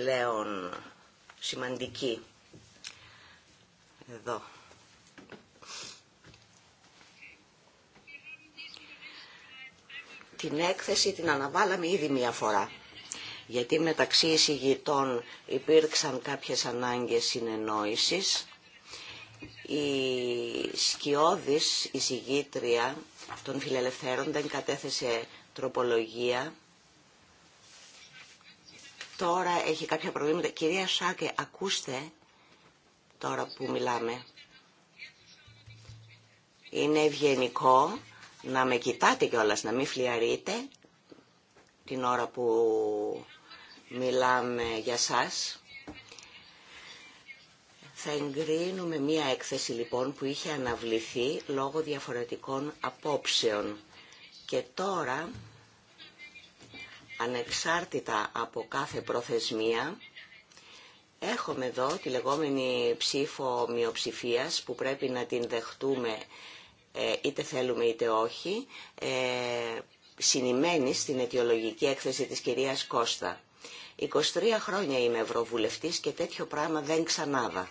πλέον σημαντική. Εδώ. Την έκθεση την αναβάλαμε ήδη μία φορά, γιατί μεταξύ εισηγητών υπήρξαν κάποιες ανάγκες συνεννόησης. Η σκιώδης εισηγήτρια των φιλελευθέρων δεν κατέθεσε τροπολογία τώρα έχει κάποια προβλήματα. Κυρία Σάκε, ακούστε τώρα που μιλάμε. Είναι ευγενικό να με κοιτάτε κιόλα, να μην φλιαρείτε την ώρα που μιλάμε για σας. Θα εγκρίνουμε μία έκθεση λοιπόν που είχε αναβληθεί λόγω διαφορετικών απόψεων. Και τώρα ανεξάρτητα από κάθε προθεσμία. Έχουμε εδώ τη λεγόμενη ψήφο μειοψηφία που πρέπει να την δεχτούμε ε, είτε θέλουμε είτε όχι, ε, συνημένη στην αιτιολογική έκθεση της κυρίας Κώστα. 23 χρόνια είμαι ευρωβουλευτής και τέτοιο πράγμα δεν ξανάδα.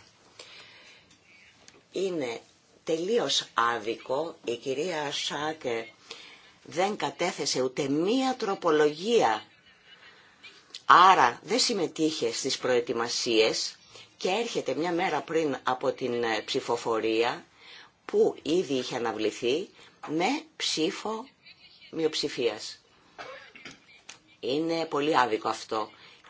Είναι τελείως άδικο η κυρία Σάκε δεν κατέθεσε ούτε μία τροπολογία. Άρα δεν συμμετείχε στις προετοιμασίες και έρχεται μια μέρα πριν από την ε, ψηφοφορία που ήδη είχε αναβληθεί με ψήφο μειοψηφίας. Είναι πολύ άδικο αυτό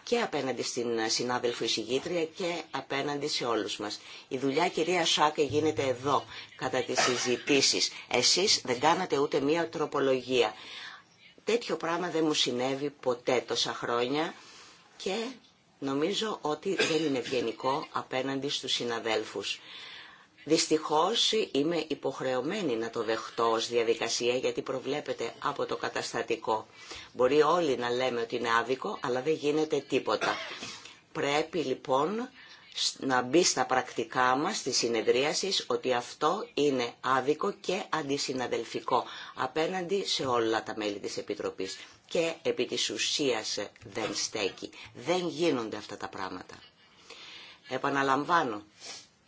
και απέναντι στην συνάδελφο εισηγήτρια και απέναντι σε όλους μας. Η δουλειά κυρία Σάκε γίνεται εδώ κατά τις συζητήσεις. Εσείς δεν κάνατε ούτε μία τροπολογία. Τέτοιο πράγμα δεν μου συνέβη ποτέ τόσα χρόνια και νομίζω ότι δεν είναι ευγενικό απέναντι στους συναδέλφους. Δυστυχώς είμαι υποχρεωμένη να το δεχτώ ως διαδικασία γιατί προβλέπεται από το καταστατικό. Μπορεί όλοι να λέμε ότι είναι άδικο, αλλά δεν γίνεται τίποτα. Πρέπει λοιπόν να μπει στα πρακτικά μας τη συνεδρίασης ότι αυτό είναι άδικο και αντισυναδελφικό απέναντι σε όλα τα μέλη της Επιτροπής. Και επί της ουσίας ε, δεν στέκει. Δεν γίνονται αυτά τα πράγματα. Επαναλαμβάνω,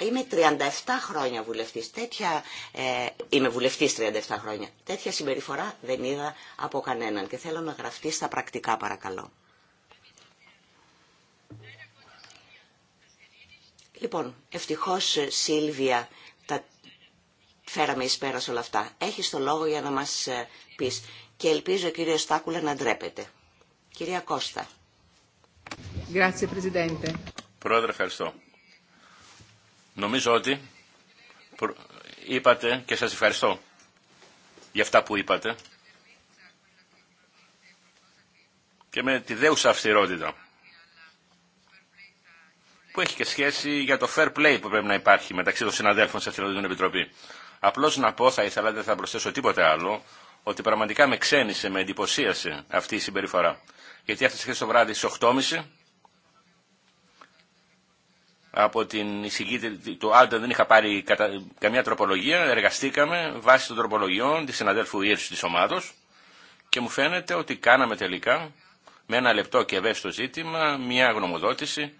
Είμαι 37 χρόνια βουλευτής, τέτοια, ε, είμαι βουλευτής 37 χρόνια. Τέτοια συμπεριφορά δεν είδα από κανέναν και θέλω να γραφτεί στα πρακτικά παρακαλώ. Λοιπόν, ευτυχώς ε, Σίλβια τα φέραμε εις πέρας όλα αυτά. Έχεις το λόγο για να μας ε, πεις. Και ελπίζω κύριε Στάκουλα να ντρέπετε. Κυρία Κώστα. Grazie, Πρόεδρε, ευχαριστώ. Νομίζω ότι είπατε και σας ευχαριστώ για αυτά που είπατε και με τη δέουσα αυστηρότητα που έχει και σχέση για το fair play που πρέπει να υπάρχει μεταξύ των συναδέλφων σε αυτήν την Επιτροπή. Απλώς να πω, θα ήθελα, δεν θα προσθέσω τίποτε άλλο, ότι πραγματικά με ξένησε, με εντυπωσίασε αυτή η συμπεριφορά. Γιατί έφτασε χθε το βράδυ στις 8.30 από την εισηγήτρια του Άλτα δεν είχα πάρει καμία τροπολογία, εργαστήκαμε βάσει των τροπολογιών της συναδέλφου Ήρσου της ομάδος και μου φαίνεται ότι κάναμε τελικά με ένα λεπτό και ευαίσθητο ζήτημα μια γνωμοδότηση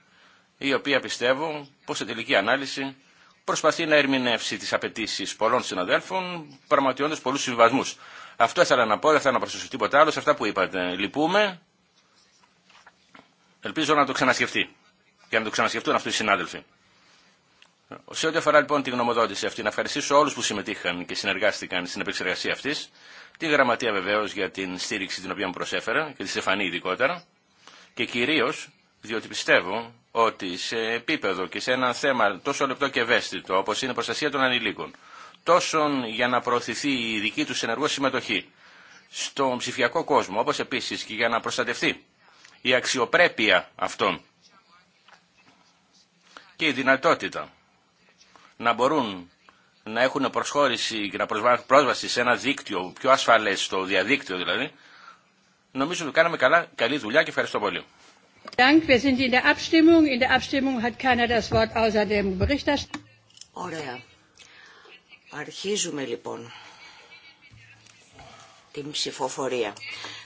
η οποία πιστεύω πως σε τελική ανάλυση προσπαθεί να ερμηνεύσει τις απαιτήσει πολλών συναδέλφων πραγματιώντα πολλούς συμβασμού. Αυτό ήθελα να πω, δεν θα να προσθέσω τίποτα άλλο σε αυτά που είπατε. Λυπούμε. Ελπίζω να το ξανασκεφτεί για να το ξανασκεφτούν αυτοί οι συνάδελφοι. Σε ό,τι αφορά λοιπόν τη γνωμοδότηση αυτή, να ευχαριστήσω όλου που συμμετείχαν και συνεργάστηκαν στην επεξεργασία αυτή, τη Γραμματεία βεβαίω για την στήριξη την οποία μου προσέφερα και τη Στεφανή ειδικότερα, και κυρίω διότι πιστεύω ότι σε επίπεδο και σε ένα θέμα τόσο λεπτό και ευαίσθητο όπω είναι η προστασία των ανηλίκων, τόσο για να προωθηθεί η δική του ενεργό συμμετοχή στον ψηφιακό κόσμο, όπω επίση και για να προστατευτεί η αξιοπρέπεια αυτών και η δυνατότητα να μπορούν να έχουν προσχώρηση και να προσβάσουν πρόσβαση σε ένα δίκτυο πιο ασφαλές στο διαδίκτυο δηλαδή, νομίζω ότι κάναμε καλά, καλή δουλειά και ευχαριστώ πολύ. Ωραία. Αρχίζουμε λοιπόν την ψηφοφορία.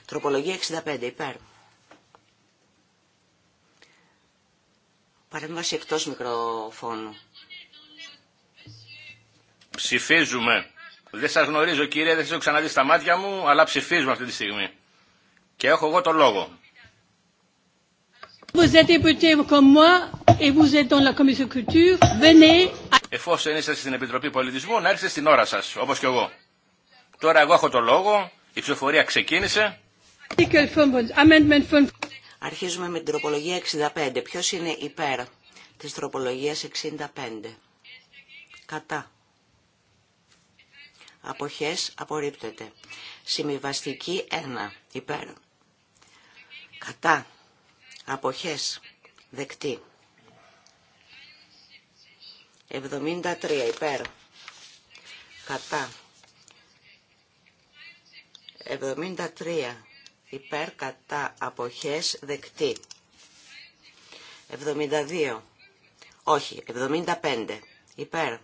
Τροπολογία 65 υπέρ. Παρέμβαση εκτός μικροφώνου. Ψηφίζουμε. Δεν σας γνωρίζω κύριε, δεν σας έχω ξαναδεί στα μάτια μου, αλλά ψηφίζουμε αυτή τη στιγμή. Και έχω εγώ το λόγο. Εφόσον είστε στην Επιτροπή Πολιτισμού, να έρθετε στην ώρα σας, όπως και εγώ. Τώρα εγώ έχω το λόγο, η ψηφοφορία ξεκίνησε. Αρχίζουμε με την τροπολογία 65. Ποιος είναι υπέρ της τροπολογίας 65. Κατά. Αποχές απορρίπτεται. Συμβιβαστική 1. Υπέρ. Κατά. Αποχές. Δεκτή. 73. Υπέρ. Κατά. 73 υπέρ κατά αποχές δεκτή. 72. Όχι, 75. Υπέρ.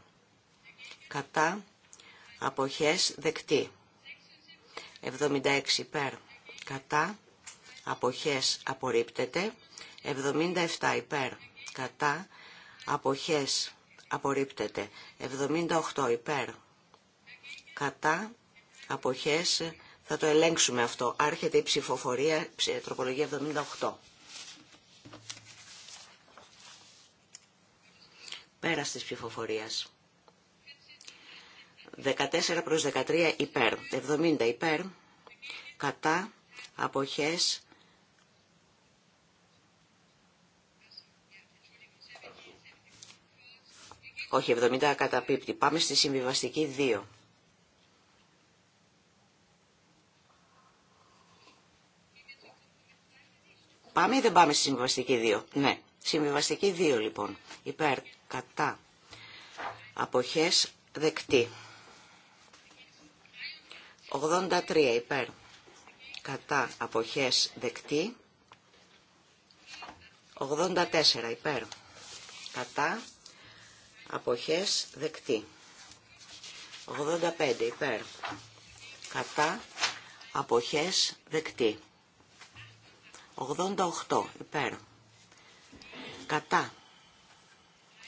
Κατά αποχές δεκτή. 76 υπέρ. Κατά αποχές απορρίπτεται. 77 υπέρ. Κατά αποχές απορρίπτεται. 78 υπέρ. Κατά αποχές θα το ελέγξουμε αυτό. Άρχεται η ψηφοφορία, τροπολογία 78. Πέρα της ψηφοφορίας. 14 προς 13 υπέρ. 70 υπέρ. Κατά αποχές Όχι, 70 καταπίπτει. Πάμε στη συμβιβαστική 2. πάμε ή δεν πάμε στη συμβιβαστική 2. Ναι, συμβιβαστική 2 λοιπόν. Υπέρ, κατά, αποχές, δεκτή. 83 υπέρ, κατά, αποχές, δεκτή. 84 υπέρ, κατά, αποχές, δεκτή. 85 υπέρ, κατά, αποχές, δεκτή. 88 υπέρ. Κατά.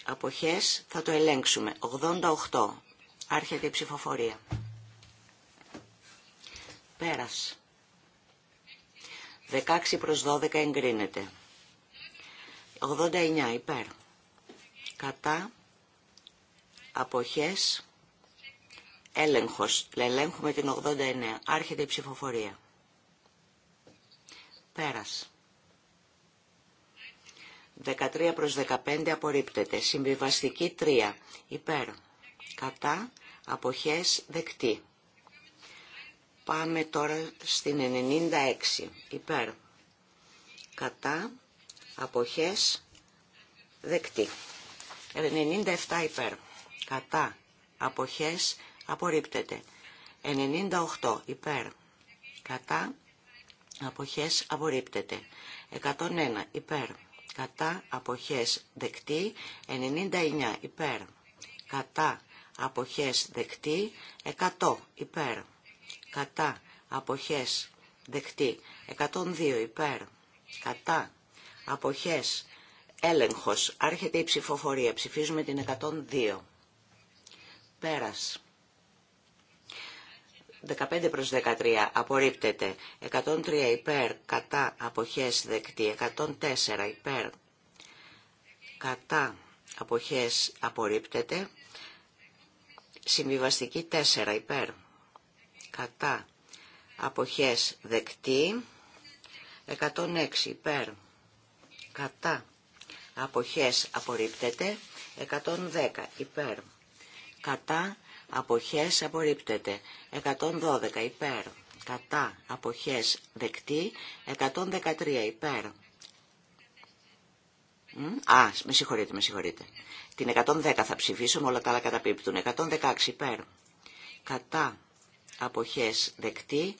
Αποχές θα το ελέγξουμε. 88. Άρχεται η ψηφοφορία. Πέρας. 16 προς 12 εγκρίνεται. 89 υπέρ. Κατά. Αποχές. Έλεγχος. Ελέγχουμε την 89. Άρχεται η ψηφοφορία. Πέρας. 13 προς 15 απορρίπτεται. Συμβιβαστική 3. Υπέρ. Κατά. Αποχές δεκτή. Πάμε τώρα στην 96. Υπέρ. Κατά. Αποχές δεκτή. 97 υπέρ. Κατά. Αποχές απορρίπτεται. 98 υπέρ. Κατά αποχές απορρίπτεται. 101 υπέρ. Κατά αποχές δεκτή. 99 υπέρ. Κατά αποχές δεκτή. 100 υπέρ. Κατά αποχές δεκτή. 102 υπέρ. Κατά αποχές έλεγχος. Άρχεται η ψηφοφορία. Ψηφίζουμε την 102. Πέρας. 15 προς 13 απορρίπτεται, 103 υπέρ κατά αποχές δεκτή, 104 υπέρ κατά αποχές απορρίπτεται, συμβιβαστική 4 υπέρ κατά αποχές δεκτή, 106 υπέρ κατά αποχές απορρίπτεται, 110 υπέρ κατά αποχές απορρίπτεται 112 υπέρ κατά αποχές δεκτή 113 υπέρ Α, με συγχωρείτε, με συγχωρείτε. Την 110 θα ψηφίσουμε, όλα τα άλλα καταπίπτουν. 116 υπέρ. Κατά αποχές δεκτή,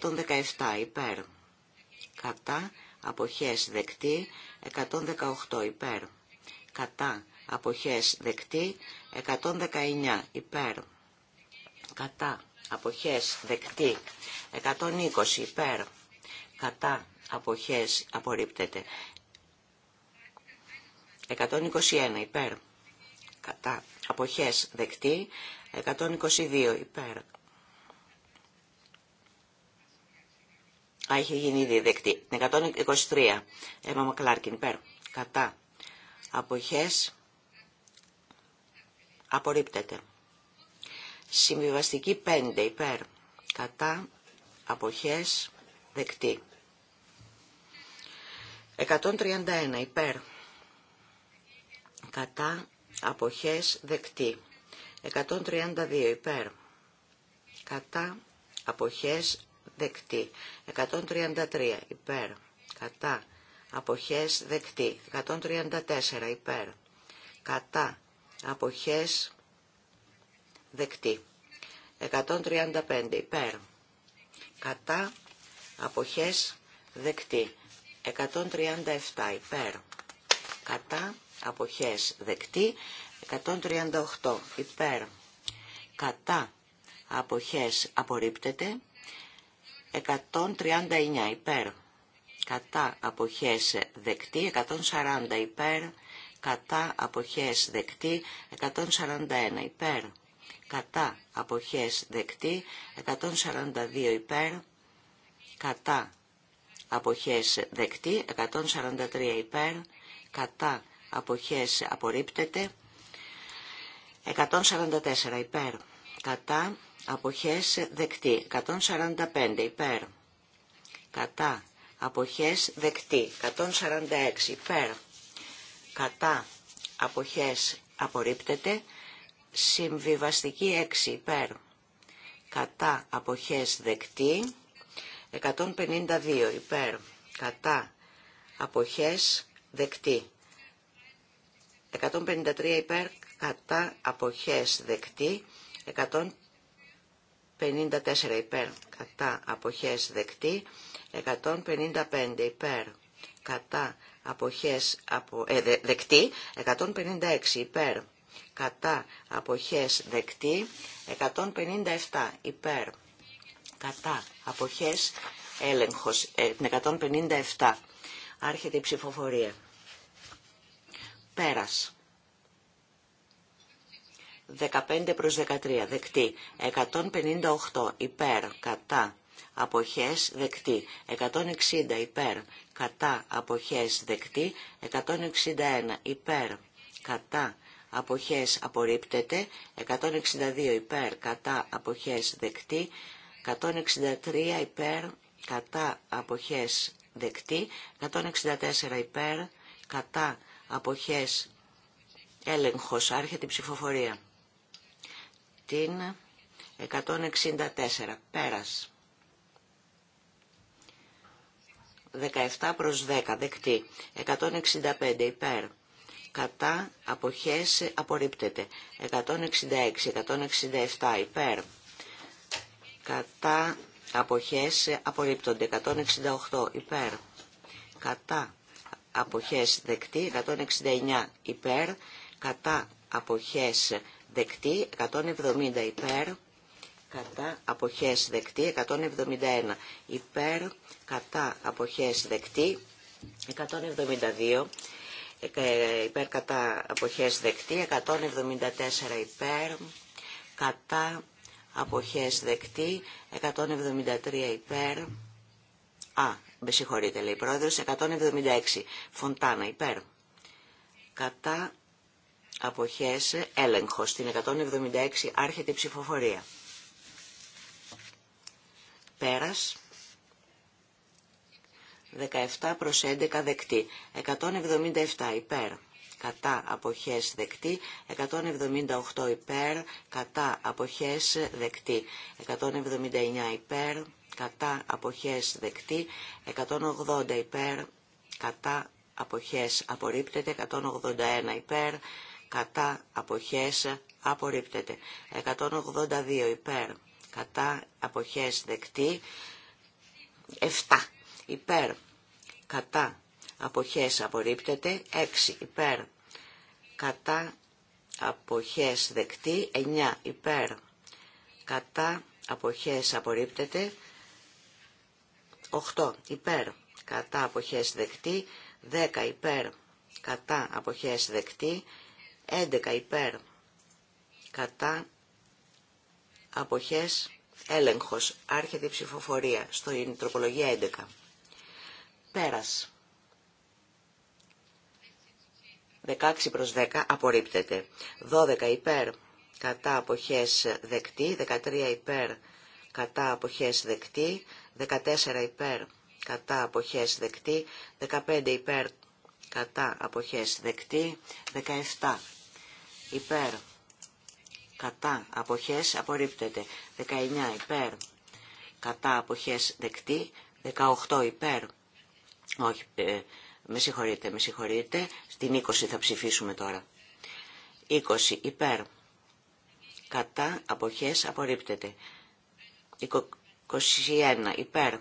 117 υπέρ. Κατά αποχές δεκτή, 118 υπέρ. Κατά αποχές δεκτή 119 υπέρ κατά αποχές δεκτή 120 υπέρ κατά αποχές απορρίπτεται 121 υπέρ κατά αποχές δεκτή 122 υπέρ Α, είχε γίνει ήδη δεκτή. 123. Έμα Μακλάρκιν, υπέρ. Κατά. Αποχές. Απορρίπτεται. Συμβιβαστική 5 υπέρ. Κατά αποχές δεκτή. 131 υπέρ. Κατά αποχές δεκτή. 132 υπέρ. Κατά αποχές δεκτή. 133 υπέρ. Κατά αποχές δεκτή. 134 υπέρ. Κατά αποχές δεκτή. 135 υπέρ κατά αποχές δεκτή. 137 υπέρ κατά αποχές δεκτή. 138 υπέρ κατά αποχές απορρίπτεται. 139 υπέρ κατά αποχές δεκτή. 140 υπέρ κατά αποχές δεκτή 141 υπέρ, κατά αποχές δεκτή 142 υπέρ, κατά αποχές δεκτή 143 υπέρ, κατά αποχές απορρίπτεται 144 υπέρ, κατά αποχές δεκτή 145 υπέρ, κατά αποχές δεκτή 146 υπέρ κατά αποχές απορρίπτεται, συμβιβαστική 6 υπέρ κατά αποχές δεκτή, 152 υπέρ κατά αποχές δεκτή, 153 υπέρ κατά αποχές δεκτή, 154 υπέρ κατά αποχές δεκτή, 155 υπέρ κατά αποχές απο, ε, δεκτή, 156 υπέρ κατά αποχές δεκτή, 157 υπέρ κατά αποχές έλεγχος, 157 ε, άρχεται η ψηφοφορία. Πέρας. 15 προς 13 δεκτή, 158 υπέρ κατά αποχές δεκτή, 160 υπέρ κατά αποχές δεκτή 161 υπέρ κατά αποχές απορρίπτεται 162 υπέρ κατά αποχές δεκτή 163 υπέρ κατά αποχές δεκτή 164 υπέρ κατά αποχές έλεγχος άρχεται η ψηφοφορία την 164 πέρας 17 προς 10 δεκτή. 165 υπέρ. Κατά αποχές απορρίπτεται. 166, 167 υπέρ. Κατά αποχές απορρίπτονται. 168 υπέρ. Κατά αποχές δεκτή. 169 υπέρ. Κατά αποχές δεκτή. 170 υπέρ κατά αποχές δεκτή 171 υπέρ κατά αποχές δεκτή 172 ε, υπέρ κατά αποχές δεκτή 174 υπέρ κατά αποχές δεκτή 173 υπέρ α, με συγχωρείτε λέει πρόεδρος 176 φωντάνα υπέρ κατά αποχές έλεγχος στην 176 άρχεται η ψηφοφορία Πέρας. 17 προς 11 δεκτή. 177 υπέρ. Κατά αποχές δεκτή. 178 υπέρ. Κατά αποχές δεκτή. 179 υπέρ. Κατά αποχές δεκτή. 180 υπέρ. Κατά αποχές απορρίπτεται. 181 υπέρ. Κατά αποχές απορρίπτεται. 182 υπέρ κατά αποχές δεκτή 7 υπέρ κατά αποχές απορρίπτεται 6 υπέρ κατά αποχές δεκτή 9 υπέρ κατά αποχές απορρίπτεται 8 υπέρ κατά αποχές δεκτή 10 υπέρ κατά αποχές δεκτή 11 υπέρ κατά αποχές, έλεγχος, άρχεται η ψηφοφορία, στο τροπολογία 11. Πέρας. 16 προς 10 απορρίπτεται. 12 υπέρ κατά αποχές δεκτή, 13 υπέρ κατά αποχές δεκτή, 14 υπέρ κατά αποχές δεκτή, 15 υπέρ κατά αποχές δεκτή, 17 υπέρ κατά αποχές απορρίπτεται. 19 υπέρ κατά αποχές δεκτή. 18 υπέρ. Όχι, ε, με συγχωρείτε, με συγχωρείτε. Στην 20 θα ψηφίσουμε τώρα. 20 υπέρ. Κατά αποχές απορρίπτεται. 21 υπέρ.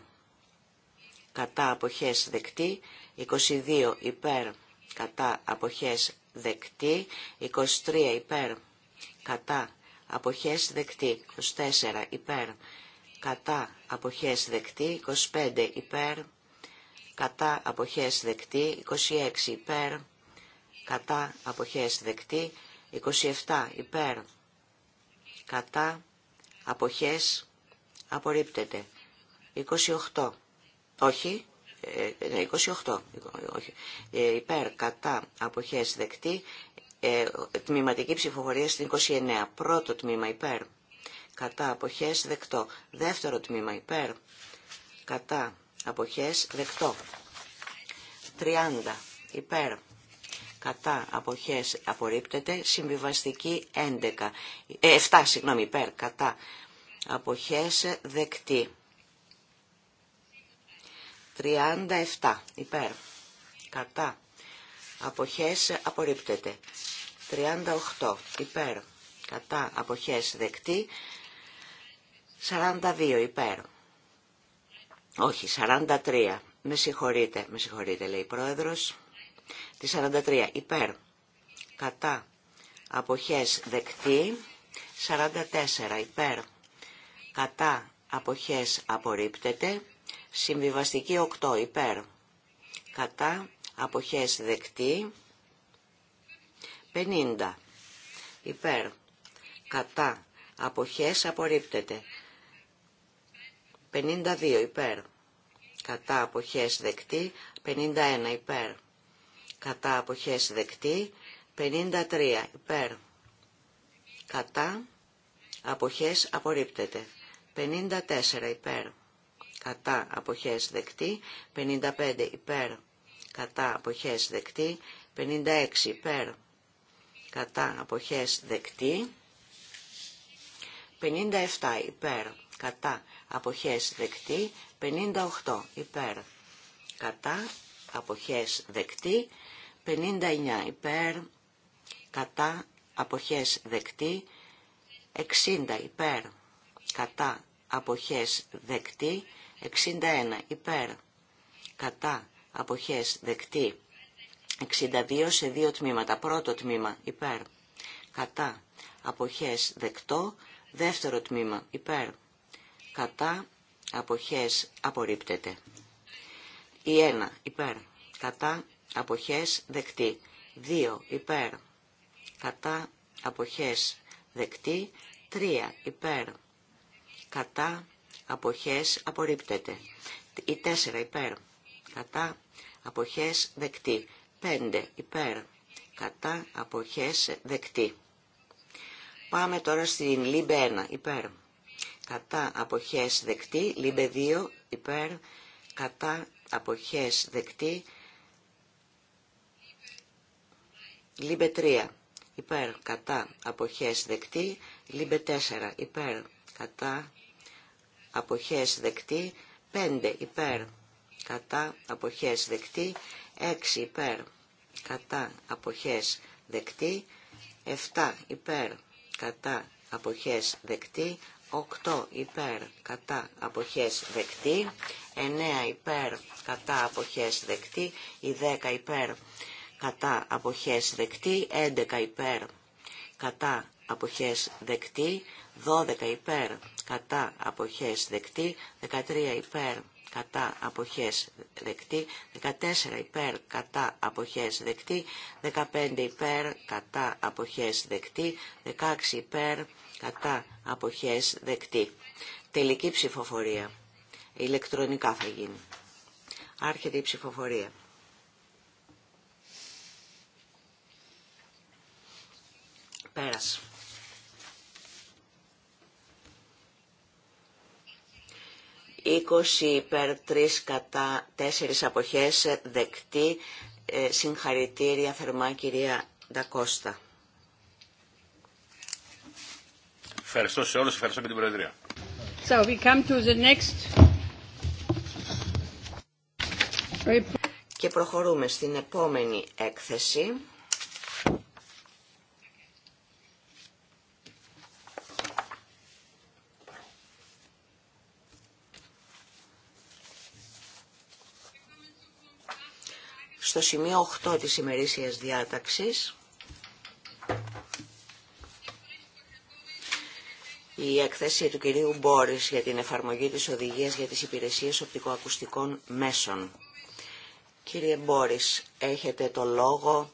Κατά αποχές δεκτή. 22 υπέρ. Κατά αποχές δεκτή. 23 υπέρ κατά αποχές δεκτή 24 υπέρ κατά αποχές δεκτή 25 υπέρ κατά αποχές δεκτή 26 υπέρ κατά αποχές δεκτή 27 υπέρ κατά αποχές απορρίπτεται 28 όχι ε, ναι, 28 ε, όχι, ε, υπέρ κατά αποχές δεκτή ε, τμήματική ψηφοφορία στην 29. Πρώτο τμήμα υπέρ. Κατά αποχές δεκτό. Δεύτερο τμήμα υπέρ. Κατά αποχές δεκτό. 30 υπέρ. Κατά αποχές απορρίπτεται. Συμβιβαστική 11. 7 ε, συγγνώμη υπέρ. Κατά αποχές δεκτή. 37 υπέρ. Κατά αποχές απορρίπτεται. 38 υπέρ κατά αποχές δεκτή. 42 υπέρ. Όχι, 43. Με συγχωρείτε, με συγχωρείτε λέει η πρόεδρος. Τη 43 υπέρ κατά αποχές δεκτή. 44 υπέρ κατά αποχές απορρίπτεται. Συμβιβαστική 8 υπέρ κατά αποχές δεκτή 50 υπέρ κατά αποχές απορρίπτεται 52 υπέρ κατά αποχές δεκτή 51 υπέρ κατά αποχές δεκτή 53 υπέρ κατά αποχές απορρίπτεται 54 υπέρ κατά αποχές δεκτή 55 υπέρ κατά αποχές δεκτή, 56 υπέρ κατά αποχές δεκτή, 57 υπέρ κατά αποχές δεκτή, 58 υπέρ κατά αποχές δεκτή, 59 υπέρ κατά αποχές δεκτή, 60 υπέρ κατά αποχές δεκτή, 61 υπέρ κατά αποχές δεκτή 62 σε δύο τμήματα. Πρώτο τμήμα υπέρ. Κατά αποχές δεκτό. Δεύτερο τμήμα υπέρ. Κατά αποχές απορρίπτεται. Η 1 υπέρ. Κατά αποχές δεκτή. 2 υπέρ. Κατά αποχές δεκτή. 3 υπέρ. Κατά αποχές απορρίπτεται. Η 4 υπέρ κατά αποχές δεκτή. 5 υπέρ κατά αποχές δεκτή. Πάμε τώρα στην λίμπε 1 υπέρ κατά αποχές δεκτή. Λίμπε 2 υπέρ κατά αποχές δεκτή. Λίμπε 3 υπέρ κατά αποχές δεκτή. Λίμπε 4 υπέρ κατά αποχές δεκτή. 5 υπέρ κατά αποχές δεκτή, 6 υπέρ κατά αποχές δεκτή, 7 υπέρ κατά αποχές δεκτή, 8 υπέρ κατά αποχές δεκτή, 9 υπέρ κατά αποχές δεκτή, η 10 υπέρ κατά αποχές δεκτή, 11 υπέρ κατά αποχές δεκτή, 12 υπέρ κατά αποχές δεκτή, 13 υπέρ κατά αποχές δεκτή, 14 υπέρ κατά αποχές δεκτή, 15 υπέρ κατά αποχές δεκτή, 16 υπέρ κατά αποχές δεκτή. Τελική ψηφοφορία. Ηλεκτρονικά θα γίνει. Άρχεται η ψηφοφορία. Πέρασε. 20 υπέρ 3 κατά 4 αποχές δεκτή. Ε, συγχαρητήρια θερμά κυρία Ντακώστα. Ευχαριστώ σε όλους, ευχαριστώ και την Προεδρία. So we come to the next... Και προχωρούμε στην επόμενη έκθεση. στο σημείο 8 της ημερήσιας διάταξης. Η έκθεση του κυρίου Μπόρις για την εφαρμογή της οδηγίας για τις υπηρεσίες οπτικοακουστικών μέσων. Κύριε Μπόρις, έχετε το λόγο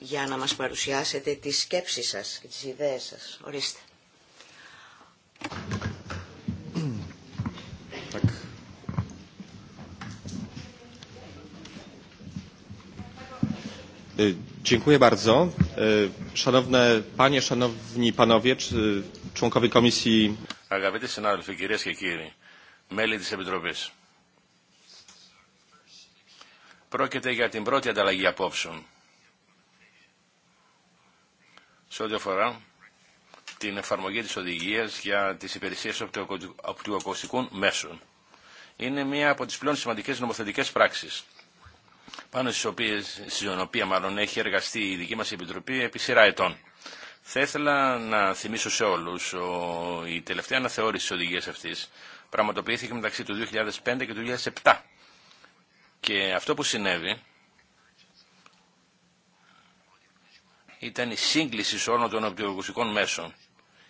για να μας παρουσιάσετε τις σκέψεις σας και τις ιδέες σας. Ορίστε. E, dziękuję bardzo. E, szanowne panie, Αγαπητοί συνάδελφοι, κυρίε και κύριοι, μέλη τη Επιτροπή. Πρόκειται για την πρώτη ανταλλαγή απόψεων σε ό,τι αφορά την εφαρμογή της οδηγίας για τις υπηρεσίες οπτικοακουστικών μέσων. Είναι μία από τις πλέον σημαντικές νομοθετικές πράξεις πάνω στις οποίες, στην οποία μάλλον έχει εργαστεί η δική μας Επιτροπή επί σειρά ετών. Θα ήθελα να θυμίσω σε όλους, ο, η τελευταία αναθεώρηση της οδηγίας αυτής πραγματοποιήθηκε μεταξύ του 2005 και του 2007. Και αυτό που συνέβη ήταν η σύγκληση όλων των οπτικοακουστικών μέσων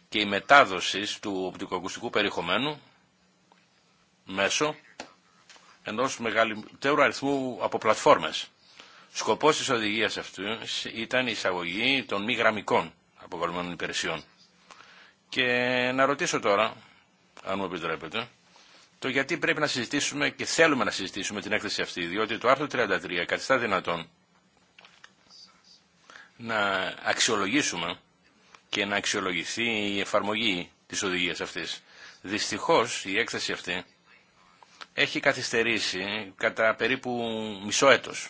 και η μετάδοση του οπτικοακουστικού περιεχομένου μέσω Ενό μεγαλύτερου αριθμού από πλατφόρμες. Σκοπός της οδηγίας αυτού ήταν η εισαγωγή των μη γραμμικών αποβαλμένων υπηρεσιών. Και να ρωτήσω τώρα, αν μου επιτρέπετε, το γιατί πρέπει να συζητήσουμε και θέλουμε να συζητήσουμε την έκθεση αυτή, διότι το άρθρο 33 καθιστά δυνατόν να αξιολογήσουμε και να αξιολογηθεί η εφαρμογή της οδηγίας αυτής. Δυστυχώς η έκθεση αυτή έχει καθυστερήσει κατά περίπου μισό έτος,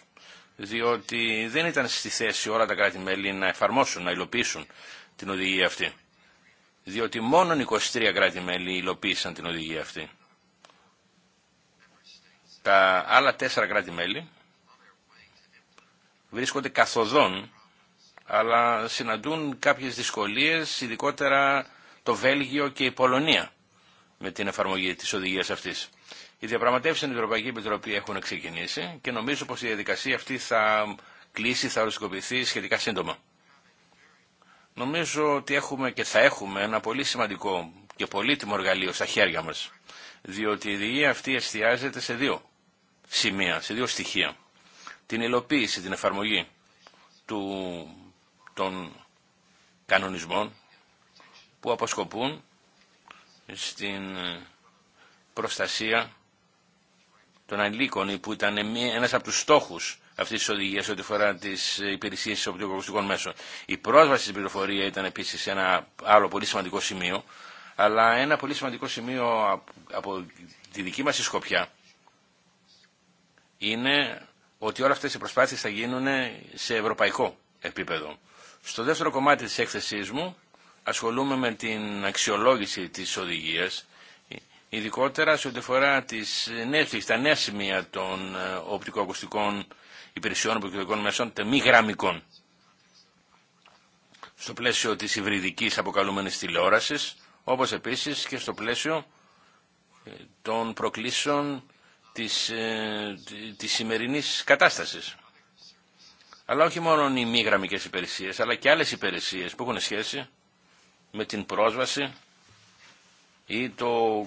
διότι δεν ήταν στη θέση όλα τα κράτη-μέλη να εφαρμόσουν, να υλοποιήσουν την οδηγία αυτή. Διότι μόνο 23 κράτη-μέλη υλοποίησαν την οδηγία αυτή. Τα άλλα τέσσερα κράτη-μέλη βρίσκονται καθοδόν, αλλά συναντούν κάποιες δυσκολίες, ειδικότερα το Βέλγιο και η Πολωνία, με την εφαρμογή της οδηγίας αυτής. Οι διαπραγματεύσει στην Ευρωπαϊκή Επιτροπή έχουν ξεκινήσει και νομίζω πω η διαδικασία αυτή θα κλείσει, θα οριστικοποιηθεί σχετικά σύντομα. Νομίζω ότι έχουμε και θα έχουμε ένα πολύ σημαντικό και πολύτιμο εργαλείο στα χέρια μα. Διότι η διηγία αυτή εστιάζεται σε δύο σημεία, σε δύο στοιχεία. Την υλοποίηση, την εφαρμογή του, των κανονισμών που αποσκοπούν στην προστασία των ανηλίκων που ήταν ένα από του στόχου αυτή τη οδηγία ό,τι αφορά τι υπηρεσίε οπτικοακουστικών μέσων. Η πρόσβαση στην πληροφορία ήταν επίση ένα άλλο πολύ σημαντικό σημείο, αλλά ένα πολύ σημαντικό σημείο από τη δική μα σκοπιά είναι ότι όλα αυτέ οι προσπάθειε θα γίνουν σε ευρωπαϊκό επίπεδο. Στο δεύτερο κομμάτι τη έκθεσή μου ασχολούμαι με την αξιολόγηση τη οδηγία ειδικότερα σε ό,τι αφορά τις τα νέα σημεία των ε, οπτικοακουστικών υπηρεσιών οπτικοακουστικών μέσων, τα μη γραμμικών. Στο πλαίσιο της υβριδικής αποκαλούμενης τηλεόρασης, όπως επίσης και στο πλαίσιο ε, των προκλήσεων της, ε, της σημερινής κατάστασης. Αλλά όχι μόνο οι μη γραμμικές υπηρεσίες, αλλά και άλλες υπηρεσίες που έχουν σχέση με την πρόσβαση ή το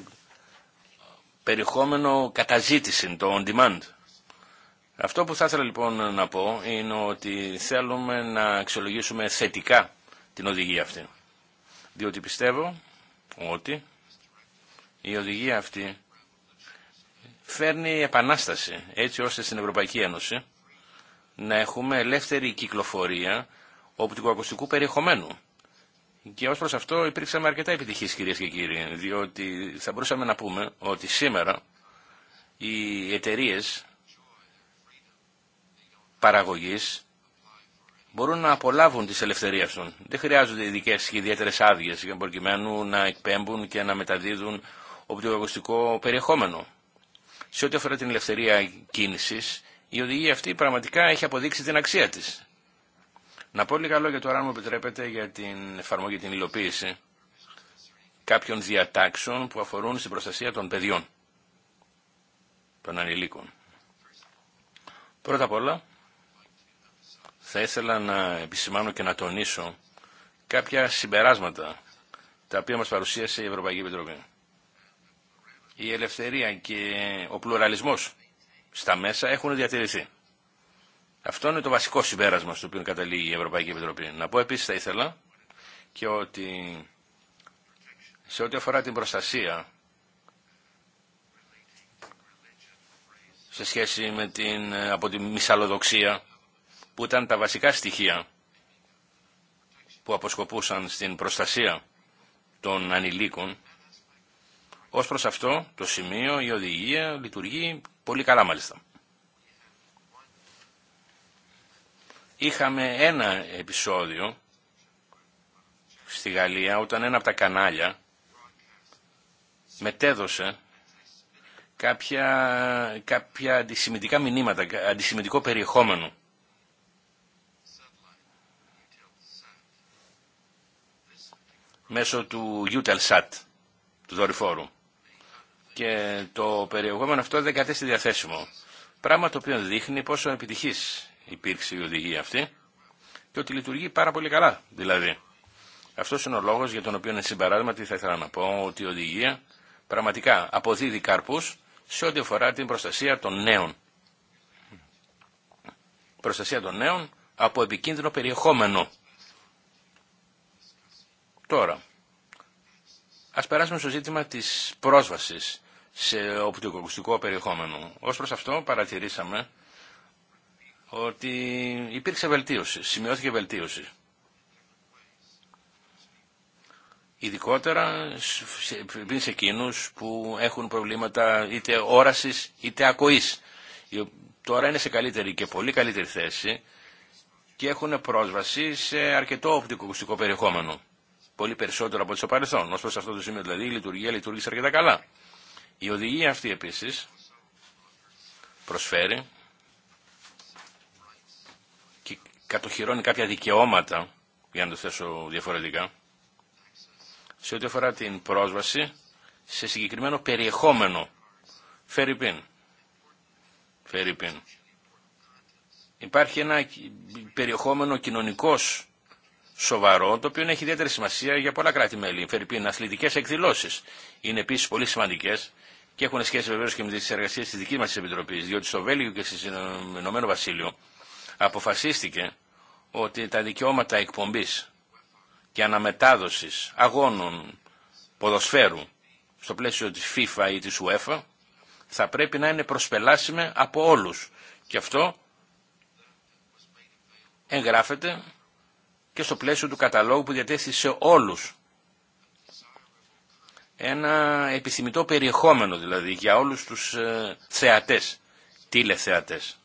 περιεχόμενο καταζήτηση, το on demand. Αυτό που θα ήθελα λοιπόν να πω είναι ότι θέλουμε να αξιολογήσουμε θετικά την οδηγία αυτή. Διότι πιστεύω ότι η οδηγία αυτή φέρνει επανάσταση έτσι ώστε στην Ευρωπαϊκή Ένωση να έχουμε ελεύθερη κυκλοφορία οπτικοακουστικού περιεχομένου και ω προ αυτό υπήρξαμε αρκετά επιτυχεί κυρίε και κύριοι, διότι θα μπορούσαμε να πούμε ότι σήμερα οι εταιρείε παραγωγή μπορούν να απολαύουν τις ελευθερίες των. Δεν χρειάζονται ειδικέ και ιδιαίτερε άδειε για προκειμένου να εκπέμπουν και να μεταδίδουν οπτικοακουστικό περιεχόμενο. Σε ό,τι αφορά την ελευθερία κίνηση, η οδηγία αυτή πραγματικά έχει αποδείξει την αξία της. Να πω λίγα λόγια τώρα, αν μου επιτρέπετε, για την εφαρμογή, την υλοποίηση κάποιων διατάξεων που αφορούν στην προστασία των παιδιών, των ανηλίκων. Πρώτα απ' όλα, θα ήθελα να επισημάνω και να τονίσω κάποια συμπεράσματα τα οποία μας παρουσίασε η Ευρωπαϊκή Επιτροπή. Η ελευθερία και ο πλουραλισμός στα μέσα έχουν διατηρηθεί. Αυτό είναι το βασικό συμπέρασμα στο οποίο καταλήγει η Ευρωπαϊκή Επιτροπή. Να πω επίσης θα ήθελα και ότι σε ό,τι αφορά την προστασία σε σχέση με την, από τη μυσαλλοδοξία που ήταν τα βασικά στοιχεία που αποσκοπούσαν στην προστασία των ανηλίκων ως προς αυτό το σημείο η οδηγία λειτουργεί πολύ καλά μάλιστα. είχαμε ένα επεισόδιο στη Γαλλία όταν ένα από τα κανάλια μετέδωσε κάποια, κάποια αντισημιτικά μηνύματα, αντισημιτικό περιεχόμενο. μέσω του Utelsat, του δορυφόρου. Και το περιεχόμενο αυτό δεν κατέστη διαθέσιμο. Πράγμα το οποίο δείχνει πόσο επιτυχής υπήρξε η οδηγία αυτή και ότι λειτουργεί πάρα πολύ καλά. Δηλαδή, αυτό είναι ο λόγο για τον οποίο, σε παράδειγμα, τι θα ήθελα να πω, ότι η οδηγία πραγματικά αποδίδει καρπού σε ό,τι αφορά την προστασία των νέων. Προστασία των νέων από επικίνδυνο περιεχόμενο. Τώρα, α περάσουμε στο ζήτημα της πρόσβασης σε οπτικοκουστικό περιεχόμενο. Ως προς αυτό παρατηρήσαμε ότι υπήρξε βελτίωση, σημειώθηκε βελτίωση. Ειδικότερα σε εκείνους που έχουν προβλήματα είτε όρασης είτε ακοής. Τώρα είναι σε καλύτερη και πολύ καλύτερη θέση και έχουν πρόσβαση σε αρκετό οπτικοκουστικό περιεχόμενο. Πολύ περισσότερο από στο παρελθόν. Ωστόσο προ αυτό το σημείο δηλαδή η λειτουργία λειτουργήσε αρκετά καλά. Η οδηγία αυτή επίση προσφέρει κατοχυρώνει κάποια δικαιώματα, για να το θέσω διαφορετικά, σε ό,τι αφορά την πρόσβαση σε συγκεκριμένο περιεχόμενο. Φερρυπίν. Υπάρχει ένα περιεχόμενο κοινωνικό σοβαρό, το οποίο έχει ιδιαίτερη σημασία για πολλά κράτη-μέλη. Φερρυπίν, αθλητικές εκδηλώσει είναι επίση πολύ σημαντικέ και έχουν σχέση βεβαίω και με τι εργασίε τη δική μα Επιτροπή, διότι στο Βέλγιο και στο Ηνωμένο Βασίλειο αποφασίστηκε ότι τα δικαιώματα εκπομπής και αναμετάδοσης αγώνων ποδοσφαίρου στο πλαίσιο της FIFA ή της UEFA θα πρέπει να είναι προσπελάσιμε από όλους. Και αυτό εγγράφεται και στο πλαίσιο του καταλόγου που διατέθη σε όλους. Ένα επιθυμητό περιεχόμενο δηλαδή για όλους τους ε, θεατές, τηλεθεατές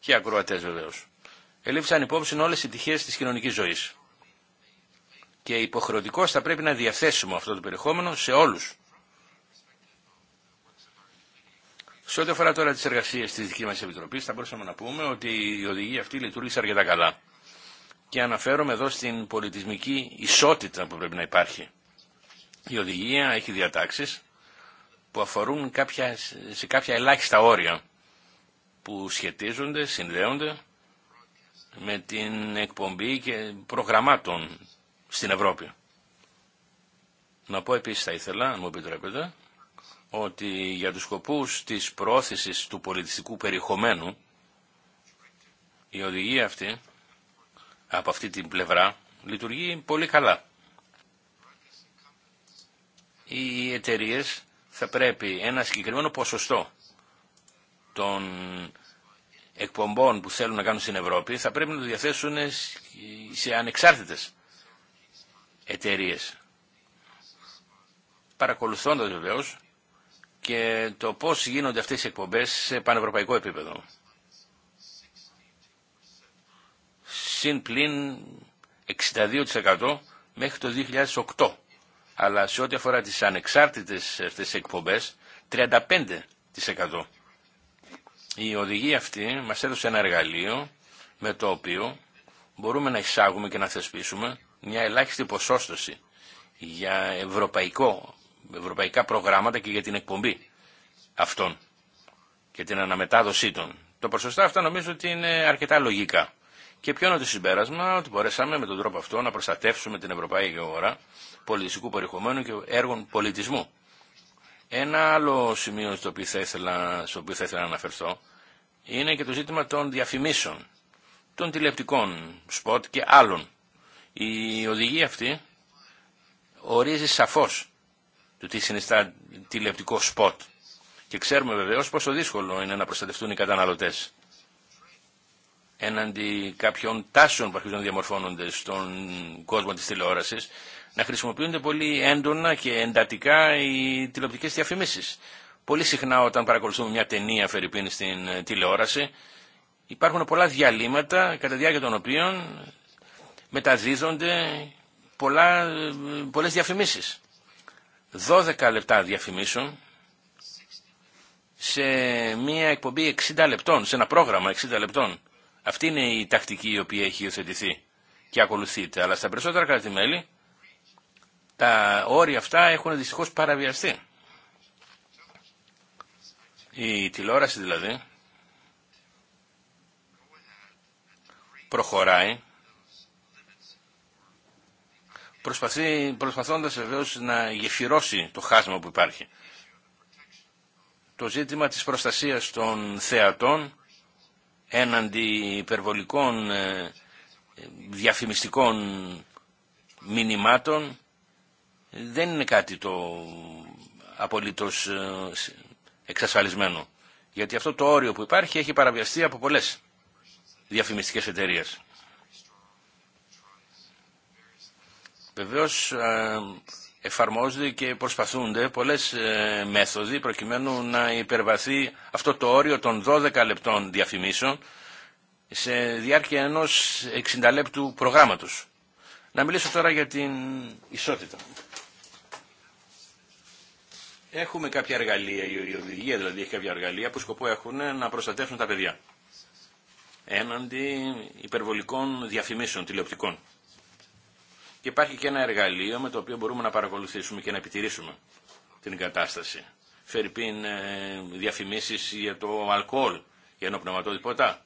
και ακροατές βεβαίως ελήφθησαν υπόψη όλε οι τυχέ τη κοινωνική ζωή. Και υποχρεωτικώ θα πρέπει να διαθέσουμε αυτό το περιεχόμενο σε όλου. Σε ό,τι αφορά τώρα τι εργασίε τη δική μα επιτροπή, θα μπορούσαμε να πούμε ότι η οδηγία αυτή λειτουργήσε αρκετά καλά. Και αναφέρομαι εδώ στην πολιτισμική ισότητα που πρέπει να υπάρχει. Η οδηγία έχει διατάξει που αφορούν κάποια, σε κάποια ελάχιστα όρια που σχετίζονται, συνδέονται με την εκπομπή και προγραμμάτων στην Ευρώπη. Να πω επίσης θα ήθελα, αν μου επιτρέπετε, ότι για τους σκοπούς της προώθησης του πολιτιστικού περιεχομένου η οδηγία αυτή από αυτή την πλευρά λειτουργεί πολύ καλά. Οι εταιρείε θα πρέπει ένα συγκεκριμένο ποσοστό των εκπομπών που θέλουν να κάνουν στην Ευρώπη θα πρέπει να το διαθέσουν σε ανεξάρτητες εταιρείε. Παρακολουθώντας βεβαίω και το πώς γίνονται αυτές οι εκπομπές σε πανευρωπαϊκό επίπεδο. Συν πλην 62% μέχρι το 2008. Αλλά σε ό,τι αφορά τις ανεξάρτητες αυτές εκπομπές 35%. Η οδηγία αυτή μας έδωσε ένα εργαλείο με το οποίο μπορούμε να εισάγουμε και να θεσπίσουμε μια ελάχιστη ποσόστοση για ευρωπαϊκό, ευρωπαϊκά προγράμματα και για την εκπομπή αυτών και την αναμετάδοσή των. Το ποσοστά αυτά νομίζω ότι είναι αρκετά λογικά. Και ποιο είναι το συμπέρασμα, ότι μπορέσαμε με τον τρόπο αυτό να προστατεύσουμε την ευρωπαϊκή αγορά πολιτιστικού περιεχομένου και έργων πολιτισμού. Ένα άλλο σημείο στο οποίο θα ήθελα, στο να αναφερθώ είναι και το ζήτημα των διαφημίσεων, των τηλεοπτικών, σποτ και άλλων. Η οδηγία αυτή ορίζει σαφώς το τι συνιστά τηλεοπτικό σποτ. Και ξέρουμε βεβαίως πόσο δύσκολο είναι να προστατευτούν οι καταναλωτές έναντι κάποιων τάσεων που αρχίζουν να διαμορφώνονται στον κόσμο της τηλεόρασης να χρησιμοποιούνται πολύ έντονα και εντατικά οι τηλεοπτικές διαφημίσεις. Πολύ συχνά όταν παρακολουθούμε μια ταινία φερειπίνη στην ε, τηλεόραση υπάρχουν πολλά διαλύματα κατά διάρκεια των οποίων μεταδίδονται πολλά, ε, πολλές διαφημίσεις. 12 λεπτά διαφημίσουν σε μια εκπομπή 60 λεπτών, σε ένα πρόγραμμα 60 λεπτών. Αυτή είναι η τακτική η οποία έχει υιοθετηθεί και ακολουθείται. Αλλά στα περισσότερα κράτη-μέλη τα όρια αυτά έχουν δυστυχώ παραβιαστεί. Η τηλεόραση δηλαδή προχωράει προσπαθεί, προσπαθώντας βεβαίως να γεφυρώσει το χάσμα που υπάρχει. Το ζήτημα της προστασίας των θεατών έναντι υπερβολικών ε, διαφημιστικών μηνυμάτων δεν είναι κάτι το απολύτως ε, εξασφαλισμένο. Γιατί αυτό το όριο που υπάρχει έχει παραβιαστεί από πολλές διαφημιστικές εταιρείες. Βεβαίως ε, εφαρμόζονται και προσπαθούνται πολλές ε, μέθοδοι προκειμένου να υπερβαθεί αυτό το όριο των 12 λεπτών διαφημίσεων σε διάρκεια ενός 60 λεπτού προγράμματος. Να μιλήσω τώρα για την ισότητα. Έχουμε κάποια εργαλεία, η οδηγία δηλαδή έχει κάποια εργαλεία που σκοπό έχουν να προστατεύσουν τα παιδιά έναντι υπερβολικών διαφημίσεων τηλεοπτικών. Και υπάρχει και ένα εργαλείο με το οποίο μπορούμε να παρακολουθήσουμε και να επιτηρήσουμε την κατάσταση. ε, διαφημίσεις για το αλκοόλ, για ενοπνευματόδη ποτά,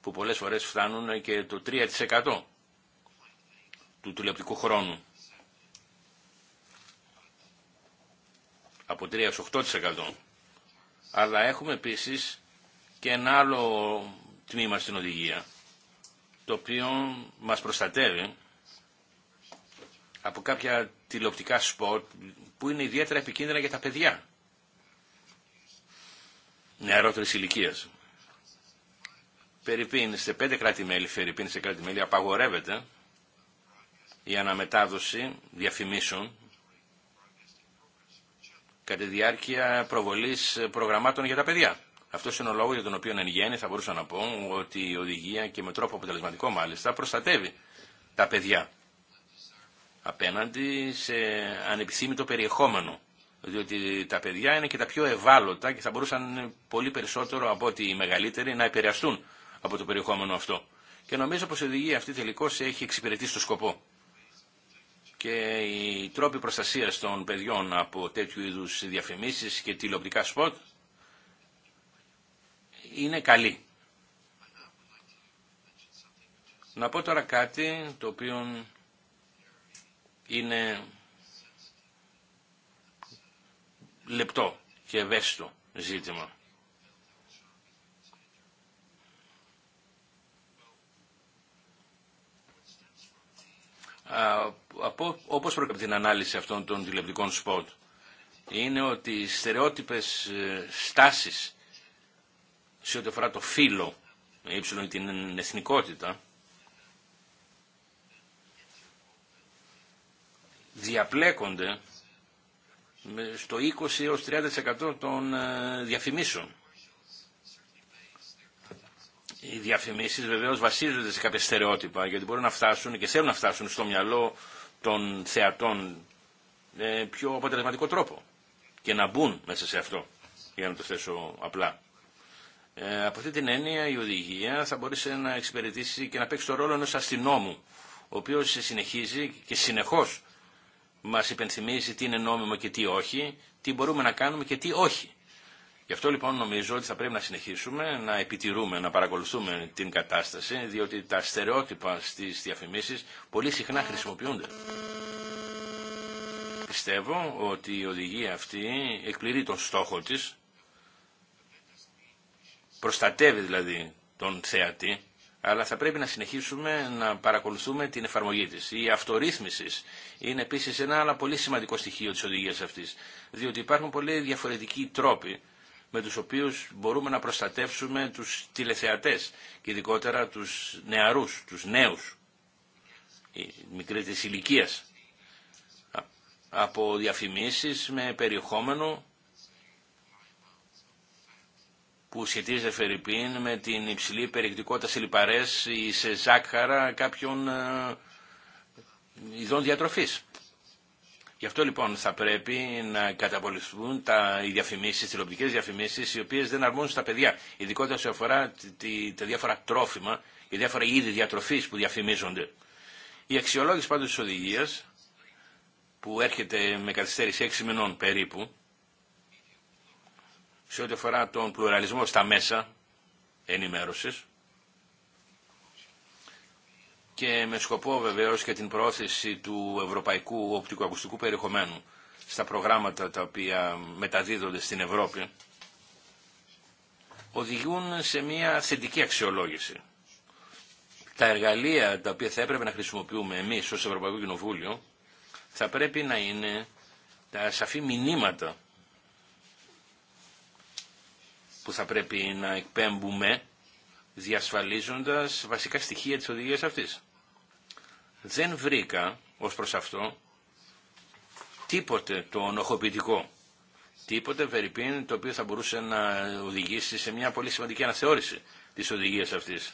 που πολλές φορές φτάνουν και το 3% του τηλεοπτικού χρόνου. από 3 8%. Αλλά έχουμε επίσης και ένα άλλο τμήμα στην οδηγία, το οποίο μας προστατεύει από κάποια τηλεοπτικά σποτ που είναι ιδιαίτερα επικίνδυνα για τα παιδιά νεαρότερης ηλικία. Περιπίν σε πέντε κράτη-μέλη, Φερρυπίν σε κράτη-μέλη, απαγορεύεται η αναμετάδοση διαφημίσεων κατά τη διάρκεια προβολής προγραμμάτων για τα παιδιά. Αυτό είναι ο λόγο για τον οποίο εν γέννη θα μπορούσα να πω ότι η οδηγία και με τρόπο αποτελεσματικό μάλιστα προστατεύει τα παιδιά απέναντι σε ανεπιθύμητο περιεχόμενο. Διότι τα παιδιά είναι και τα πιο ευάλωτα και θα μπορούσαν πολύ περισσότερο από ότι οι μεγαλύτεροι να επηρεαστούν από το περιεχόμενο αυτό. Και νομίζω πως η οδηγία αυτή τελικώς έχει εξυπηρετήσει το σκοπό και οι τρόποι προστασίας των παιδιών από τέτοιου είδους διαφημίσεις και τηλεοπτικά σποτ είναι καλή. Να πω τώρα κάτι το οποίο είναι λεπτό και ευαίσθητο ζήτημα από, όπως προκύπτει την ανάλυση αυτών των τηλεπτικών σποτ είναι ότι οι στερεότυπες ε, στάσεις σε ό,τι αφορά το φύλλο ε, ύψιλον την εθνικότητα διαπλέκονται στο 20 30% των ε, διαφημίσεων. Οι διαφημίσεις βεβαίως βασίζονται σε κάποια στερεότυπα γιατί μπορούν να φτάσουν και θέλουν να φτάσουν στο μυαλό των θεατών πιο αποτελεσματικό τρόπο και να μπουν μέσα σε αυτό, για να το θέσω απλά. Ε, από αυτή την έννοια η οδηγία θα μπορούσε να εξυπηρετήσει και να παίξει το ρόλο ενός αστυνόμου, ο οποίος συνεχίζει και συνεχώς μας υπενθυμίζει τι είναι νόμιμο και τι όχι, τι μπορούμε να κάνουμε και τι όχι. Γι' αυτό λοιπόν νομίζω ότι θα πρέπει να συνεχίσουμε να επιτηρούμε, να παρακολουθούμε την κατάσταση, διότι τα στερεότυπα στις διαφημίσεις πολύ συχνά χρησιμοποιούνται. Πιστεύω ότι η οδηγία αυτή εκπληρεί τον στόχο της, προστατεύει δηλαδή τον θεατή, αλλά θα πρέπει να συνεχίσουμε να παρακολουθούμε την εφαρμογή της. Η αυτορύθμιση είναι επίσης ένα άλλο πολύ σημαντικό στοιχείο της οδηγίας αυτής, διότι υπάρχουν πολλοί διαφορετικοί τρόποι με τους οποίους μπορούμε να προστατεύσουμε τους τηλεθεατές και ειδικότερα τους νεαρούς, τους νέους, μικρή της ηλικία από διαφημίσεις με περιεχόμενο που σχετίζεται Φερρυπίν με την υψηλή περιεκτικότητα σε λιπαρές ή σε ζάχαρα κάποιων ε, ειδών διατροφής. Γι' αυτό λοιπόν θα πρέπει να καταπολυθούν τα, οι διαφημίσει, οι τηλεοπτικέ διαφημίσει, οι οποίε δεν αρμόζουν στα παιδιά. Ειδικότερα σε αφορά τη, τα διάφορα τρόφιμα, οι διάφορα είδη διατροφή που διαφημίζονται. Η αξιολόγηση πάντω τη οδηγία, που έρχεται με καθυστέρηση 6 μηνών περίπου, σε ό,τι αφορά τον πλουραλισμό στα μέσα ενημέρωσης, και με σκοπό βεβαίως και την πρόθεση του ευρωπαϊκού οπτικοακουστικού περιεχομένου στα προγράμματα τα οποία μεταδίδονται στην Ευρώπη οδηγούν σε μια θετική αξιολόγηση. Τα εργαλεία τα οποία θα έπρεπε να χρησιμοποιούμε εμείς ως Ευρωπαϊκό Κοινοβούλιο θα πρέπει να είναι τα σαφή μηνύματα που θα πρέπει να εκπέμπουμε διασφαλίζοντας βασικά στοιχεία της οδηγίας αυτής δεν βρήκα ως προς αυτό τίποτε το ονοχοποιητικό, τίποτε βεριπίν το οποίο θα μπορούσε να οδηγήσει σε μια πολύ σημαντική αναθεώρηση της οδηγίας αυτής.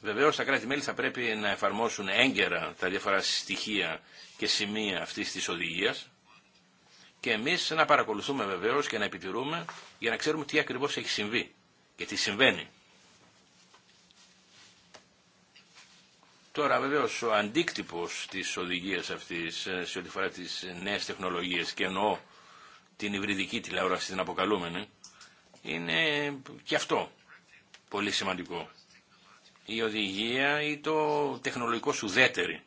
Βεβαίω τα κράτη-μέλη θα πρέπει να εφαρμόσουν έγκαιρα τα διάφορα στοιχεία και σημεία αυτής της οδηγία και εμεί να παρακολουθούμε βεβαίω και να επιτηρούμε για να ξέρουμε τι ακριβώ έχει συμβεί και τι συμβαίνει. Τώρα βεβαίω, ο αντίκτυπος της οδηγίας αυτής ε, σε ό,τι φορά τις νέες τεχνολογίες και εννοώ την υβριδική τηλεόραση την αποκαλούμενη είναι και αυτό πολύ σημαντικό. Η οδηγία ή το τεχνολογικό σου δέτερη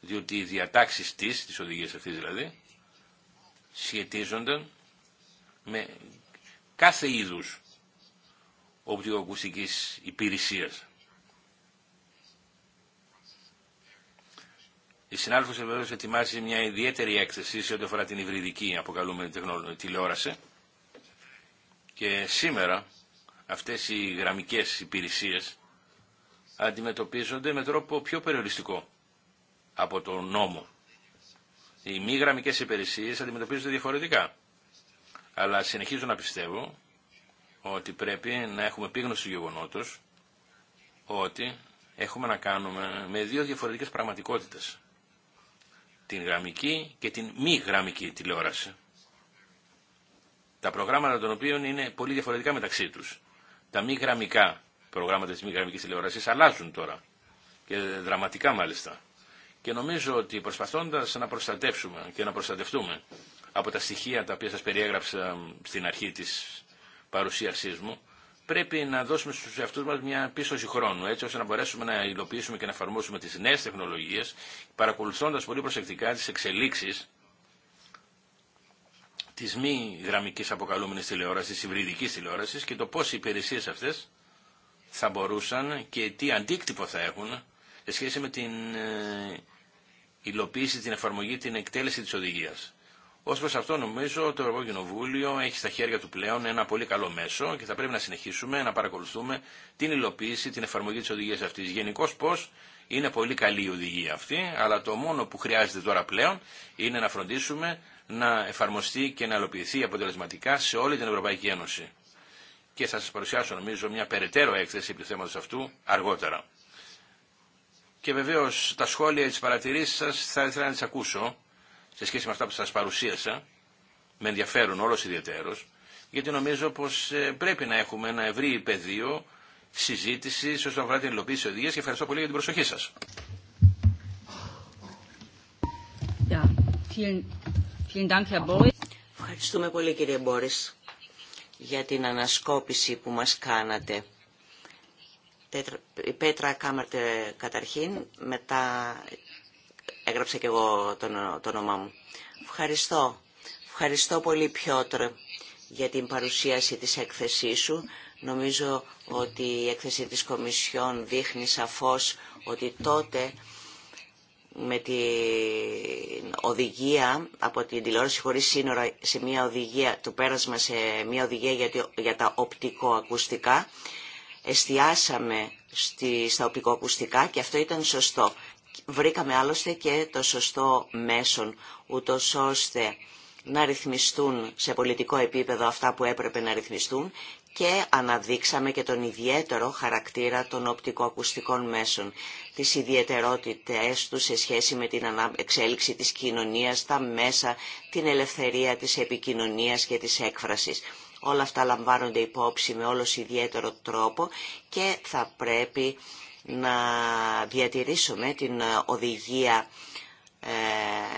διότι οι διατάξεις της, της οδηγίας αυτής δηλαδή σχετίζονταν με κάθε είδους οπτικοακουστικής υπηρεσίας. Η συνάδελφος βεβαίως ετοιμάζει μια ιδιαίτερη έκθεση σε ό,τι αφορά την υβριδική αποκαλούμενη τηλεόραση και σήμερα αυτές οι γραμμικές υπηρεσίες αντιμετωπίζονται με τρόπο πιο περιοριστικό από τον νόμο. Οι μη γραμμικές υπηρεσίες αντιμετωπίζονται διαφορετικά. Αλλά συνεχίζω να πιστεύω ότι πρέπει να έχουμε πείγνωση του γεγονότος ότι έχουμε να κάνουμε με δύο διαφορετικές πραγματικότητες την γραμμική και την μη γραμμική τηλεόραση. Τα προγράμματα των οποίων είναι πολύ διαφορετικά μεταξύ τους. Τα μη γραμμικά προγράμματα της μη γραμμικής τηλεόρασης αλλάζουν τώρα και δραματικά μάλιστα. Και νομίζω ότι προσπαθώντας να προστατεύσουμε και να προστατευτούμε από τα στοιχεία τα οποία σας περιέγραψα στην αρχή της παρουσίασής μου, πρέπει να δώσουμε στους εαυτούς μας μια πίσωση χρόνου, έτσι ώστε να μπορέσουμε να υλοποιήσουμε και να εφαρμόσουμε τις νέες τεχνολογίες, παρακολουθώντας πολύ προσεκτικά τις εξελίξεις της μη γραμμικής αποκαλούμενης τηλεόρασης, της υβριδικής τηλεόρασης και το πώς οι υπηρεσίες αυτές θα μπορούσαν και τι αντίκτυπο θα έχουν σε σχέση με την ε, υλοποίηση, την εφαρμογή, την εκτέλεση της οδηγίας. Ως προς αυτό νομίζω το Ευρωπαϊκό Κοινοβούλιο έχει στα χέρια του πλέον ένα πολύ καλό μέσο και θα πρέπει να συνεχίσουμε να παρακολουθούμε την υλοποίηση, την εφαρμογή της οδηγίας αυτής. Γενικώ πώς είναι πολύ καλή η οδηγία αυτή, αλλά το μόνο που χρειάζεται τώρα πλέον είναι να φροντίσουμε να εφαρμοστεί και να υλοποιηθεί αποτελεσματικά σε όλη την Ευρωπαϊκή Ένωση. Και θα σας παρουσιάσω νομίζω μια περαιτέρω έκθεση επί του αυτού αργότερα. Και βεβαίω τα σχόλια της παρατηρήσεις σα θα ήθελα να ακούσω σε σχέση με αυτά που σας παρουσίασα, με ενδιαφέρουν όλος ιδιαίτερος, γιατί νομίζω πως ε, πρέπει να έχουμε ένα ευρύ πεδίο συζήτηση όσον αφορά την υλοποίηση οδηγία και ευχαριστώ πολύ για την προσοχή σας. Ευχαριστούμε πολύ κύριε Μπόρις για την ανασκόπηση που μας κάνατε. Η Πέτρα Κάμαρτε καταρχήν, μετά Έγραψα και εγώ τον, το όνομά μου. Ευχαριστώ. Ευχαριστώ πολύ Πιότρ για την παρουσίαση της έκθεσής σου. Νομίζω ότι η έκθεση της Κομισιόν δείχνει σαφώς ότι τότε με την οδηγία από την τηλεόραση χωρίς σύνορα σε μια οδηγία, το πέρασμα σε μια οδηγία για, για τα οπτικοακουστικά εστιάσαμε στη, στα οπτικοακουστικά και αυτό ήταν σωστό. Βρήκαμε άλλωστε και το σωστό μέσον, ούτω ώστε να ρυθμιστούν σε πολιτικό επίπεδο αυτά που έπρεπε να ρυθμιστούν και αναδείξαμε και τον ιδιαίτερο χαρακτήρα των οπτικοακουστικών μέσων, τις ιδιαιτερότητες του σε σχέση με την εξέλιξη της κοινωνίας, τα μέσα, την ελευθερία της επικοινωνίας και της έκφρασης. Όλα αυτά λαμβάνονται υπόψη με όλος ιδιαίτερο τρόπο και θα πρέπει να διατηρήσουμε την οδηγία ε,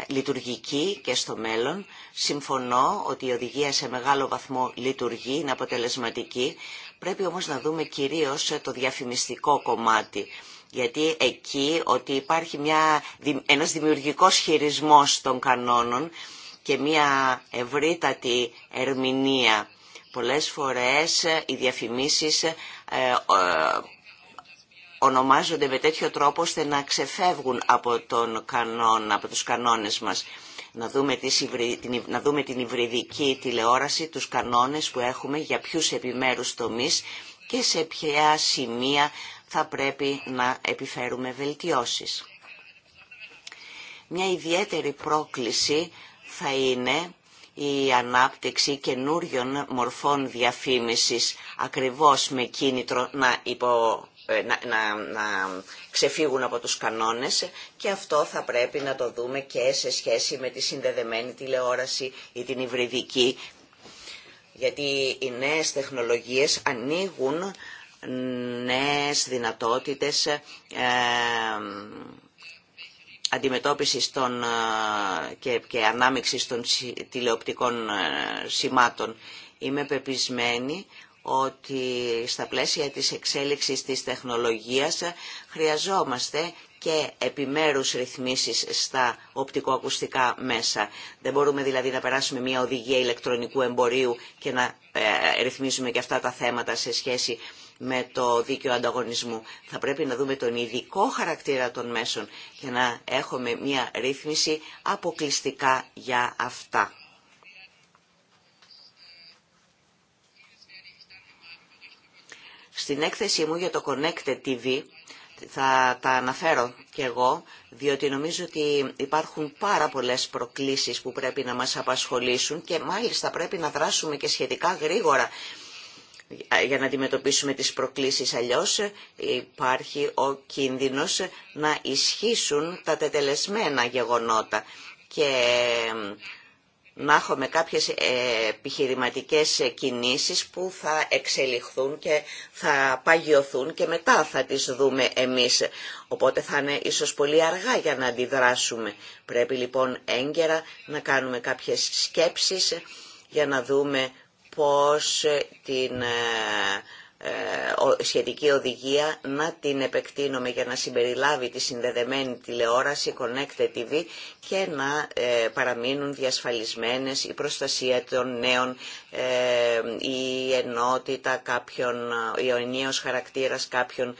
λειτουργική και στο μέλλον. Συμφωνώ ότι η οδηγία σε μεγάλο βαθμό λειτουργεί, είναι αποτελεσματική. Πρέπει όμως να δούμε κυρίως το διαφημιστικό κομμάτι. Γιατί εκεί ότι υπάρχει μια, ένας δημιουργικός χειρισμός των κανόνων και μια ευρύτατη ερμηνεία. Πολλές φορές οι διαφημίσεις ε, ονομάζονται με τέτοιο τρόπο ώστε να ξεφεύγουν από, τον κανόνε από τους κανόνες μας. Να δούμε, την, να δούμε την υβριδική τηλεόραση, τους κανόνες που έχουμε, για ποιους επιμέρους τομείς και σε ποια σημεία θα πρέπει να επιφέρουμε βελτιώσεις. Μια ιδιαίτερη πρόκληση θα είναι η ανάπτυξη καινούριων μορφών διαφήμισης, ακριβώς με κίνητρο να υπο ε, να, να, ξεφύγουν από τους κανόνες και αυτό θα πρέπει να το δούμε και σε σχέση με τη συνδεδεμένη τηλεόραση ή την υβριδική γιατί οι νέες τεχνολογίες ανοίγουν νέες δυνατότητες ε, αντιμετώπισης των, ε, και, και ανάμειξης των τηλεοπτικών ε, σημάτων. Είμαι πεπισμένη ότι στα πλαίσια της εξέλιξης της τεχνολογίας χρειαζόμαστε και επιμέρους ρυθμίσεις στα οπτικοακουστικά μέσα. Δεν μπορούμε δηλαδή να περάσουμε μια οδηγία ηλεκτρονικού εμπορίου και να ε, ρυθμίζουμε και αυτά τα θέματα σε σχέση με το δίκαιο ανταγωνισμού. Θα πρέπει να δούμε τον ειδικό χαρακτήρα των μέσων και να έχουμε μια ρύθμιση αποκλειστικά για αυτά. Στην έκθεσή μου για το Connected TV θα τα αναφέρω κι εγώ, διότι νομίζω ότι υπάρχουν πάρα πολλές προκλήσεις που πρέπει να μας απασχολήσουν και μάλιστα πρέπει να δράσουμε και σχετικά γρήγορα για να αντιμετωπίσουμε τις προκλήσεις. Αλλιώς ε, υπάρχει ο κίνδυνος να ισχύσουν τα τετελεσμένα γεγονότα και ε, να έχουμε κάποιες ε, επιχειρηματικές κινήσεις που θα εξελιχθούν και θα παγιωθούν και μετά θα τις δούμε εμείς. Οπότε θα είναι ίσως πολύ αργά για να αντιδράσουμε. Πρέπει λοιπόν έγκαιρα να κάνουμε κάποιες σκέψεις για να δούμε πώς την ε, ε, σχετική οδηγία να την επεκτείνουμε για να συμπεριλάβει τη συνδεδεμένη τηλεόραση, Connected TV και να ε, παραμείνουν διασφαλισμένες η προστασία των νέων, ε, η ενότητα κάποιων, η χαρακτήρας κάποιων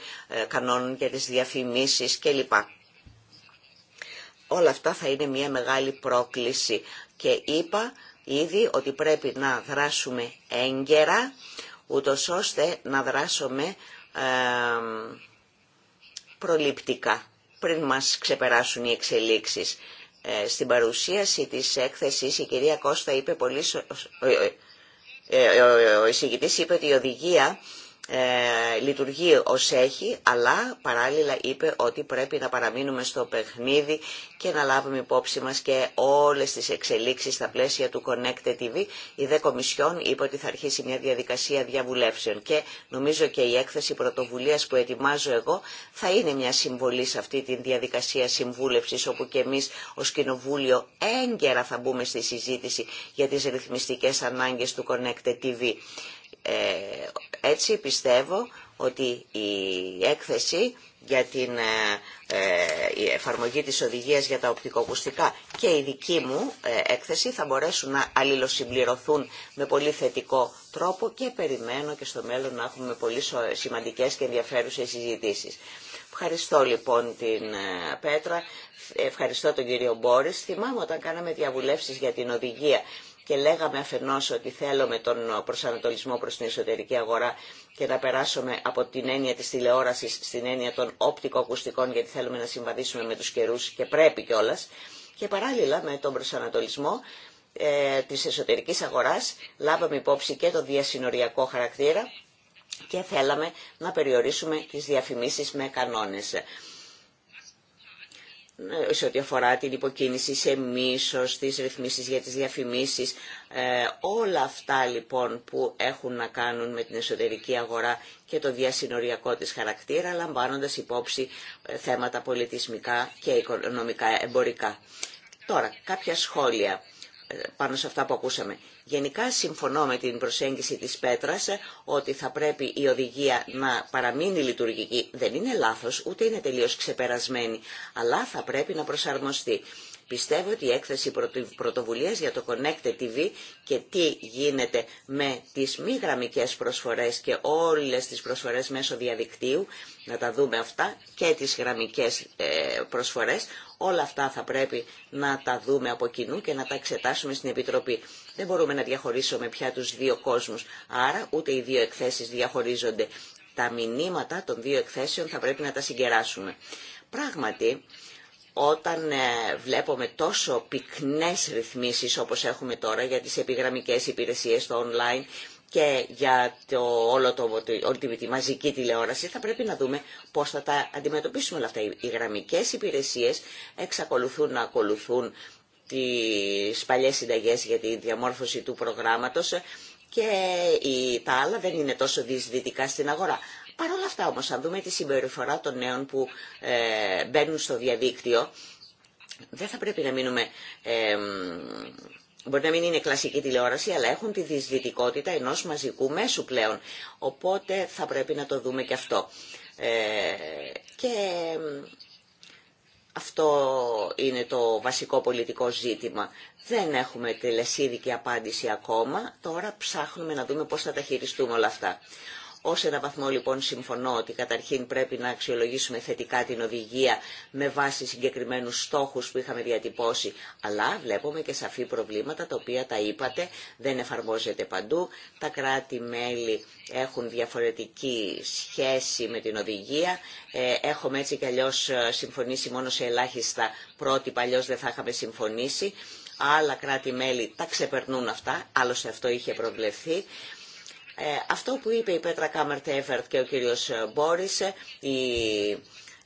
κανόνων για τις διαφημίσεις κλπ. Όλα αυτά θα είναι μια μεγάλη πρόκληση και είπα ήδη ότι πρέπει να δράσουμε έγκαιρα ούτως ώστε να δράσουμε προληπτικά πριν μας ξεπεράσουν οι εξελίξεις. Ε, στην παρουσίαση της έκθεσης η κυρία Κώστα είπε πολύ... Ε, ε, ο εισηγητής είπε ότι η οδηγία ε, λειτουργεί ως έχει, αλλά παράλληλα είπε ότι πρέπει να παραμείνουμε στο παιχνίδι και να λάβουμε υπόψη μας και όλες τις εξελίξεις στα πλαίσια του Connected TV. Η ΔΕ Κομισιόν είπε ότι θα αρχίσει μια διαδικασία διαβουλεύσεων και νομίζω και η έκθεση πρωτοβουλίας που ετοιμάζω εγώ θα είναι μια συμβολή σε αυτή τη διαδικασία συμβούλευσης όπου και εμείς ως Κοινοβούλιο έγκαιρα θα μπούμε στη συζήτηση για τις ρυθμιστικές ανάγκες του Connected TV. Ε, έτσι πιστεύω ότι η έκθεση για την ε, ε, εφαρμογή της οδηγίας για τα οπτικοακουστικά και η δική μου έκθεση θα μπορέσουν να αλληλοσυμπληρωθούν με πολύ θετικό τρόπο και περιμένω και στο μέλλον να έχουμε πολύ σημαντικές και ενδιαφέρουσες συζητήσεις. Ευχαριστώ λοιπόν την Πέτρα, ευχαριστώ τον κύριο Μπόρις. Θυμάμαι όταν κάναμε διαβουλεύσεις για την οδηγία και λέγαμε αφενός ότι θέλουμε τον προσανατολισμό προς την εσωτερική αγορά και να περάσουμε από την έννοια της τηλεόρασης στην έννοια των οπτικοακουστικών γιατί θέλουμε να συμβαδίσουμε με τους καιρούς και πρέπει κιόλας και παράλληλα με τον προσανατολισμό ε, της εσωτερικής αγοράς λάβαμε υπόψη και το διασυνοριακό χαρακτήρα και θέλαμε να περιορίσουμε τις διαφημίσεις με κανόνες. Ε, σε ό,τι αφορά την υποκίνηση σε μίσος, τις ρυθμίσεις για τις διαφημίσεις, ε, όλα αυτά λοιπόν που έχουν να κάνουν με την εσωτερική αγορά και το διασυνοριακό της χαρακτήρα, λαμβάνοντας υπόψη ε, θέματα πολιτισμικά και οικονομικά εμπορικά. Τώρα, κάποια σχόλια πάνω σε αυτά που ακούσαμε. Γενικά συμφωνώ με την προσέγγιση της Πέτρας ε, ότι θα πρέπει η οδηγία να παραμείνει λειτουργική. Δεν είναι λάθος, ούτε είναι τελείως ξεπερασμένη, αλλά θα πρέπει να προσαρμοστεί. Πιστεύω ότι η έκθεση πρωτοβουλίας για το Connect TV και τι γίνεται με τις μη γραμμικές προσφορές και όλες τις προσφορές μέσω διαδικτύου, να τα δούμε αυτά, και τις γραμμικές ε, προσφορές, όλα αυτά θα πρέπει να τα δούμε από κοινού και να τα εξετάσουμε στην Επιτροπή. Δεν μπορούμε να διαχωρίσουμε πια τους δύο κόσμους, άρα ούτε οι δύο εκθέσεις διαχωρίζονται. Τα μηνύματα των δύο εκθέσεων θα πρέπει να τα συγκεράσουμε. Πράγματι, όταν ε, βλέπουμε τόσο πυκνές ρυθμίσεις όπως έχουμε τώρα για τις επιγραμμικές υπηρεσίες στο online και για το, όλο το, όλη τη, μαζική τηλεόραση θα πρέπει να δούμε πώς θα τα αντιμετωπίσουμε όλα αυτά. Οι γραμμικές υπηρεσίες εξακολουθούν να ακολουθούν τις παλιές συνταγές για τη διαμόρφωση του προγράμματος και τα άλλα δεν είναι τόσο δυσδυτικά στην αγορά. Παρ' όλα αυτά όμως, αν δούμε τη συμπεριφορά των νέων που ε, μπαίνουν στο διαδίκτυο, δεν θα πρέπει να μείνουμε... Μπορεί να μην είναι κλασική τηλεόραση, αλλά έχουν τη δυσδυτικότητα ενός μαζικού μέσου πλέον. Οπότε θα πρέπει να το δούμε και αυτό. Ε, και αυτό είναι το βασικό πολιτικό ζήτημα. Δεν έχουμε τελεσίδικη απάντηση ακόμα. Τώρα ψάχνουμε να δούμε πώς θα τα χειριστούμε όλα αυτά. Ω ένα βαθμό λοιπόν συμφωνώ ότι καταρχήν πρέπει να αξιολογήσουμε θετικά την οδηγία με βάση συγκεκριμένους στόχους που είχαμε διατυπώσει, αλλά βλέπουμε και σαφή προβλήματα τα οποία τα είπατε, δεν εφαρμόζεται παντού, τα κράτη-μέλη έχουν διαφορετική σχέση με την οδηγία, ε, έχουμε έτσι κι αλλιώ ε, συμφωνήσει μόνο σε ελάχιστα πρότυπα, αλλιώ δεν θα είχαμε συμφωνήσει, άλλα κράτη-μέλη τα ξεπερνούν αυτά, άλλωστε αυτό είχε προβλεφθεί. Ε, αυτό που είπε η Πέτρα Κάμερ Τέφερτ και ο κύριος Μπόρις, η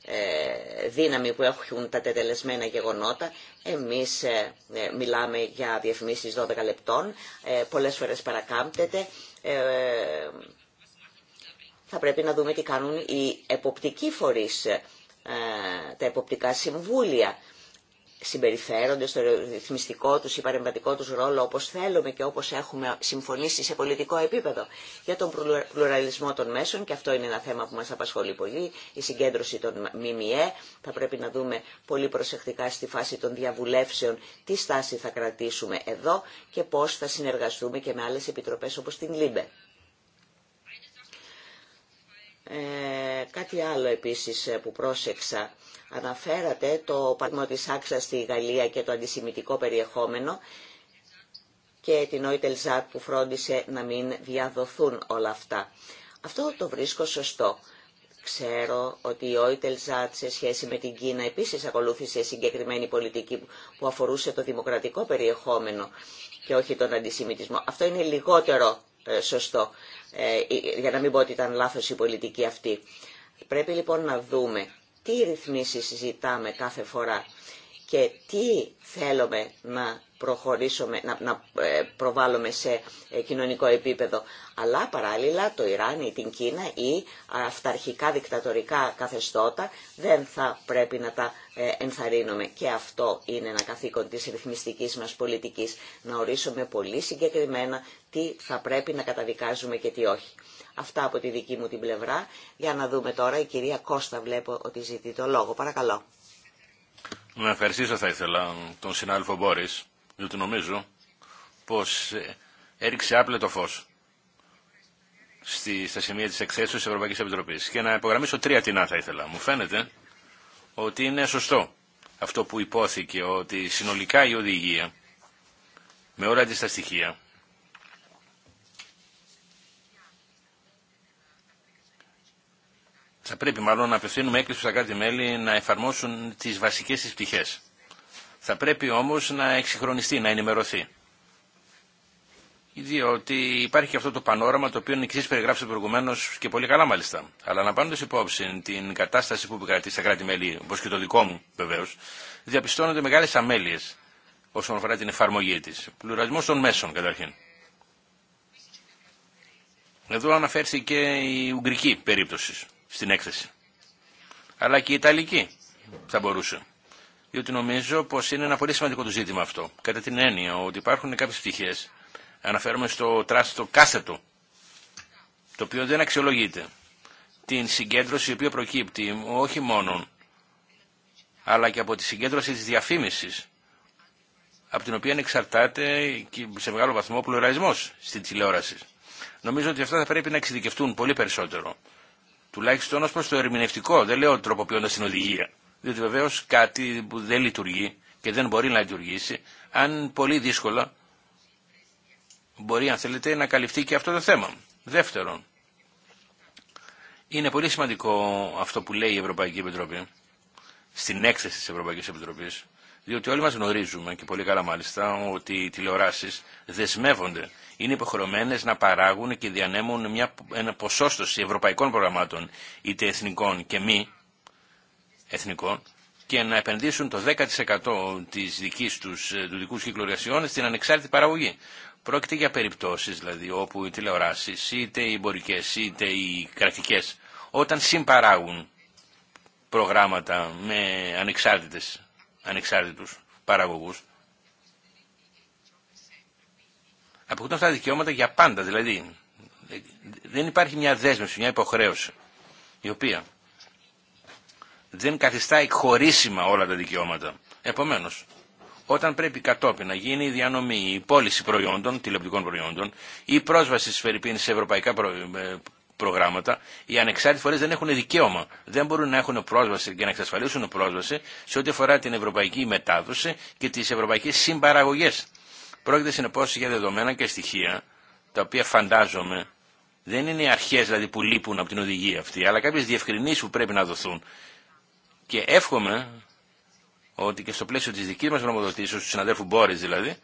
ε, δύναμη που έχουν τα τετελεσμένα γεγονότα. Εμείς ε, μιλάμε για διαφημίσεις 12 λεπτών, πολλές φορές παρακάμπτεται. Θα πρέπει να δούμε τι κάνουν οι εποπτικοί φορείς, τα εποπτικά συμβούλια συμπεριφέρονται στο ρυθμιστικό τους ή παρεμβατικό τους ρόλο όπως θέλουμε και όπως έχουμε συμφωνήσει σε πολιτικό επίπεδο για τον πλουραλισμό των μέσων και αυτό είναι ένα θέμα που μας απασχολεί πολύ η συγκέντρωση των ΜΜΕ θα πρέπει να δούμε πολύ προσεκτικά στη φάση των διαβουλεύσεων τι στάση θα κρατήσουμε εδώ και πώς θα συνεργαστούμε και με άλλες επιτροπές όπως την ΛΥΜΠΕ. Ε, κάτι άλλο επίσης ε, που πρόσεξα. Αναφέρατε το παράδειγμα της Άξα στη Γαλλία και το αντισημιτικό περιεχόμενο και την Oitelzat που φρόντισε να μην διαδοθούν όλα αυτά. Αυτό το βρίσκω σωστό. Ξέρω ότι η Oitelzat σε σχέση με την Κίνα επίσης ακολούθησε συγκεκριμένη πολιτική που αφορούσε το δημοκρατικό περιεχόμενο και όχι τον αντισημιτισμό. Αυτό είναι λιγότερο ε, σωστό. Ε, για να μην πω ότι ήταν λάθος η πολιτική αυτή. Πρέπει λοιπόν να δούμε τι ρυθμίσεις συζητάμε κάθε φορά και τι θέλουμε να προχωρήσουμε, να, να ε, προβάλλουμε σε ε, κοινωνικό επίπεδο. Αλλά παράλληλα το Ιράν ή την Κίνα ή αυταρχικά δικτατορικά καθεστώτα δεν θα πρέπει να τα ε, ενθαρρύνουμε. Και αυτό είναι ένα καθήκον της ρυθμιστικής μας πολιτικής, να ορίσουμε πολύ συγκεκριμένα τι θα πρέπει να καταδικάζουμε και τι όχι. Αυτά από τη δική μου την πλευρά. Για να δούμε τώρα, η κυρία Κώστα βλέπω ότι ζητεί το λόγο. Παρακαλώ να ευχαριστήσω θα ήθελα τον συνάδελφο Μπόρις, διότι νομίζω πως ε, έριξε άπλετο φως στη, στα σημεία της εκθέσεως της Ευρωπαϊκής Επιτροπής. Και να υπογραμμίσω τρία τεινά θα ήθελα. Μου φαίνεται ότι είναι σωστό αυτό που υπόθηκε ότι συνολικά η οδηγία με όλα της τα στοιχεία θα πρέπει μάλλον να απευθύνουμε έκκληση στα κρατη μέλη να εφαρμόσουν τις βασικές της πτυχές. Θα πρέπει όμως να εξυγχρονιστεί, να ενημερωθεί. Διότι υπάρχει και αυτό το πανόραμα το οποίο εξή περιγράψετε προηγουμένω και πολύ καλά μάλιστα. Αλλά να σε υπόψη την κατάσταση που επικρατεί στα κράτη-μέλη, όπω και το δικό μου βεβαίω, διαπιστώνονται μεγάλε αμέλειε όσον αφορά την εφαρμογή τη. Πλουρασμό των μέσων καταρχήν. Εδώ αναφέρθηκε η ουγγρική περίπτωση στην έκθεση. Αλλά και η Ιταλική θα μπορούσε. Διότι νομίζω πω είναι ένα πολύ σημαντικό το ζήτημα αυτό. Κατά την έννοια ότι υπάρχουν κάποιε πτυχέ, Αναφέρομαι στο τράστο κάθετο, το οποίο δεν αξιολογείται. Την συγκέντρωση η οποία προκύπτει όχι μόνο, αλλά και από τη συγκέντρωση της διαφήμισης, από την οποία εξαρτάται και σε μεγάλο βαθμό ο πλουραλισμός στην τηλεόραση. Νομίζω ότι αυτά θα πρέπει να εξειδικευτούν πολύ περισσότερο Τουλάχιστον ω προ το ερμηνευτικό, δεν λέω τροποποιώντα την οδηγία. Διότι βεβαίω κάτι που δεν λειτουργεί και δεν μπορεί να λειτουργήσει, αν πολύ δύσκολα μπορεί αν θέλετε να καλυφθεί και αυτό το θέμα. Δεύτερον, είναι πολύ σημαντικό αυτό που λέει η Ευρωπαϊκή Επιτροπή, στην έκθεση τη Ευρωπαϊκή Επιτροπή διότι όλοι μας γνωρίζουμε και πολύ καλά μάλιστα ότι οι τηλεοράσεις δεσμεύονται, είναι υποχρεωμένες να παράγουν και διανέμουν μια, ένα ποσόστοση ευρωπαϊκών προγραμμάτων, είτε εθνικών και μη εθνικών, και να επενδύσουν το 10% της δικής τους, ε, του δικού κύκλου στην ανεξάρτητη παραγωγή. Πρόκειται για περιπτώσεις δηλαδή όπου οι τηλεοράσεις, είτε οι εμπορικέ είτε οι κρατικές, όταν συμπαράγουν προγράμματα με ανεξάρτητες ανεξάρτητους παραγωγούς αποκτούν αυτά τα δικαιώματα για πάντα. Δηλαδή δεν υπάρχει μια δέσμευση, μια υποχρέωση η οποία δεν καθιστά εκχωρήσιμα όλα τα δικαιώματα. Επομένως, όταν πρέπει κατόπιν να γίνει η διανομή, η πώληση προϊόντων, τηλεοπτικών προϊόντων, η πρόσβαση Φερρυπίνες σε ευρωπαϊκά ε, προγράμματα, οι ανεξάρτητοι φορέ δεν έχουν δικαίωμα. Δεν μπορούν να έχουν πρόσβαση και να εξασφαλίσουν πρόσβαση σε ό,τι αφορά την ευρωπαϊκή μετάδοση και τι ευρωπαϊκέ συμπαραγωγέ. Πρόκειται συνεπώ για δεδομένα και στοιχεία, τα οποία φαντάζομαι δεν είναι οι αρχέ δηλαδή που λείπουν από την οδηγία αυτή, αλλά κάποιε διευκρινήσει που πρέπει να δοθούν. Και εύχομαι ότι και στο πλαίσιο τη δική μα νομοδοτήσεω, του συναδέλφου Μπόρι δηλαδή,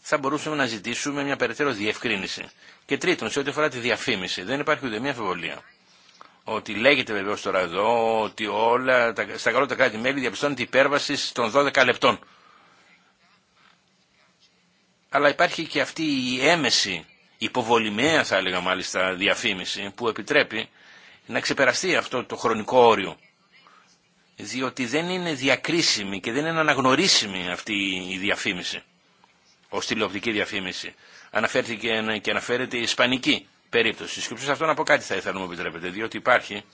θα μπορούσαμε να ζητήσουμε μια περαιτέρω διευκρίνηση. Και τρίτον, σε ό,τι αφορά τη διαφήμιση, δεν υπάρχει ούτε μια αφιβολία. Ότι λέγεται βεβαίω τώρα εδώ ότι όλα τα, στα καλό τα κράτη-μέλη διαπιστώνεται υπέρβαση των 12 λεπτών. Αλλά υπάρχει και αυτή η έμεση, υποβολημαία θα έλεγα μάλιστα, διαφήμιση που επιτρέπει να ξεπεραστεί αυτό το χρονικό όριο. Διότι δεν είναι διακρίσιμη και δεν είναι αναγνωρίσιμη αυτή η διαφήμιση ω τηλεοπτική διαφήμιση. Αναφέρθηκε και αναφέρεται η ισπανική περίπτωση. Και αυτό να πω κάτι θα ήθελα να μου επιτρέπετε, διότι υπάρχει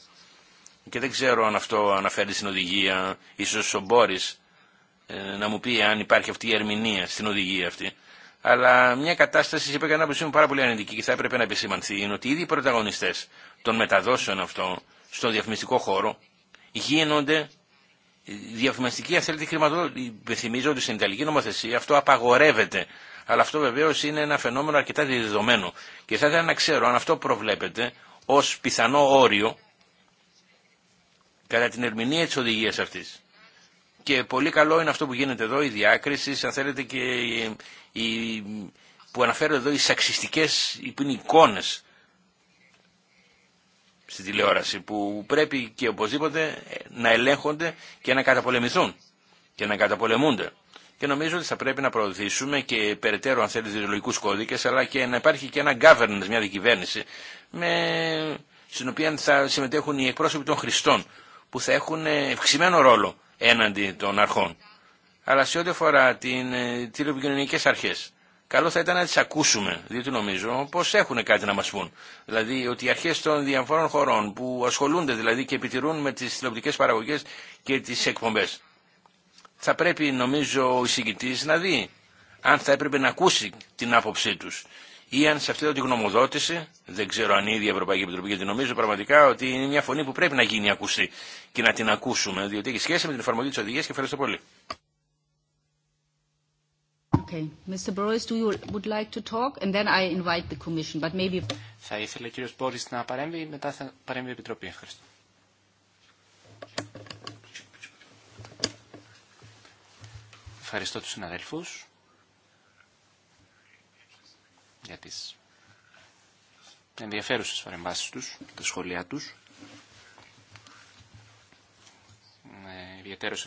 και δεν ξέρω αν αυτό αναφέρει στην οδηγία, ίσως ο Μπόρις ε, να μου πει αν υπάρχει αυτή η ερμηνεία στην οδηγία αυτή. Αλλά μια κατάσταση, σε κατά που πάρα πολύ αρνητική και θα έπρεπε να επισημανθεί, είναι ότι ήδη οι πρωταγωνιστές των μεταδόσεων αυτών στον διαφημιστικό χώρο γίνονται διαφημιστική αν θέλετε χρηματοδότηση. θυμίζω ότι στην Ιταλική νομοθεσία αυτό απαγορεύεται. Αλλά αυτό βεβαίω είναι ένα φαινόμενο αρκετά διδεδομένο. Και θα ήθελα να ξέρω αν αυτό προβλέπεται ω πιθανό όριο κατά την ερμηνεία τη οδηγία αυτή. Και πολύ καλό είναι αυτό που γίνεται εδώ, η διάκριση, αν θέλετε, και που αναφέρω εδώ οι σαξιστικές, που είναι εικόνες στη τηλεόραση που πρέπει και οπωσδήποτε ε, να ελέγχονται και να καταπολεμηθούν και να καταπολεμούνται. Και νομίζω ότι θα πρέπει να προωθήσουμε και περαιτέρω αν θέλει κώδικες αλλά και να υπάρχει και ένα governance, μια διακυβέρνηση με... στην οποία θα συμμετέχουν οι εκπρόσωποι των χρηστών που θα έχουν ευξημένο ρόλο έναντι των αρχών. Αλλά σε ό,τι αφορά τι ε, τηλεοπικοινωνικέ αρχέ καλό θα ήταν να τι ακούσουμε, διότι νομίζω πώ έχουν κάτι να μα πούν. Δηλαδή ότι οι αρχέ των διαφόρων χωρών που ασχολούνται δηλαδή και επιτηρούν με τι τηλεοπτικέ παραγωγές και τι εκπομπέ. Θα πρέπει νομίζω ο εισηγητή να δει αν θα έπρεπε να ακούσει την άποψή του ή αν σε αυτή την γνωμοδότηση, δεν ξέρω αν ήδη η Ευρωπαϊκή Επιτροπή, γιατί νομίζω πραγματικά ότι είναι μια φωνή που πρέπει να γίνει ακουστή και να την ακούσουμε, διότι έχει σχέση με την εφαρμογή τη οδηγία και ευχαριστώ πολύ. Θα ήθελε ο κύριος Μπόρις να παρέμβει, μετά θα παρέμβει η Επιτροπή. Ευχαριστώ. Ευχαριστώ τους συναδέλφους για τις ενδιαφέρουσες παρεμβάσεις τους, τα σχόλιά τους. Ε, ιδιαίτερος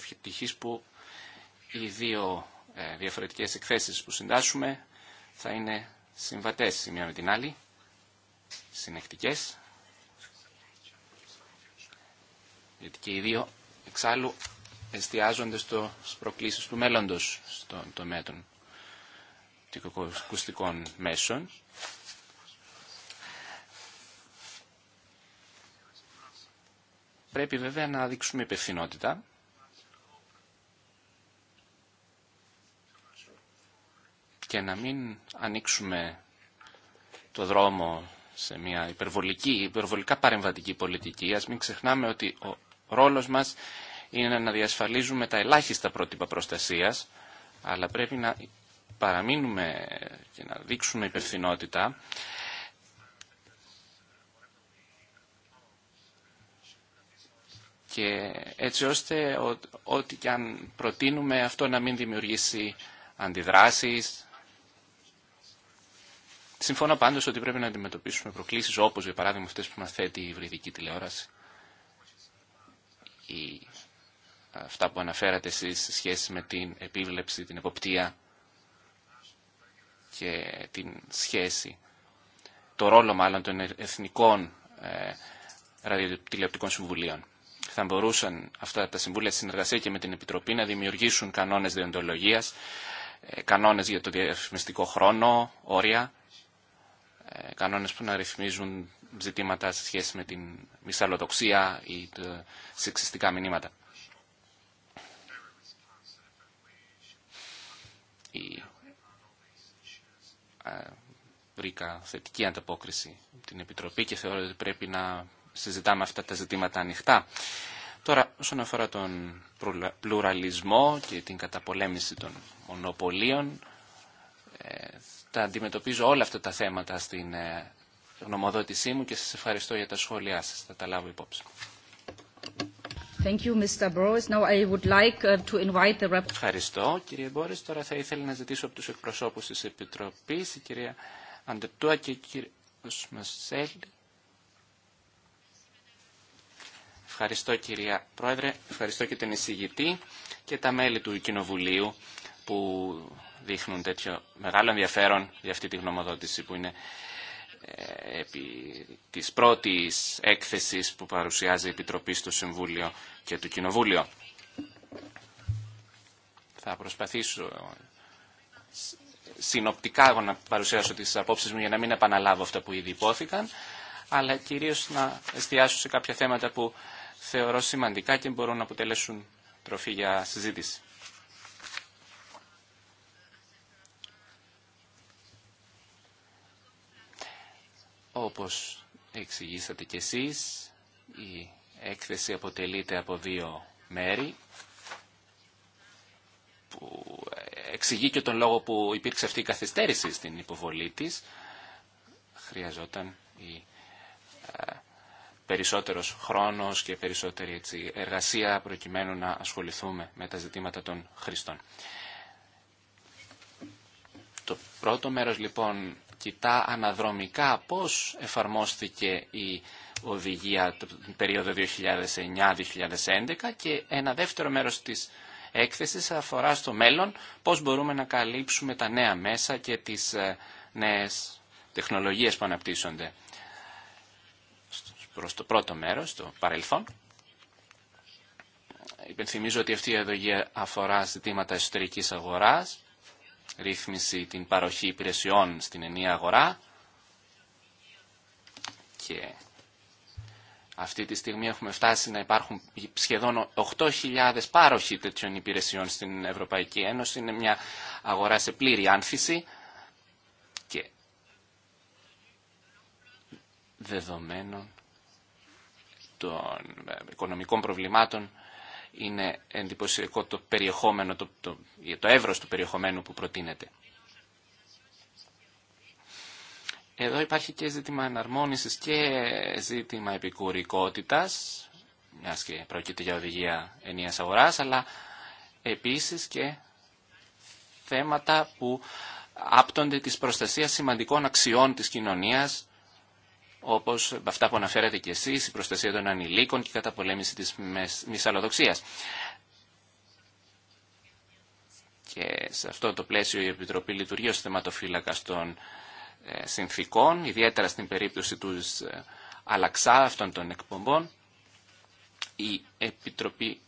που οι δύο ε, διαφορετικές εκθέσεις που συντάσσουμε θα είναι συμβατές η μία με την άλλη, συνεκτικές, γιατί και οι δύο εξάλλου εστιάζονται στο προκλήσεις του μέλλοντος στον τομέα των κουστικών μέσων. Πρέπει βέβαια να δείξουμε υπευθυνότητα και να μην ανοίξουμε το δρόμο σε μια υπερβολική, υπερβολικά παρεμβατική πολιτική. Ας μην ξεχνάμε ότι ο ρόλος μας είναι να διασφαλίζουμε τα ελάχιστα πρότυπα προστασίας, αλλά πρέπει να παραμείνουμε και να δείξουμε υπευθυνότητα. Και έτσι ώστε ό,τι και αν προτείνουμε αυτό να μην δημιουργήσει αντιδράσεις, Συμφωνώ πάντως ότι πρέπει να αντιμετωπίσουμε προκλήσεις όπως για παράδειγμα αυτές που μας θέτει η υβριδική τηλεόραση ή αυτά που αναφέρατε εσείς σε σχέση με την επίβλεψη, την εποπτεία και την σχέση, το ρόλο μάλλον των εθνικών ε, ραδιοτηλεοπτικών συμβουλίων. Θα μπορούσαν αυτά τα συμβούλια στη συνεργασία και με την Επιτροπή να δημιουργήσουν κανόνες διοντολογίας, ε, κανόνες για το διαφημιστικό χρόνο, όρια, ε, κανόνες που να ρυθμίζουν ζητήματα σε σχέση με την μυσαλλοδοξία ή τα σεξιστικά μηνύματα. Η ε, βρήκα θετική ανταπόκριση την Επιτροπή και θεωρώ ότι πρέπει να συζητάμε αυτά τα ζητήματα ανοιχτά. Τώρα, όσον αφορά τον πλουραλισμό και την καταπολέμηση των μονοπωλίων, τα αντιμετωπίζω όλα αυτά τα θέματα στην ε, γνωμοδότησή μου και σας ευχαριστώ για τα σχόλιά σας. Θα τα λάβω υπόψη. Ευχαριστώ, κύριε Μπόρις. Τώρα θα ήθελα να ζητήσω από τους εκπροσώπους της Επιτροπής, η κυρία Αντεπτούα και ο κύριος Μασέλ. Ευχαριστώ, κυρία Πρόεδρε. Ευχαριστώ και τον εισηγητή και τα μέλη του Κοινοβουλίου που δείχνουν τέτοιο μεγάλο ενδιαφέρον για αυτή τη γνωμοδότηση που είναι ε, επί της πρώτης έκθεσης που παρουσιάζει η Επιτροπή στο Συμβούλιο και το Κοινοβούλιο. Θα προσπαθήσω συνοπτικά να παρουσιάσω τις απόψεις μου για να μην επαναλάβω αυτά που ήδη υπόθηκαν, αλλά κυρίως να εστιάσω σε κάποια θέματα που θεωρώ σημαντικά και μπορούν να αποτελέσουν τροφή για συζήτηση. Όπως εξηγήσατε κι εσείς, η έκθεση αποτελείται από δύο μέρη που εξηγεί και τον λόγο που υπήρξε αυτή η καθυστέρηση στην υποβολή της. Χρειαζόταν η ε, περισσότερος χρόνος και περισσότερη έτσι, εργασία προκειμένου να ασχοληθούμε με τα ζητήματα των χρηστών. Το πρώτο μέρος λοιπόν κοιτά αναδρομικά πώς εφαρμόστηκε η οδηγία την περίοδο 2009-2011 και ένα δεύτερο μέρος της έκθεσης αφορά στο μέλλον πώς μπορούμε να καλύψουμε τα νέα μέσα και τις ε, νέες τεχνολογίες που αναπτύσσονται προς το πρώτο μέρος, το παρελθόν. Υπενθυμίζω ότι αυτή η οδηγία αφορά ζητήματα εσωτερικής αγοράς ρύθμιση την παροχή υπηρεσιών στην ενία αγορά και αυτή τη στιγμή έχουμε φτάσει να υπάρχουν σχεδόν 8.000 πάροχοι τέτοιων υπηρεσιών στην Ευρωπαϊκή Ένωση. Είναι μια αγορά σε πλήρη άνθηση και δεδομένων των ε, οικονομικών προβλημάτων είναι εντυπωσιακό το περιεχόμενο, το, το, το εύρος του περιεχομένου που προτείνεται. Εδώ υπάρχει και ζήτημα εναρμόνισης και ζήτημα επικουρικότητας, μια και πρόκειται για οδηγία ενίας αγοράς, αλλά επίσης και θέματα που άπτονται της προστασίας σημαντικών αξιών της κοινωνίας, Όπω αυτά που αναφέρατε και εσεί, η προστασία των ανηλίκων και η καταπολέμηση της μυσαλλοδοξία. Και σε αυτό το πλαίσιο η Επιτροπή λειτουργεί ως θεματοφύλακας των ε, συνθήκων, ιδιαίτερα στην περίπτωση του ε, Αλαξά αυτών των εκπομπών. Η Επιτροπή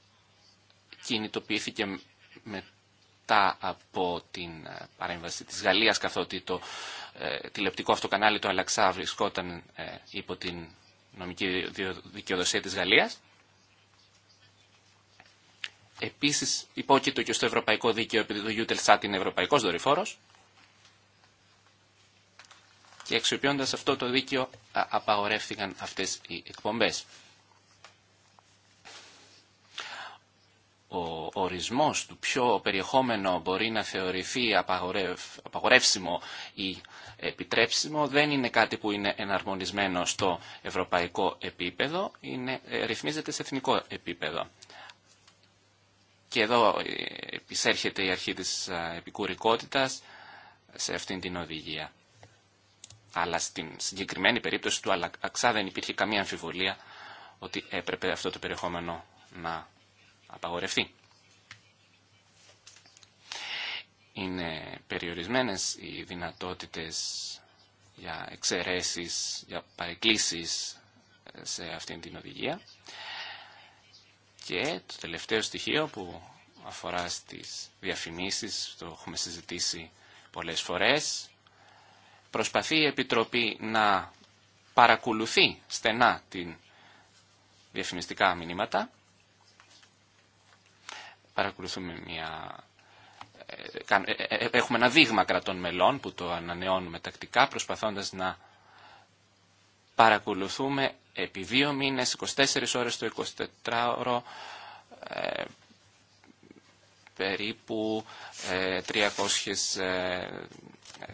κινητοποιήθηκε με από την ε, παρέμβαση της Γαλλίας καθότι το ε, τηλεπτικό αυτό κανάλι του Αλαξά βρισκόταν ε, υπό την νομική δικαιοδοσία της Γαλλίας. Επίσης υπόκειτο και στο Ευρωπαϊκό Δίκαιο επειδή το Sat είναι Ευρωπαϊκός Δορυφόρος και αξιοποιώντας αυτό το δίκαιο απαγορεύτηκαν αυτές οι εκπομπές. ο ορισμός του ποιο περιεχόμενο μπορεί να θεωρηθεί απαγορεύσιμο ή επιτρέψιμο δεν είναι κάτι που είναι εναρμονισμένο στο ευρωπαϊκό επίπεδο, είναι, ε, ρυθμίζεται σε εθνικό επίπεδο. Και εδώ ε, επισέρχεται η αρχή της ε, επικουρικότητας σε αυτήν την οδηγία. Αλλά στην συγκεκριμένη περίπτωση του Αλαξά δεν υπήρχε καμία αμφιβολία ότι έπρεπε αυτό το περιεχόμενο να απαγορευτεί. Είναι περιορισμένες οι δυνατότητες για εξαιρέσεις, για παρεκκλήσεις ε, σε αυτήν την οδηγία. Και το τελευταίο στοιχείο που αφορά στις διαφημίσεις, το έχουμε συζητήσει πολλές φορές, προσπαθεί η Επιτροπή να παρακολουθεί στενά την διαφημιστικά μηνύματα παρακολουθούμε μια... Ε, ε, ε, έχουμε ένα δείγμα κρατών μελών που το ανανεώνουμε τακτικά προσπαθώντας να παρακολουθούμε επί δύο μήνες, 24 ώρες το 24ωρο περίπου 300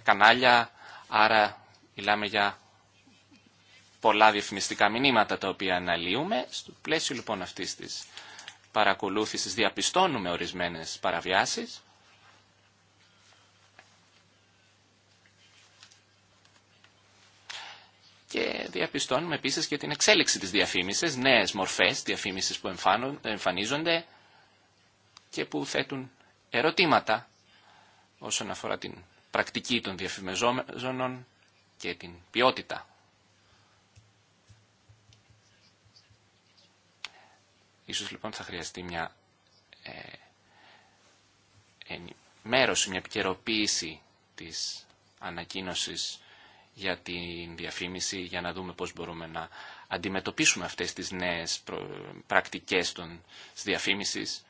κανάλια, άρα μιλάμε για πολλά διαφημιστικά μηνύματα τα οποία αναλύουμε. Στο πλαίσιο λοιπόν αυτής της παρακολούθησης διαπιστώνουμε ορισμένες παραβιάσεις. Και διαπιστώνουμε επίσης και την εξέλιξη της διαφήμισης, νέες μορφές διαφήμισης που εμφανίζονται και που θέτουν ερωτήματα όσον αφορά την πρακτική των διαφημεζόμενων και την ποιότητα Ίσως λοιπόν θα χρειαστεί μια ε, ενημέρωση, μια επικαιροποίηση της ανακοίνωσης για την διαφήμιση για να δούμε πώς μπορούμε να αντιμετωπίσουμε αυτές τις νέες πρακτικές των, της διαφήμισης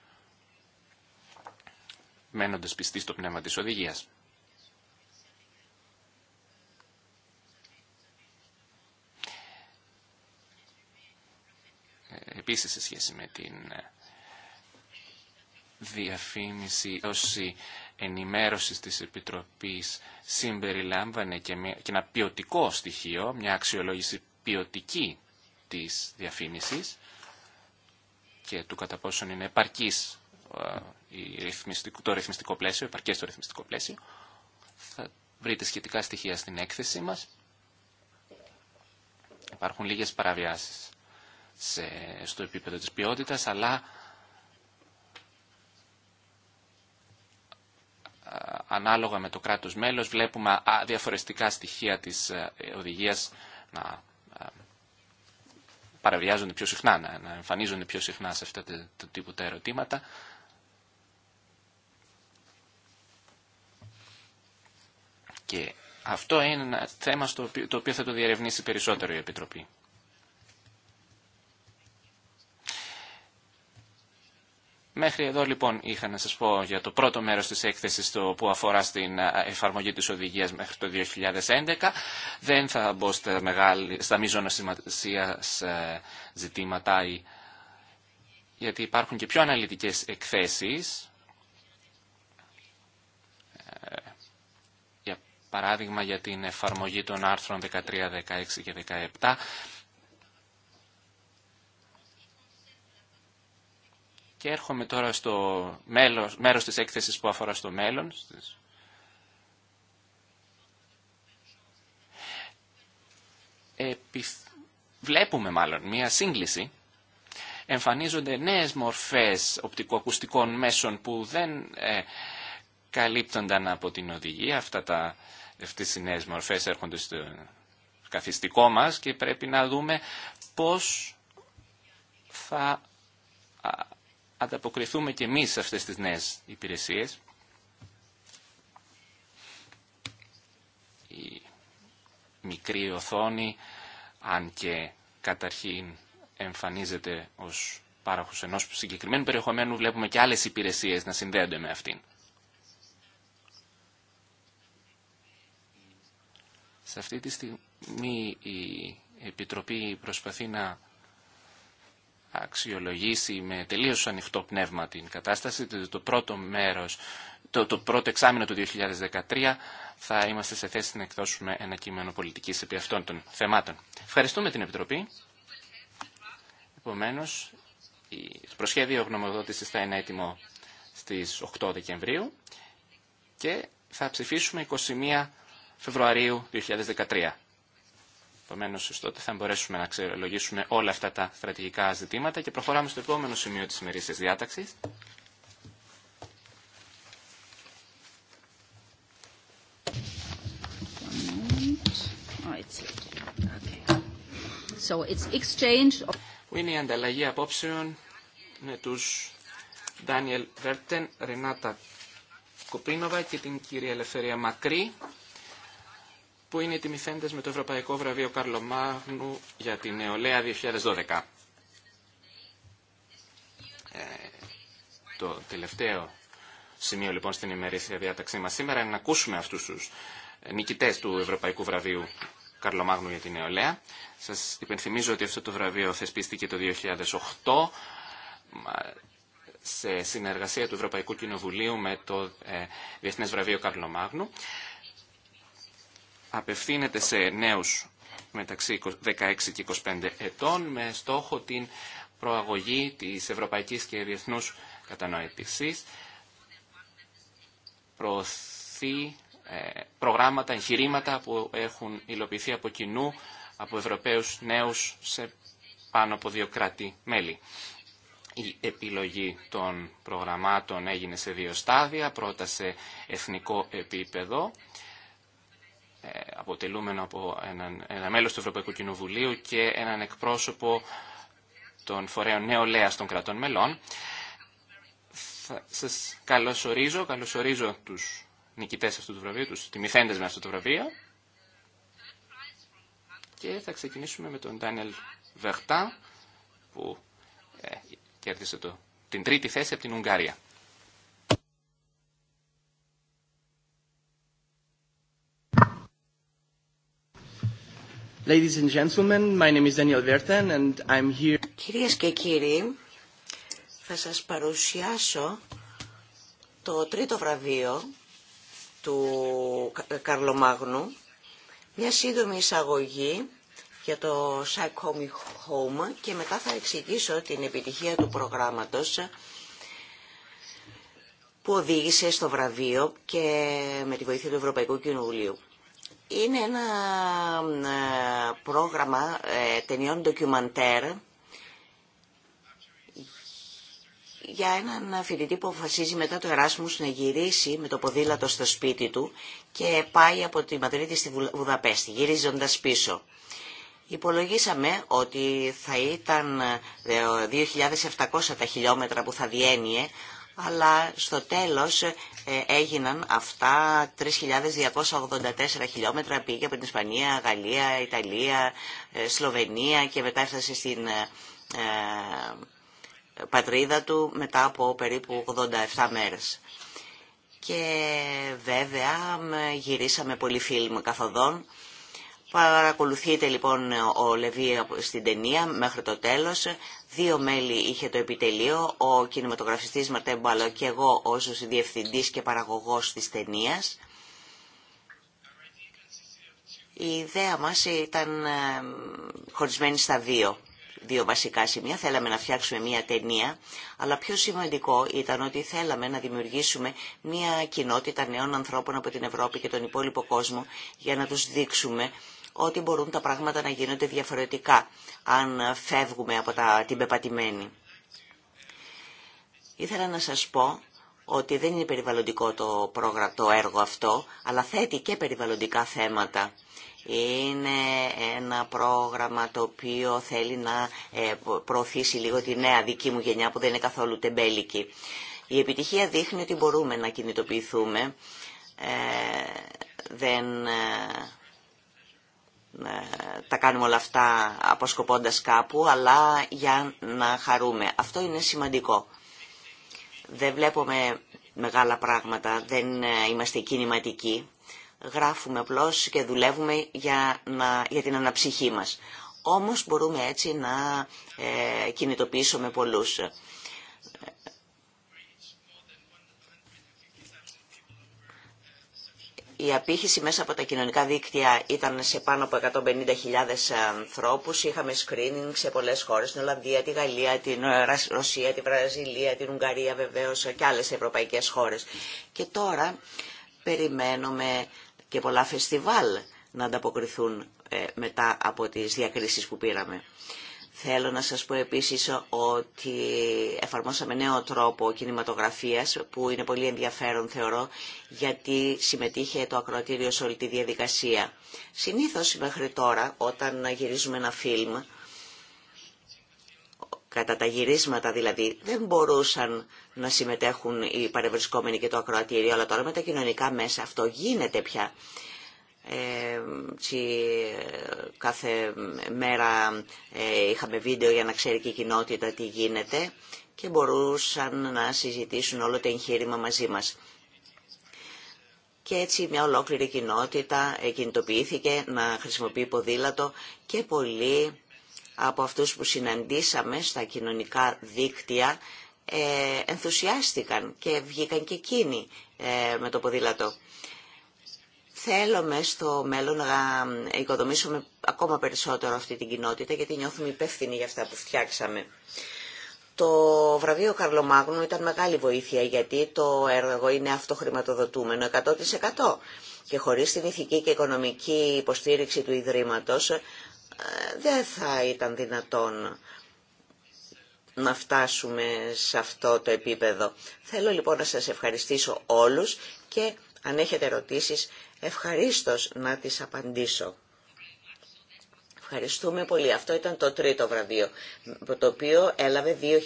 μένοντας πιστοί στο πνεύμα της οδηγίας. επίσης σε σχέση με την ε, διαφήμιση όσοι ενημέρωσης της Επιτροπής συμπεριλάμβανε και, και ένα ποιοτικό στοιχείο, μια αξιολόγηση ποιοτική της διαφήμισης και του κατά πόσον είναι επαρκής ε, το ρυθμιστικό πλαίσιο, επαρκές το ρυθμιστικό πλαίσιο. Θα βρείτε σχετικά στοιχεία στην έκθεσή μας. Υπάρχουν λίγες παραβιάσεις σε, στο επίπεδο της ποιότητας, αλλά ανάλογα με το κράτος μέλος βλέπουμε διαφορετικά στοιχεία της ε, οδηγίας να παραβιάζονται πιο συχνά, να εμφανίζονται πιο συχνά σε αυτά τα τύπου τα ερωτήματα. Και αυτό είναι ένα θέμα στο οποίο, το οποίο θα το διερευνήσει περισσότερο η Επιτροπή. Μέχρι εδώ λοιπόν είχα να σας πω για το πρώτο μέρος της έκθεσης το που αφορά στην εφαρμογή της οδηγίας μέχρι το 2011. Δεν θα μπω στα, μεγάλη, μείζωνα σημασία ε, ζητήματα γιατί υπάρχουν και πιο αναλυτικές εκθέσεις. Ε, για παράδειγμα για την εφαρμογή των άρθρων 13, 16 και 17 Και έρχομαι τώρα στο μέλος, μέρος της έκθεσης που αφορά στο μέλλον. Βλέπουμε μάλλον μία σύγκληση. Εμφανίζονται νέες μορφές οπτικοακουστικών μέσων που δεν ε, καλύπτονταν από την οδηγία. Αυτά τα, αυτές οι νέες μορφές έρχονται στο καθιστικό μας και πρέπει να δούμε πώς θα ανταποκριθούμε και εμείς σε αυτές τις νέες υπηρεσίες. Η μικρή οθόνη, αν και καταρχήν εμφανίζεται ως πάροχος ενός συγκεκριμένου περιεχομένου, βλέπουμε και άλλες υπηρεσίες να συνδέονται με αυτήν. Σε αυτή τη στιγμή η Επιτροπή προσπαθεί να αξιολογήσει με τελείως ανοιχτό πνεύμα την κατάσταση. Το πρώτο μέρος, το, το πρώτο εξάμεινο του 2013 θα είμαστε σε θέση να εκδώσουμε ένα κείμενο πολιτικής επί αυτών των θεμάτων. Ευχαριστούμε την Επιτροπή. Επομένως, το προσχέδιο γνωμοδότησης θα είναι έτοιμο στις 8 Δεκεμβρίου και θα ψηφίσουμε 21 Φεβρουαρίου 2013. Επομένω, τότε θα μπορέσουμε να αξιολογήσουμε όλα αυτά τα στρατηγικά ζητήματα και προχωράμε στο επόμενο σημείο τη σημερινή διάταξη. Που είναι η ανταλλαγή απόψεων με τους Ντάνιελ Βέρτεν, Ρενάτα Κοπίνοβα και την κυρία Ελευθερία Μακρύ που είναι οι τιμηθέντες με το Ευρωπαϊκό Βραβείο Καρλομάγνου για την νεολαία 2012. Ε, το τελευταίο σημείο λοιπόν στην ημερήσια διάταξή μας σήμερα είναι να ακούσουμε αυτούς τους νικητές του Ευρωπαϊκού Βραβείου Καρλομάγνου για την νεολαία. Σας υπενθυμίζω ότι αυτό το βραβείο θεσπίστηκε το 2008 σε συνεργασία του Ευρωπαϊκού Κοινοβουλίου με το ε, Διεθνές Βραβείο Καρλομάγνου απευθύνεται σε νέους μεταξύ 16 και 25 ετών με στόχο την προαγωγή της ευρωπαϊκής και διεθνούς κατανοητικής. Προωθεί ε, προγράμματα, εγχειρήματα που έχουν υλοποιηθεί από κοινού από Ευρωπαίους νέους σε πάνω από δύο κράτη μέλη. Η επιλογή των προγραμμάτων έγινε σε δύο στάδια, πρώτα σε εθνικό επίπεδο ε, αποτελούμενο από έναν, ένα μέλος του Ευρωπαϊκού Κοινοβουλίου και έναν εκπρόσωπο των φορέων νεολαίας των κρατών μελών. Θα σας καλωσορίζω, καλωσορίζω τους νικητές αυτού του βραβείου, τους τιμηθέντες με αυτό το βραβείο. Και θα ξεκινήσουμε με τον Ντάνιελ Βερτά, που ε, κέρδισε το, την τρίτη θέση από την Ουγγάρια. Ladies Κυρίες και κύριοι, θα σας παρουσιάσω το τρίτο βραβείο του Καρλομάγνου, μια σύντομη εισαγωγή για το Psych Home Home και μετά θα εξηγήσω την επιτυχία του προγράμματος που οδήγησε στο βραβείο και με τη βοήθεια του Ευρωπαϊκού Κοινοβουλίου. Είναι ένα ε, πρόγραμμα ε, ταινιών ντοκιουμαντέρ για έναν φοιτητή που αποφασίζει μετά το Εράσμους να γυρίσει με το ποδήλατο στο σπίτι του και πάει από τη Μαδρίτη στη Βουδαπέστη, γυρίζοντας πίσω. Υπολογίσαμε ότι θα ήταν 2.700 ε, τα χιλιόμετρα που θα διένυε, αλλά στο τέλος ε, έγιναν αυτά 3.284 χιλιόμετρα πήγε από την Ισπανία, Γαλλία, Ιταλία, ε, Σλοβενία και μετά έφτασε στην ε, πατρίδα του μετά από περίπου 87 μέρες. Και βέβαια γυρίσαμε πολύ φιλμ καθοδόν. Παρακολουθείτε λοιπόν ο Λεβί στην ταινία μέχρι το τέλος. Δύο μέλη είχε το επιτελείο, ο κινηματογραφιστής Μαρτέμπαλο και εγώ ως διευθυντής και παραγωγός της ταινία. Η ιδέα μας ήταν ε, χωρισμένη στα δύο, δύο βασικά σημεία. Θέλαμε να φτιάξουμε μία ταινία, αλλά πιο σημαντικό ήταν ότι θέλαμε να δημιουργήσουμε μία κοινότητα νέων ανθρώπων από την Ευρώπη και τον υπόλοιπο κόσμο για να τους δείξουμε ότι μπορούν τα πράγματα να γίνονται διαφορετικά αν φεύγουμε από τα, την πεπατημένη. Ήθελα να σας πω ότι δεν είναι περιβαλλοντικό το, πρόγραμμα, το έργο αυτό, αλλά θέτει και περιβαλλοντικά θέματα. Είναι ένα πρόγραμμα το οποίο θέλει να ε, προωθήσει λίγο τη νέα δική μου γενιά που δεν είναι καθόλου τεμπέλικη. Η επιτυχία δείχνει ότι μπορούμε να κινητοποιηθούμε. Ε, δεν ε, ε, τα κάνουμε όλα αυτά αποσκοπώντας κάπου, αλλά για να χαρούμε. Αυτό είναι σημαντικό. Δεν βλέπουμε μεγάλα πράγματα, δεν ε, είμαστε κινηματικοί. Γράφουμε απλώ και δουλεύουμε για, να, για την αναψυχή μας. Όμως μπορούμε έτσι να ε, κινητοποιήσουμε πολλούς. Η απήχηση μέσα από τα κοινωνικά δίκτυα ήταν σε πάνω από 150.000 ανθρώπους. Είχαμε screening σε πολλές χώρες, την Ολλανδία, τη Γαλλία, την ε, Ρωσία, τη Βραζιλία, την Ουγγαρία βεβαίως ε, και άλλες ευρωπαϊκές χώρες. Και τώρα περιμένουμε και πολλά φεστιβάλ να ανταποκριθούν ε, μετά από τις διακρίσεις που πήραμε. Θέλω να σας πω επίσης ότι εφαρμόσαμε νέο τρόπο κινηματογραφίας που είναι πολύ ενδιαφέρον θεωρώ γιατί συμμετείχε το ακροατήριο σε όλη τη διαδικασία. Συνήθως μέχρι τώρα όταν γυρίζουμε ένα φιλμ κατά τα γυρίσματα δηλαδή δεν μπορούσαν να συμμετέχουν οι παρευρισκόμενοι και το ακροατήριο αλλά τώρα με τα κοινωνικά μέσα αυτό γίνεται πια κάθε μέρα ε, είχαμε βίντεο για να ξέρει και η κοινότητα τι γίνεται και μπορούσαν να συζητήσουν όλο το εγχείρημα μαζί μας. Και έτσι μια ολόκληρη κοινότητα ε, κινητοποιήθηκε να χρησιμοποιεί ποδήλατο και πολλοί από αυτούς που συναντήσαμε στα κοινωνικά δίκτυα ε, ενθουσιάστηκαν και βγήκαν και εκείνοι με το ποδήλατο. Θέλουμε στο μέλλον να οικοδομήσουμε ακόμα περισσότερο αυτή την κοινότητα γιατί νιώθουμε υπεύθυνοι για αυτά που φτιάξαμε. Το βραβείο Καρλομάγνου ήταν μεγάλη βοήθεια γιατί το έργο είναι αυτοχρηματοδοτούμενο 100% και χωρίς την ηθική και οικονομική υποστήριξη του Ιδρύματος ε, δεν θα ήταν δυνατόν να φτάσουμε σε αυτό το επίπεδο. Θέλω λοιπόν να σας ευχαριστήσω όλους και αν έχετε ερωτήσεις Ευχαρίστως να τις απαντήσω. Ευχαριστούμε πολύ. Αυτό ήταν το τρίτο βραβείο, το οποίο έλαβε 2.000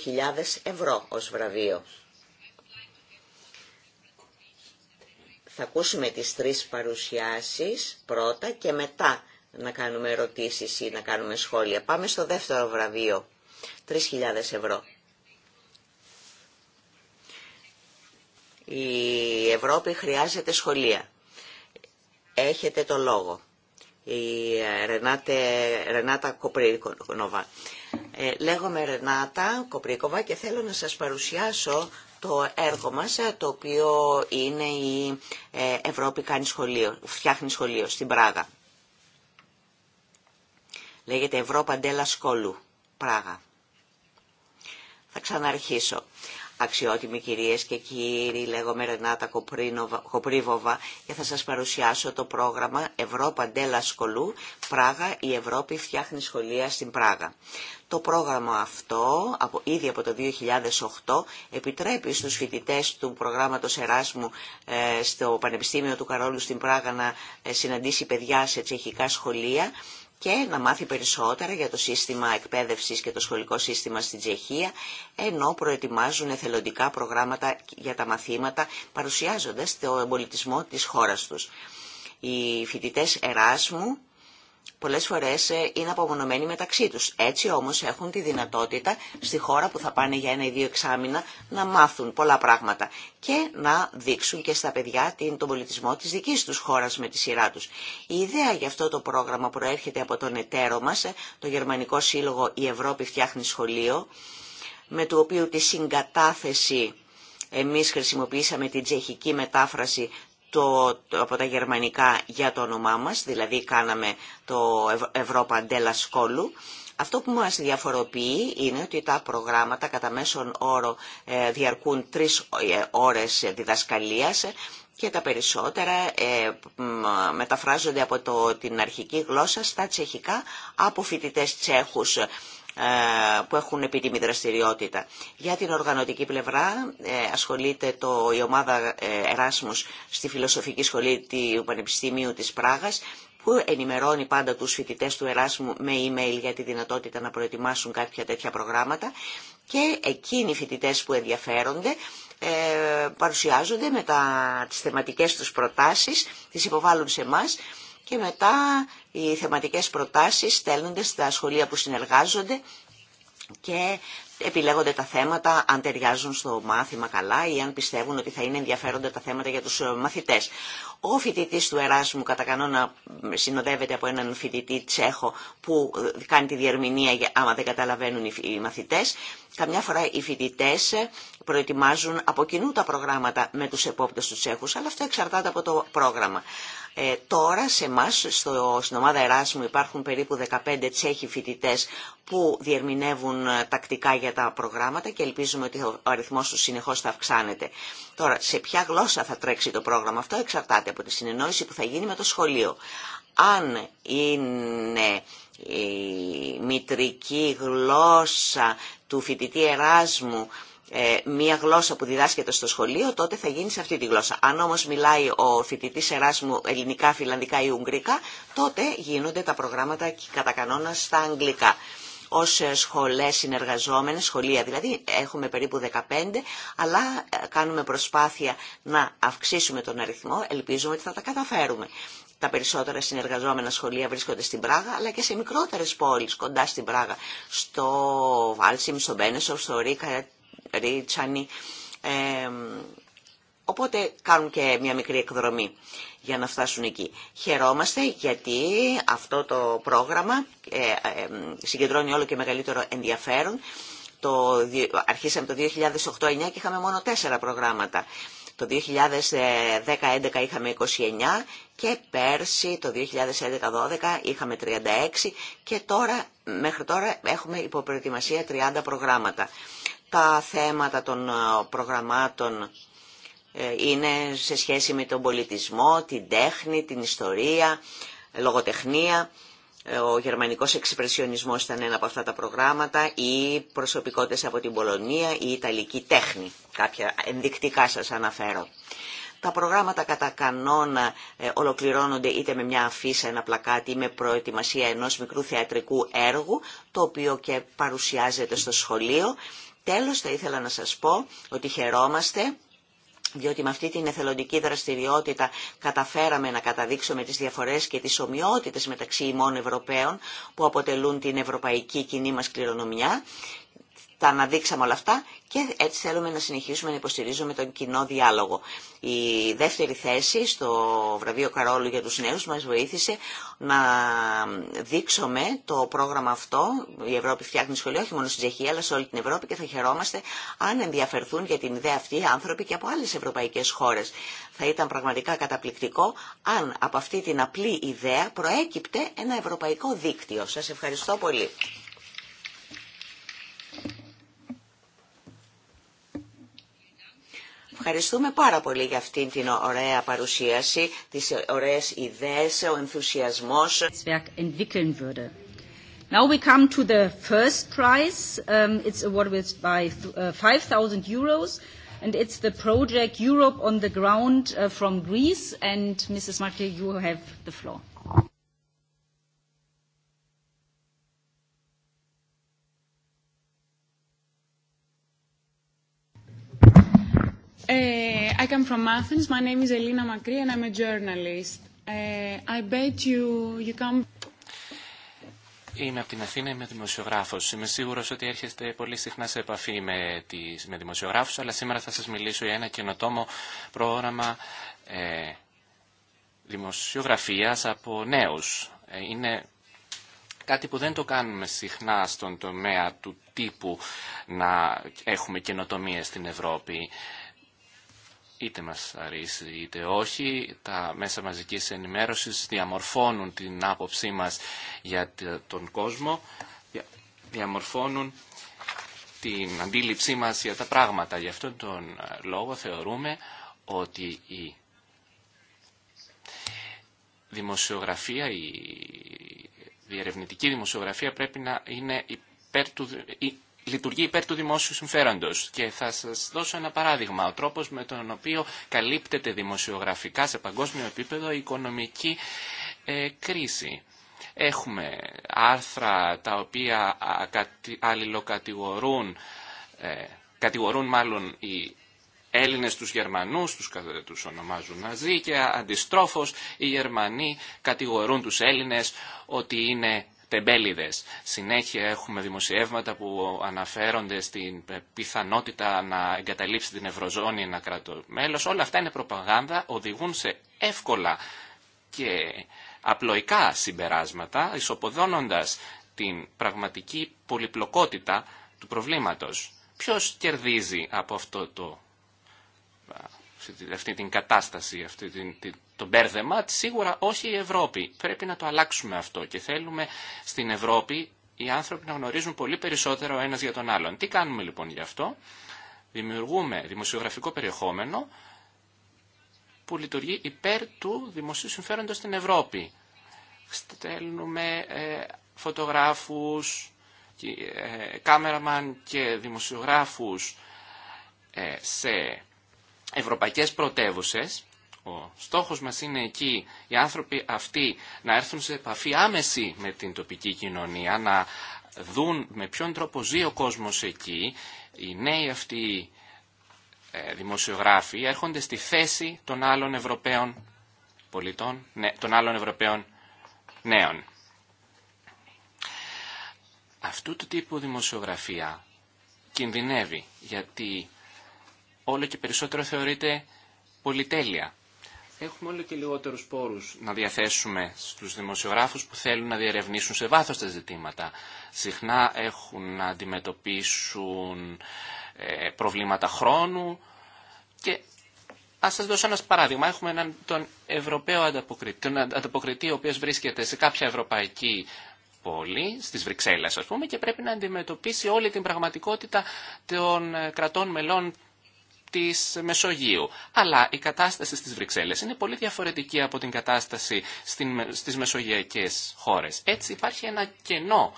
ευρώ ως βραβείο. Θα ακούσουμε τις τρεις παρουσιάσεις πρώτα και μετά να κάνουμε ερωτήσεις ή να κάνουμε σχόλια. Πάμε στο δεύτερο βραβείο, 3.000 ευρώ. Η Ευρώπη χρειάζεται σχολεία. Έχετε το λόγο. Η ε, Ρενάτε, Ρενάτα Κοπρίκοβα. Ε, λέγομαι Ρενάτα Κοπρίκοβα και θέλω να σας παρουσιάσω το έργο μας, ε, το οποίο είναι η ε, Ευρώπη κάνει σχολείο, φτιάχνει σχολείο στην Πράγα. Λέγεται Ευρώπα Ντέλα Σκόλου, Πράγα. Θα ξαναρχίσω. Αξιότιμοι κυρίες και κύριοι, λέγομαι Ρενάτα Κοπρίβοβα και θα σας παρουσιάσω το πρόγραμμα Ευρώπα Ντέλα Σκολού, Πράγα, η Ευρώπη φτιάχνει σχολεία στην Πράγα. Το πρόγραμμα αυτό, από, ήδη από το 2008, επιτρέπει στους φοιτητές του προγράμματος Εράσμου ε, στο Πανεπιστήμιο του Καρόλου στην Πράγα να ε, συναντήσει παιδιά σε τσεχικά σχολεία και να μάθει περισσότερα για το σύστημα εκπαίδευσης και το σχολικό σύστημα στην Τσεχία, ενώ προετοιμάζουν εθελοντικά προγράμματα για τα μαθήματα, παρουσιάζοντας τον εμπολιτισμό της χώρας τους. Οι φοιτητές Εράσμου πολλές φορές ε, είναι απομονωμένοι μεταξύ τους. Έτσι όμως έχουν τη δυνατότητα στη χώρα που θα πάνε για ένα ή δύο εξάμηνα να μάθουν πολλά πράγματα και να δείξουν και στα παιδιά τον πολιτισμό της δικής τους χώρας με τη σειρά τους. Η ιδέα για αυτό το πρόγραμμα προέρχεται από τον εταίρο μας, ε, το Γερμανικό Σύλλογο «Η Ευρώπη φτιάχνει σχολείο», με το οποίο τη συγκατάθεση εμείς χρησιμοποιήσαμε την τσεχική μετάφραση το, από τα γερμανικά για το όνομά μας, δηλαδή κάναμε το Ευρώπα Αντέλα Σκόλου. Αυτό που μας διαφοροποιεί είναι ότι τα προγράμματα κατά μέσον όρο ε, διαρκούν τρεις ε, ώρες διδασκαλίας και τα περισσότερα ε, μεταφράζονται από το, την αρχική γλώσσα στα τσεχικά από φοιτητές τσέχους ε, που έχουν επίτιμη δραστηριότητα. Για την οργανωτική πλευρά ε, ασχολείται το, η ομάδα Εράσμους στη Φιλοσοφική Σχολή του Πανεπιστημίου της Πράγας που ενημερώνει πάντα τους φοιτητές του Εράσμου με email για τη δυνατότητα να προετοιμάσουν κάποια τέτοια προγράμματα και εκείνοι οι φοιτητές που ενδιαφέρονται ε, παρουσιάζονται με τα, τις θεματικές τους προτάσεις, τις υποβάλλουν σε εμά και μετά οι θεματικές προτάσεις στέλνονται στα σχολεία που συνεργάζονται και επιλέγονται τα θέματα αν ταιριάζουν στο μάθημα καλά ή αν πιστεύουν ότι θα είναι ενδιαφέροντα τα θέματα για τους ε, μαθητές. Ο φοιτητή του Εράσμου κατά κανόνα συνοδεύεται από έναν φοιτητή Τσέχο που ε, κάνει τη διερμηνία άμα δεν καταλαβαίνουν οι μαθητές. Καμιά φορά οι φοιτητέ ε, προετοιμάζουν από κοινού τα προγράμματα με τους επόπτες του Τσέχους, αλλά αυτό εξαρτάται από το πρόγραμμα. Ε, τώρα σε εμά, στην ομάδα Εράσμου, υπάρχουν περίπου 15 Τσέχοι φοιτητέ που διερμηνεύουν ε, τακτικά για τα προγράμματα και ελπίζουμε ότι ο αριθμός του συνεχώς θα αυξάνεται. Τώρα, σε ποια γλώσσα θα τρέξει το πρόγραμμα αυτό εξαρτάται από τη συνεννόηση που θα γίνει με το σχολείο. Αν είναι η μητρική γλώσσα του φοιτητή Εράσμου ε, μία γλώσσα που διδάσκεται στο σχολείο, τότε θα γίνει σε αυτή τη γλώσσα. Αν όμω μιλάει ο φοιτητή Εράσμου ελληνικά, φιλανδικά ή ουγγρικά, τότε γίνονται τα προγράμματα κατά κανόνα στα αγγλικά. Ω ε, σχολές συνεργαζόμενε, σχολεία δηλαδή, έχουμε περίπου 15, αλλά ε, κάνουμε προσπάθεια να αυξήσουμε τον αριθμό, ελπίζουμε ότι θα τα καταφέρουμε. Τα περισσότερα συνεργαζόμενα σχολεία βρίσκονται στην Πράγα, αλλά και σε μικρότερες πόλεις κοντά στην Πράγα, στο Βάλσιμ, στο Μπένεσοφ, στο Ρίκα, Ρίτσανη. Ε, οπότε κάνουν και μια μικρή εκδρομή για να φτάσουν εκεί. Χαιρόμαστε γιατί αυτό το πρόγραμμα ε, συγκεντρώνει όλο και μεγαλύτερο ενδιαφέρον. Το, αρχίσαμε το 2008-2009 και είχαμε μόνο τέσσερα προγράμματα. Το 2010-2011 είχαμε 29 και πέρσι το 2011-2012 είχαμε 36 και τώρα, μέχρι τώρα έχουμε υποπροετοιμασία 30 προγράμματα τα θέματα των ε, προγραμμάτων ε, είναι σε σχέση με τον πολιτισμό, την τέχνη, την ιστορία, λογοτεχνία. Ε, ο γερμανικός εξυπρεσιονισμός ήταν ένα από αυτά τα προγράμματα, ή προσωπικότητες από την Πολωνία, η Ιταλική τέχνη. Κάποια ενδεικτικά σας αναφέρω. Τα προγράμματα κατά κανόνα ολοκληρώνονται είτε με μια αφίσα, ένα πλακάτι ή με προετοιμασία ενός μικρού θεατρικού έργου, το οποίο και παρουσιάζεται στο σχολείο Τέλος θα ήθελα να σας πω ότι χαιρόμαστε διότι με αυτή την εθελοντική δραστηριότητα καταφέραμε να καταδείξουμε τις διαφορές και τις ομοιότητες μεταξύ ημών Ευρωπαίων που αποτελούν την ευρωπαϊκή κοινή μας κληρονομιά τα αναδείξαμε όλα αυτά και έτσι θέλουμε να συνεχίσουμε να υποστηρίζουμε τον κοινό διάλογο. Η δεύτερη θέση στο βραβείο Καρόλου για τους νέους μας βοήθησε να δείξουμε το πρόγραμμα αυτό. Η Ευρώπη φτιάχνει σχολείο όχι μόνο στην Τσεχία αλλά σε όλη την Ευρώπη και θα χαιρόμαστε αν ενδιαφερθούν για την ιδέα αυτή οι άνθρωποι και από άλλες ευρωπαϊκές χώρες. Θα ήταν πραγματικά καταπληκτικό αν από αυτή την απλή ιδέα προέκυπτε ένα ευρωπαϊκό δίκτυο. Σας ευχαριστώ πολύ. Ευχαριστούμε πάρα πολύ για αυτήν την ωραία παρουσίαση, τις ωραίες ιδέες, ο ενθουσιασμός. Now we come to the first prize. Um, it's awarded by 5,000 euros and it's the project Europe on the ground from Greece and Mrs. Marke, you have the floor. Ε, I come from Athens. My name is Elena Makri and I'm a journalist. Ε, I bet you, you come... Είμαι από την Αθήνα, είμαι δημοσιογράφος. Είμαι σίγουρος ότι έρχεστε πολύ συχνά σε επαφή με, τις, με δημοσιογράφους, αλλά σήμερα θα σας μιλήσω για ένα καινοτόμο πρόγραμμα ε, δημοσιογραφίας από νέους. Ε, είναι κάτι που δεν το κάνουμε συχνά στον τομέα του τύπου να έχουμε καινοτομίες στην Ευρώπη είτε μας αρέσει είτε όχι, τα μέσα μαζικής ενημέρωσης διαμορφώνουν την άποψή μας για τον κόσμο, διαμορφώνουν την αντίληψή μας για τα πράγματα. Γι' αυτόν τον ε, λόγο θεωρούμε ότι η δημοσιογραφία, η διερευνητική δημοσιογραφία πρέπει να είναι υπέρ του, λειτουργεί υπέρ του δημόσιου συμφέροντος. Και θα σας δώσω ένα παράδειγμα. Ο τρόπος με τον οποίο καλύπτεται δημοσιογραφικά σε παγκόσμιο επίπεδο η οικονομική ε, κρίση. Έχουμε άρθρα τα οποία αλληλοκατηγορούν, ε, κατηγορούν μάλλον οι Έλληνες τους Γερμανούς, τους, τους ονομάζουν Ναζί και αντιστρόφως οι Γερμανοί κατηγορούν τους Έλληνες ότι είναι τεμπέληδες. Συνέχεια έχουμε δημοσιεύματα που αναφέρονται στην πιθανότητα να εγκαταλείψει την Ευρωζώνη ένα κράτο Όλα αυτά είναι προπαγάνδα, οδηγούν σε εύκολα και απλοϊκά συμπεράσματα, ισοποδώνοντας την πραγματική πολυπλοκότητα του προβλήματος. Ποιος κερδίζει από αυτό το αυτή την κατάσταση, αυτή την, το μπέρδεμα, σίγουρα όχι η Ευρώπη. Πρέπει να το αλλάξουμε αυτό και θέλουμε στην Ευρώπη οι άνθρωποι να γνωρίζουν πολύ περισσότερο ο ένας για τον άλλον. Τι κάνουμε λοιπόν γι' αυτό. Δημιουργούμε δημοσιογραφικό περιεχόμενο που λειτουργεί υπέρ του δημοσίου συμφέροντος στην Ευρώπη. Στέλνουμε ε, φωτογράφους, ε, κάμεραμαν και δημοσιογράφους ε, σε ευρωπαϊκές πρωτεύουσες. Ο στόχος μας είναι εκεί οι άνθρωποι αυτοί να έρθουν σε επαφή άμεση με την τοπική κοινωνία, να δουν με ποιον τρόπο ζει ο κόσμος εκεί. Οι νέοι αυτοί ε, δημοσιογράφοι έρχονται στη θέση των άλλων Ευρωπαίων πολιτών, των άλλων Ευρωπαίων νέων. Αυτού του τύπου δημοσιογραφία κινδυνεύει γιατί όλο και περισσότερο θεωρείται πολυτέλεια. Έχουμε όλο και λιγότερους πόρους να διαθέσουμε στους δημοσιογράφους που θέλουν να διερευνήσουν σε βάθος τα ζητήματα. Συχνά έχουν να αντιμετωπίσουν ε, προβλήματα χρόνου και ας σας δώσω ένα παράδειγμα. Έχουμε έναν, τον Ευρωπαίο ανταποκριτή, τον ανταποκριτή ο οποίος βρίσκεται σε κάποια ευρωπαϊκή πόλη, στις Βρυξέλλες ας πούμε, και πρέπει να αντιμετωπίσει όλη την πραγματικότητα των ε, κρατών μελών της Μεσογείου. Αλλά η κατάσταση στις Βρυξέλλες είναι πολύ διαφορετική από την κατάσταση στις μεσογειακές χώρες. Έτσι υπάρχει ένα κενό,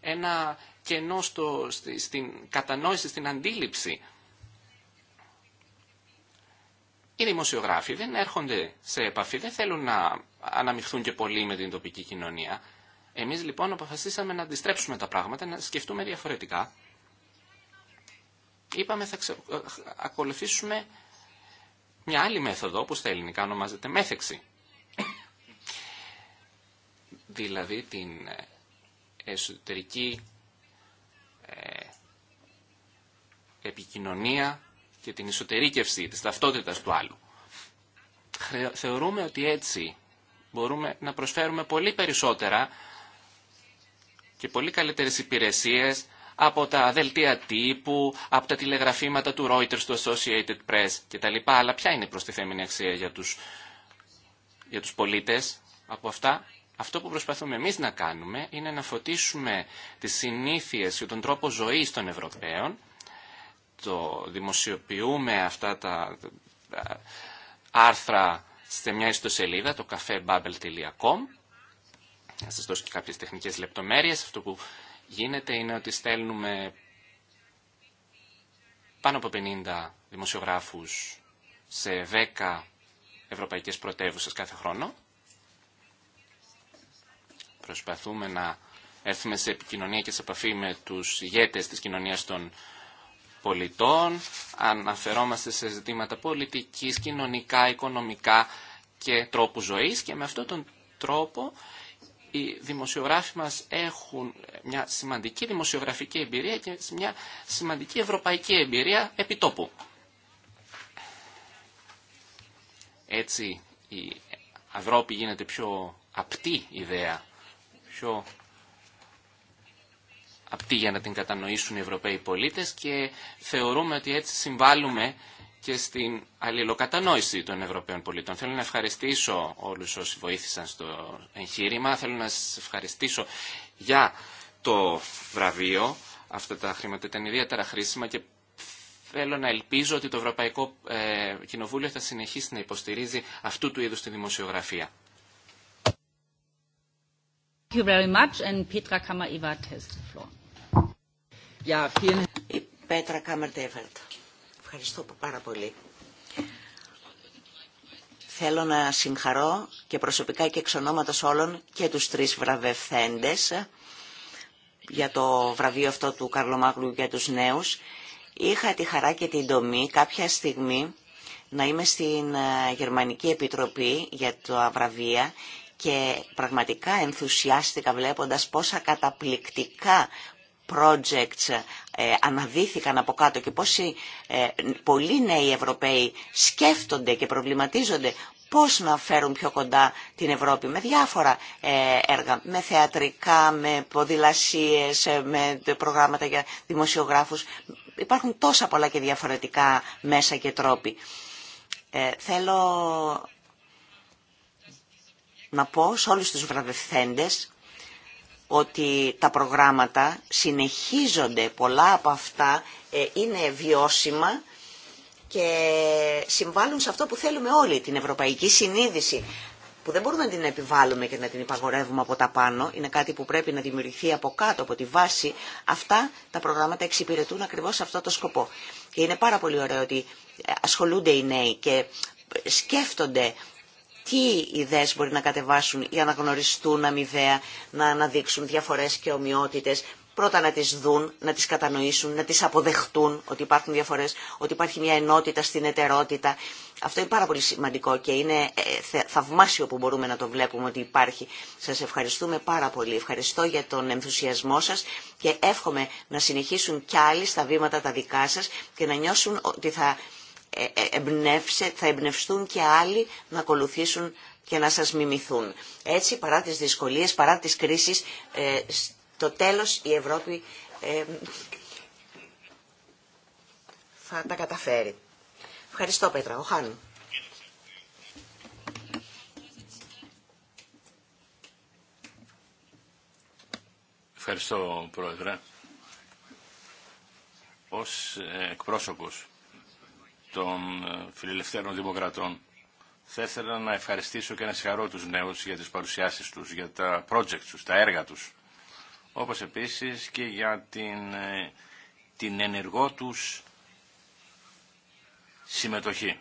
ένα κενό στο, στην κατανόηση, στην αντίληψη. Οι δημοσιογράφοι δεν έρχονται σε επαφή, δεν θέλουν να αναμειχθούν και πολύ με την τοπική κοινωνία. Εμείς λοιπόν αποφασίσαμε να αντιστρέψουμε τα πράγματα, να σκεφτούμε διαφορετικά είπαμε θα ε, ακολουθήσουμε μια άλλη μέθοδο που στα ελληνικά ονομάζεται μέθεξη. δηλαδή την ε, εσωτερική ε, επικοινωνία και την εσωτερήκευση της ταυτότητας του άλλου. Θεωρούμε ότι έτσι μπορούμε να προσφέρουμε πολύ περισσότερα και πολύ καλύτερες υπηρεσίες από τα δελτία τύπου, από τα τηλεγραφήματα του Reuters, του Associated Press κτλ. Αλλά ποια είναι η προστιθέμενη αξία για τους, για τους πολίτες από αυτά. Αυτό που προσπαθούμε εμείς να κάνουμε είναι να φωτίσουμε τις συνήθειες και τον τρόπο ζωής των Ευρωπαίων. Το δημοσιοποιούμε αυτά τα άρθρα σε μια ιστοσελίδα, το cafebubble.com. Θα σας δώσω και κάποιες τεχνικές λεπτομέρειες. Αυτό που γίνεται είναι ότι στέλνουμε πάνω από 50 δημοσιογράφους σε 10 ευρωπαϊκές πρωτεύουσες κάθε χρόνο. Προσπαθούμε να έρθουμε σε επικοινωνία και σε επαφή με τους ηγέτες της κοινωνίας των πολιτών. Αναφερόμαστε σε ζητήματα πολιτικής, κοινωνικά, οικονομικά και τρόπου ζωής και με αυτό τον τρόπο οι δημοσιογράφοι μας έχουν μια σημαντική δημοσιογραφική εμπειρία και μια σημαντική ευρωπαϊκή εμπειρία επιτόπου. Έτσι η Ευρώπη γίνεται πιο απτή ιδέα, πιο απτή για να την κατανοήσουν οι Ευρωπαίοι πολίτες και θεωρούμε ότι έτσι συμβάλλουμε και στην αλληλοκατανόηση των Ευρωπαίων πολιτών. Θέλω να ευχαριστήσω όλους όσοι βοήθησαν στο εγχείρημα. Θέλω να σας ευχαριστήσω για το βραβείο. Αυτά τα χρήματα ήταν ιδιαίτερα χρήσιμα και θέλω να ελπίζω ότι το Ευρωπαϊκό ε, Κοινοβούλιο θα συνεχίσει να υποστηρίζει αυτού του είδους τη δημοσιογραφία. Thank you very much. And Ευχαριστώ πάρα πολύ. Θέλω να συγχαρώ και προσωπικά και εξ ονόματος όλων και τους τρεις βραβευθέντες για το βραβείο αυτό του Καρλομάγλου για τους νέους. Είχα τη χαρά και την τομή κάποια στιγμή να είμαι στην ε, Γερμανική Επιτροπή για το βραβείο και πραγματικά ενθουσιάστηκα βλέποντας πόσα καταπληκτικά projects ε, αναδύθηκαν από κάτω και πόσοι ε, πολλοί νέοι Ευρωπαίοι σκέφτονται και προβληματίζονται πώς να φέρουν πιο κοντά την Ευρώπη με διάφορα ε, έργα, με θεατρικά, με ποδηλασίες, με προγράμματα για δημοσιογράφους. Υπάρχουν τόσα πολλά και διαφορετικά μέσα και τρόποι. θέλω να πω σε όλους τους βραβευθέντες ότι τα προγράμματα συνεχίζονται, πολλά από αυτά ε, είναι βιώσιμα και συμβάλλουν σε αυτό που θέλουμε όλοι, την ευρωπαϊκή συνείδηση, που δεν μπορούμε να την επιβάλλουμε και να την υπαγορεύουμε από τα πάνω, είναι κάτι που πρέπει να δημιουργηθεί από κάτω, από τη βάση. Αυτά τα προγράμματα εξυπηρετούν ακριβώς αυτό το σκοπό. Και είναι πάρα πολύ ωραίο ότι ασχολούνται οι νέοι και σκέφτονται τι ιδέες μπορεί να κατεβάσουν για να γνωριστούν αμοιβαία, να αναδείξουν διαφορές και ομοιότητες, πρώτα να τις δουν, να τις κατανοήσουν, να τις αποδεχτούν ότι υπάρχουν διαφορές, ότι υπάρχει μια ενότητα στην εταιρότητα. Αυτό είναι πάρα πολύ σημαντικό και είναι ε, θαυμάσιο που μπορούμε να το βλέπουμε ότι υπάρχει. Σας ευχαριστούμε πάρα πολύ. Ευχαριστώ για τον ενθουσιασμό σας και εύχομαι να συνεχίσουν κι άλλοι στα βήματα τα δικά σας και να νιώσουν ότι θα εμπνεύσε, θα εμπνευστούν και άλλοι να ακολουθήσουν και να σας μιμηθούν. Έτσι, παρά τις δυσκολίες, παρά τις κρίσεις, ε, στο τέλος η Ευρώπη ε, θα τα καταφέρει. Ευχαριστώ, Πέτρα. Ο Ευχαριστώ, Πρόεδρε. Ως ε, εκπρόσωπος των ε, φιλελευθέρων δημοκρατών. Θα ήθελα να ευχαριστήσω και να συγχαρώ τους νέους για τις παρουσιάσεις τους, για τα project τους, τα έργα τους. Όπως επίσης και για την, ε, την ενεργό τους συμμετοχή.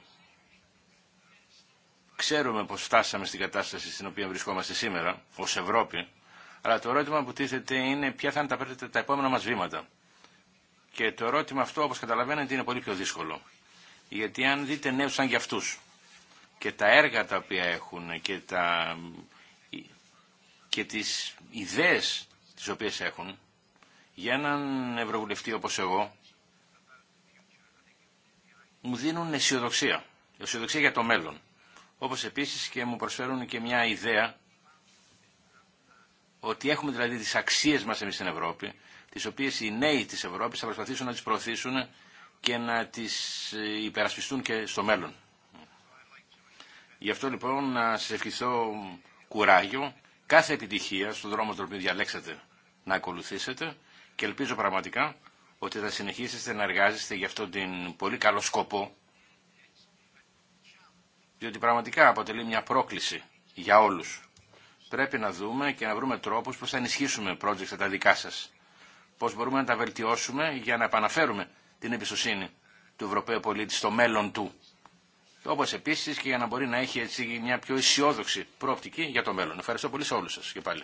Ξέρουμε πως φτάσαμε στην κατάσταση στην οποία βρισκόμαστε σήμερα, ως Ευρώπη, αλλά το ερώτημα που τίθεται είναι ποια θα είναι τα, τα επόμενα μας βήματα. Και το ερώτημα αυτό, όπως καταλαβαίνετε, είναι πολύ πιο δύσκολο. Γιατί αν δείτε νέους σαν για αυτούς και τα έργα τα οποία έχουν και, τα, ε, και τις ιδέες τις οποίες έχουν, για έναν ευρωβουλευτή όπως εγώ, μου δίνουν αισιοδοξία. Αισιοδοξία για το μέλλον. Όπως επίσης και μου προσφέρουν και μια ιδέα ότι έχουμε δηλαδή τις αξίες μας εμείς στην Ευρώπη, τις οποίες οι νέοι της Ευρώπης θα προσπαθήσουν να τις προωθήσουν και να τις ε, υπερασπιστούν και στο μέλλον. Γι' αυτό λοιπόν να σα ευχηθώ κουράγιο, κάθε επιτυχία στον δρόμο τον οποίο διαλέξατε να ακολουθήσετε και ελπίζω πραγματικά ότι θα συνεχίσετε να εργάζεστε για αυτόν τον πολύ καλό σκοπό διότι πραγματικά αποτελεί μια πρόκληση για όλους. Πρέπει να δούμε και να βρούμε τρόπους πώς θα ενισχύσουμε project τα δικά σας. Πώς μπορούμε να τα βελτιώσουμε για να επαναφέρουμε την εμπιστοσύνη του Ευρωπαίου πολίτη στο μέλλον του. Όπως επίσης και για να μπορεί να έχει έτσι μια πιο αισιόδοξη προοπτική για το μέλλον. Ευχαριστώ πολύ σε όλους σας και πάλι.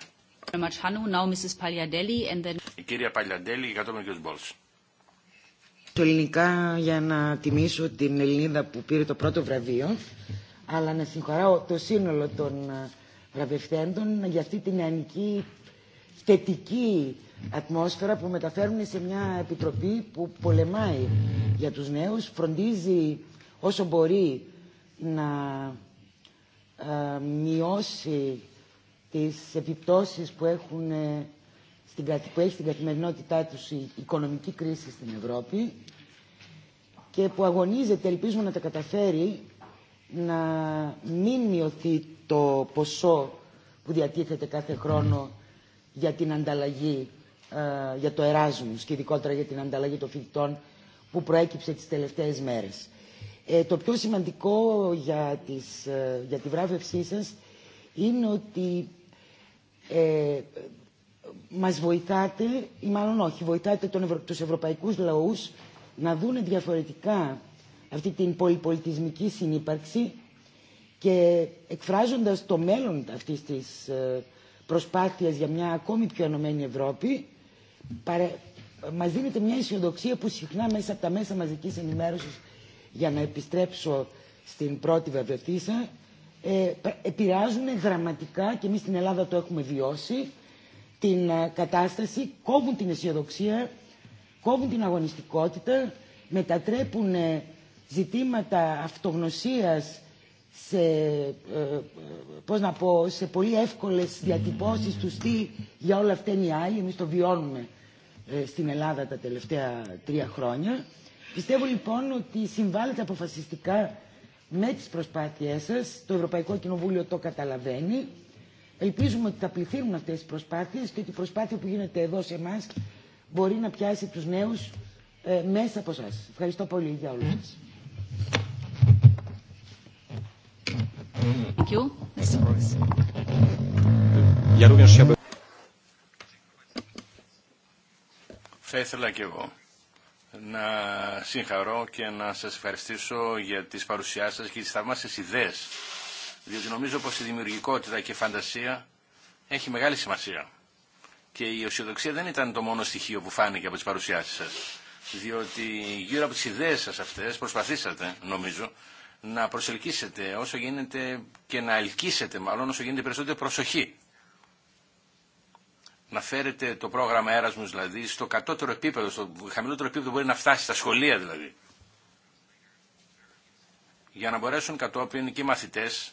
Η κυρία Παλιαντέλη η κατόπιν κύριο Μπόλς. Το ελληνικά για να τιμήσω την Ελληνίδα που πήρε το πρώτο βραβείο, αλλά να συγχωράω το σύνολο των ε, βραβευτέντων για αυτή την ανική θετική ατμόσφαιρα που μεταφέρουν σε μια επιτροπή που πολεμάει για τους νέους, φροντίζει όσο μπορεί να ε, μειώσει τις επιπτώσεις που, έχουν, ε, που έχει στην καθημερινότητά τους η οικονομική κρίση στην Ευρώπη και που αγωνίζεται, ελπίζουμε να τα καταφέρει, να μην μειωθεί το ποσό που διατίθεται κάθε χρόνο για την ανταλλαγή ε, για το Εράσμους και ειδικότερα για την ανταλλαγή των φοιτητών που προέκυψε τις τελευταίες μέρες. Ε, το πιο σημαντικό για, τις, ε, για τη βράβευσή σας είναι ότι ε, μας βοηθάτε, ή μάλλον όχι, βοηθάτε τον Ευρω... τους ευρωπαϊκούς λαούς να δούνε διαφορετικά αυτή την πολυπολιτισμική συνύπαρξη και εκφράζοντας το μέλλον αυτής της προσπάθειας για μια ακόμη πιο ενωμένη Ευρώπη παρε... μας δίνεται μια αισιοδοξία που συχνά μέσα από τα μέσα μαζικής ενημέρωσης για να επιστρέψω στην πρώτη βεβαιωτήσα ε, επηρεάζουν δραματικά και εμείς στην Ελλάδα το έχουμε βιώσει την ε, κατάσταση, κόβουν την αισιοδοξία, κόβουν την αγωνιστικότητα, μετατρέπουν ε, ζητήματα αυτογνωσίας σε, ε, πώς να πω, σε πολύ εύκολες διατυπώσεις του τι για όλα αυτά είναι οι άλλοι. Εμείς το βιώνουμε ε, στην Ελλάδα τα τελευταία τρία χρόνια. Πιστεύω λοιπόν ότι συμβάλλετε αποφασιστικά με τις προσπάθειές σας. Το Ευρωπαϊκό Κοινοβούλιο το καταλαβαίνει. Ελπίζουμε ότι θα πληθύνουν αυτές οι προσπάθειες και ότι η προσπάθεια που γίνεται εδώ σε εμά μπορεί να πιάσει τους νέους ε, μέσα από εσά. Ευχαριστώ πολύ για όλους σας. Θα ήθελα και εγώ να συγχαρώ και να σας ευχαριστήσω για τις παρουσιάσεις σας και τις θαυμάσιες ιδέες, διότι νομίζω πως η δημιουργικότητα και η φαντασία έχει μεγάλη σημασία. Και η αισιοδοξία δεν ήταν το μόνο στοιχείο που φάνηκε από τις παρουσιάσεις σας, διότι γύρω από τις ιδέες σας αυτές προσπαθήσατε, νομίζω, να προσελκύσετε όσο γίνεται και να ελκύσετε μάλλον όσο γίνεται περισσότερη προσοχή. Να φέρετε το πρόγραμμα έρασμου δηλαδή στο κατώτερο επίπεδο, στο χαμηλότερο επίπεδο που μπορεί να φτάσει, στα σχολεία δηλαδή. Για να μπορέσουν κατόπιν και οι μαθητές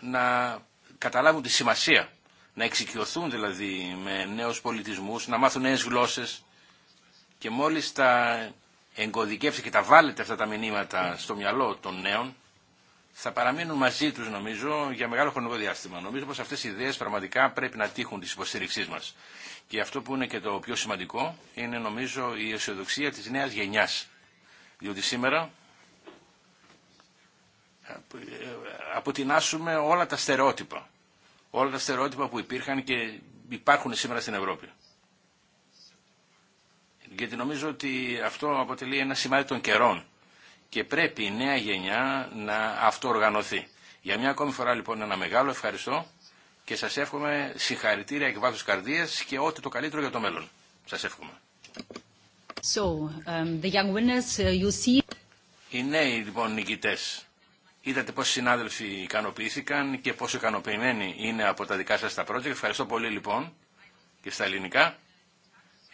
να καταλάβουν τη σημασία, να εξοικειωθούν δηλαδή με νέους πολιτισμούς, να μάθουν νέες γλώσσες και μόλις τα εγκωδικεύσει και τα βάλετε αυτά τα μηνύματα στο μυαλό των νέων, θα παραμείνουν μαζί τους νομίζω για μεγάλο χρονικό διάστημα. Νομίζω πως αυτές οι ιδέες πραγματικά πρέπει να τύχουν της υποστήριξής μας. Και αυτό που είναι και το πιο σημαντικό είναι νομίζω η αισιοδοξία της νέας γενιάς. Διότι σήμερα ε, αποτινάσουμε όλα τα στερεότυπα. Όλα τα στερεότυπα που υπήρχαν και υπάρχουν σήμερα στην Ευρώπη γιατί νομίζω ότι αυτό αποτελεί ένα σημάδι των καιρών και πρέπει η νέα γενιά να αυτοοργανωθεί. Για μια ακόμη φορά λοιπόν ένα μεγάλο ευχαριστώ και σας εύχομαι συγχαρητήρια εκ βάθους καρδίας και ό,τι το καλύτερο για το μέλλον. Σας εύχομαι. So, um, the young winners, uh, you see... Οι νέοι λοιπόν νικητές. Είδατε πόσοι συνάδελφοι ικανοποιήθηκαν και πόσο ικανοποιημένοι είναι από τα δικά σας τα project. Ευχαριστώ πολύ λοιπόν και στα ελληνικά.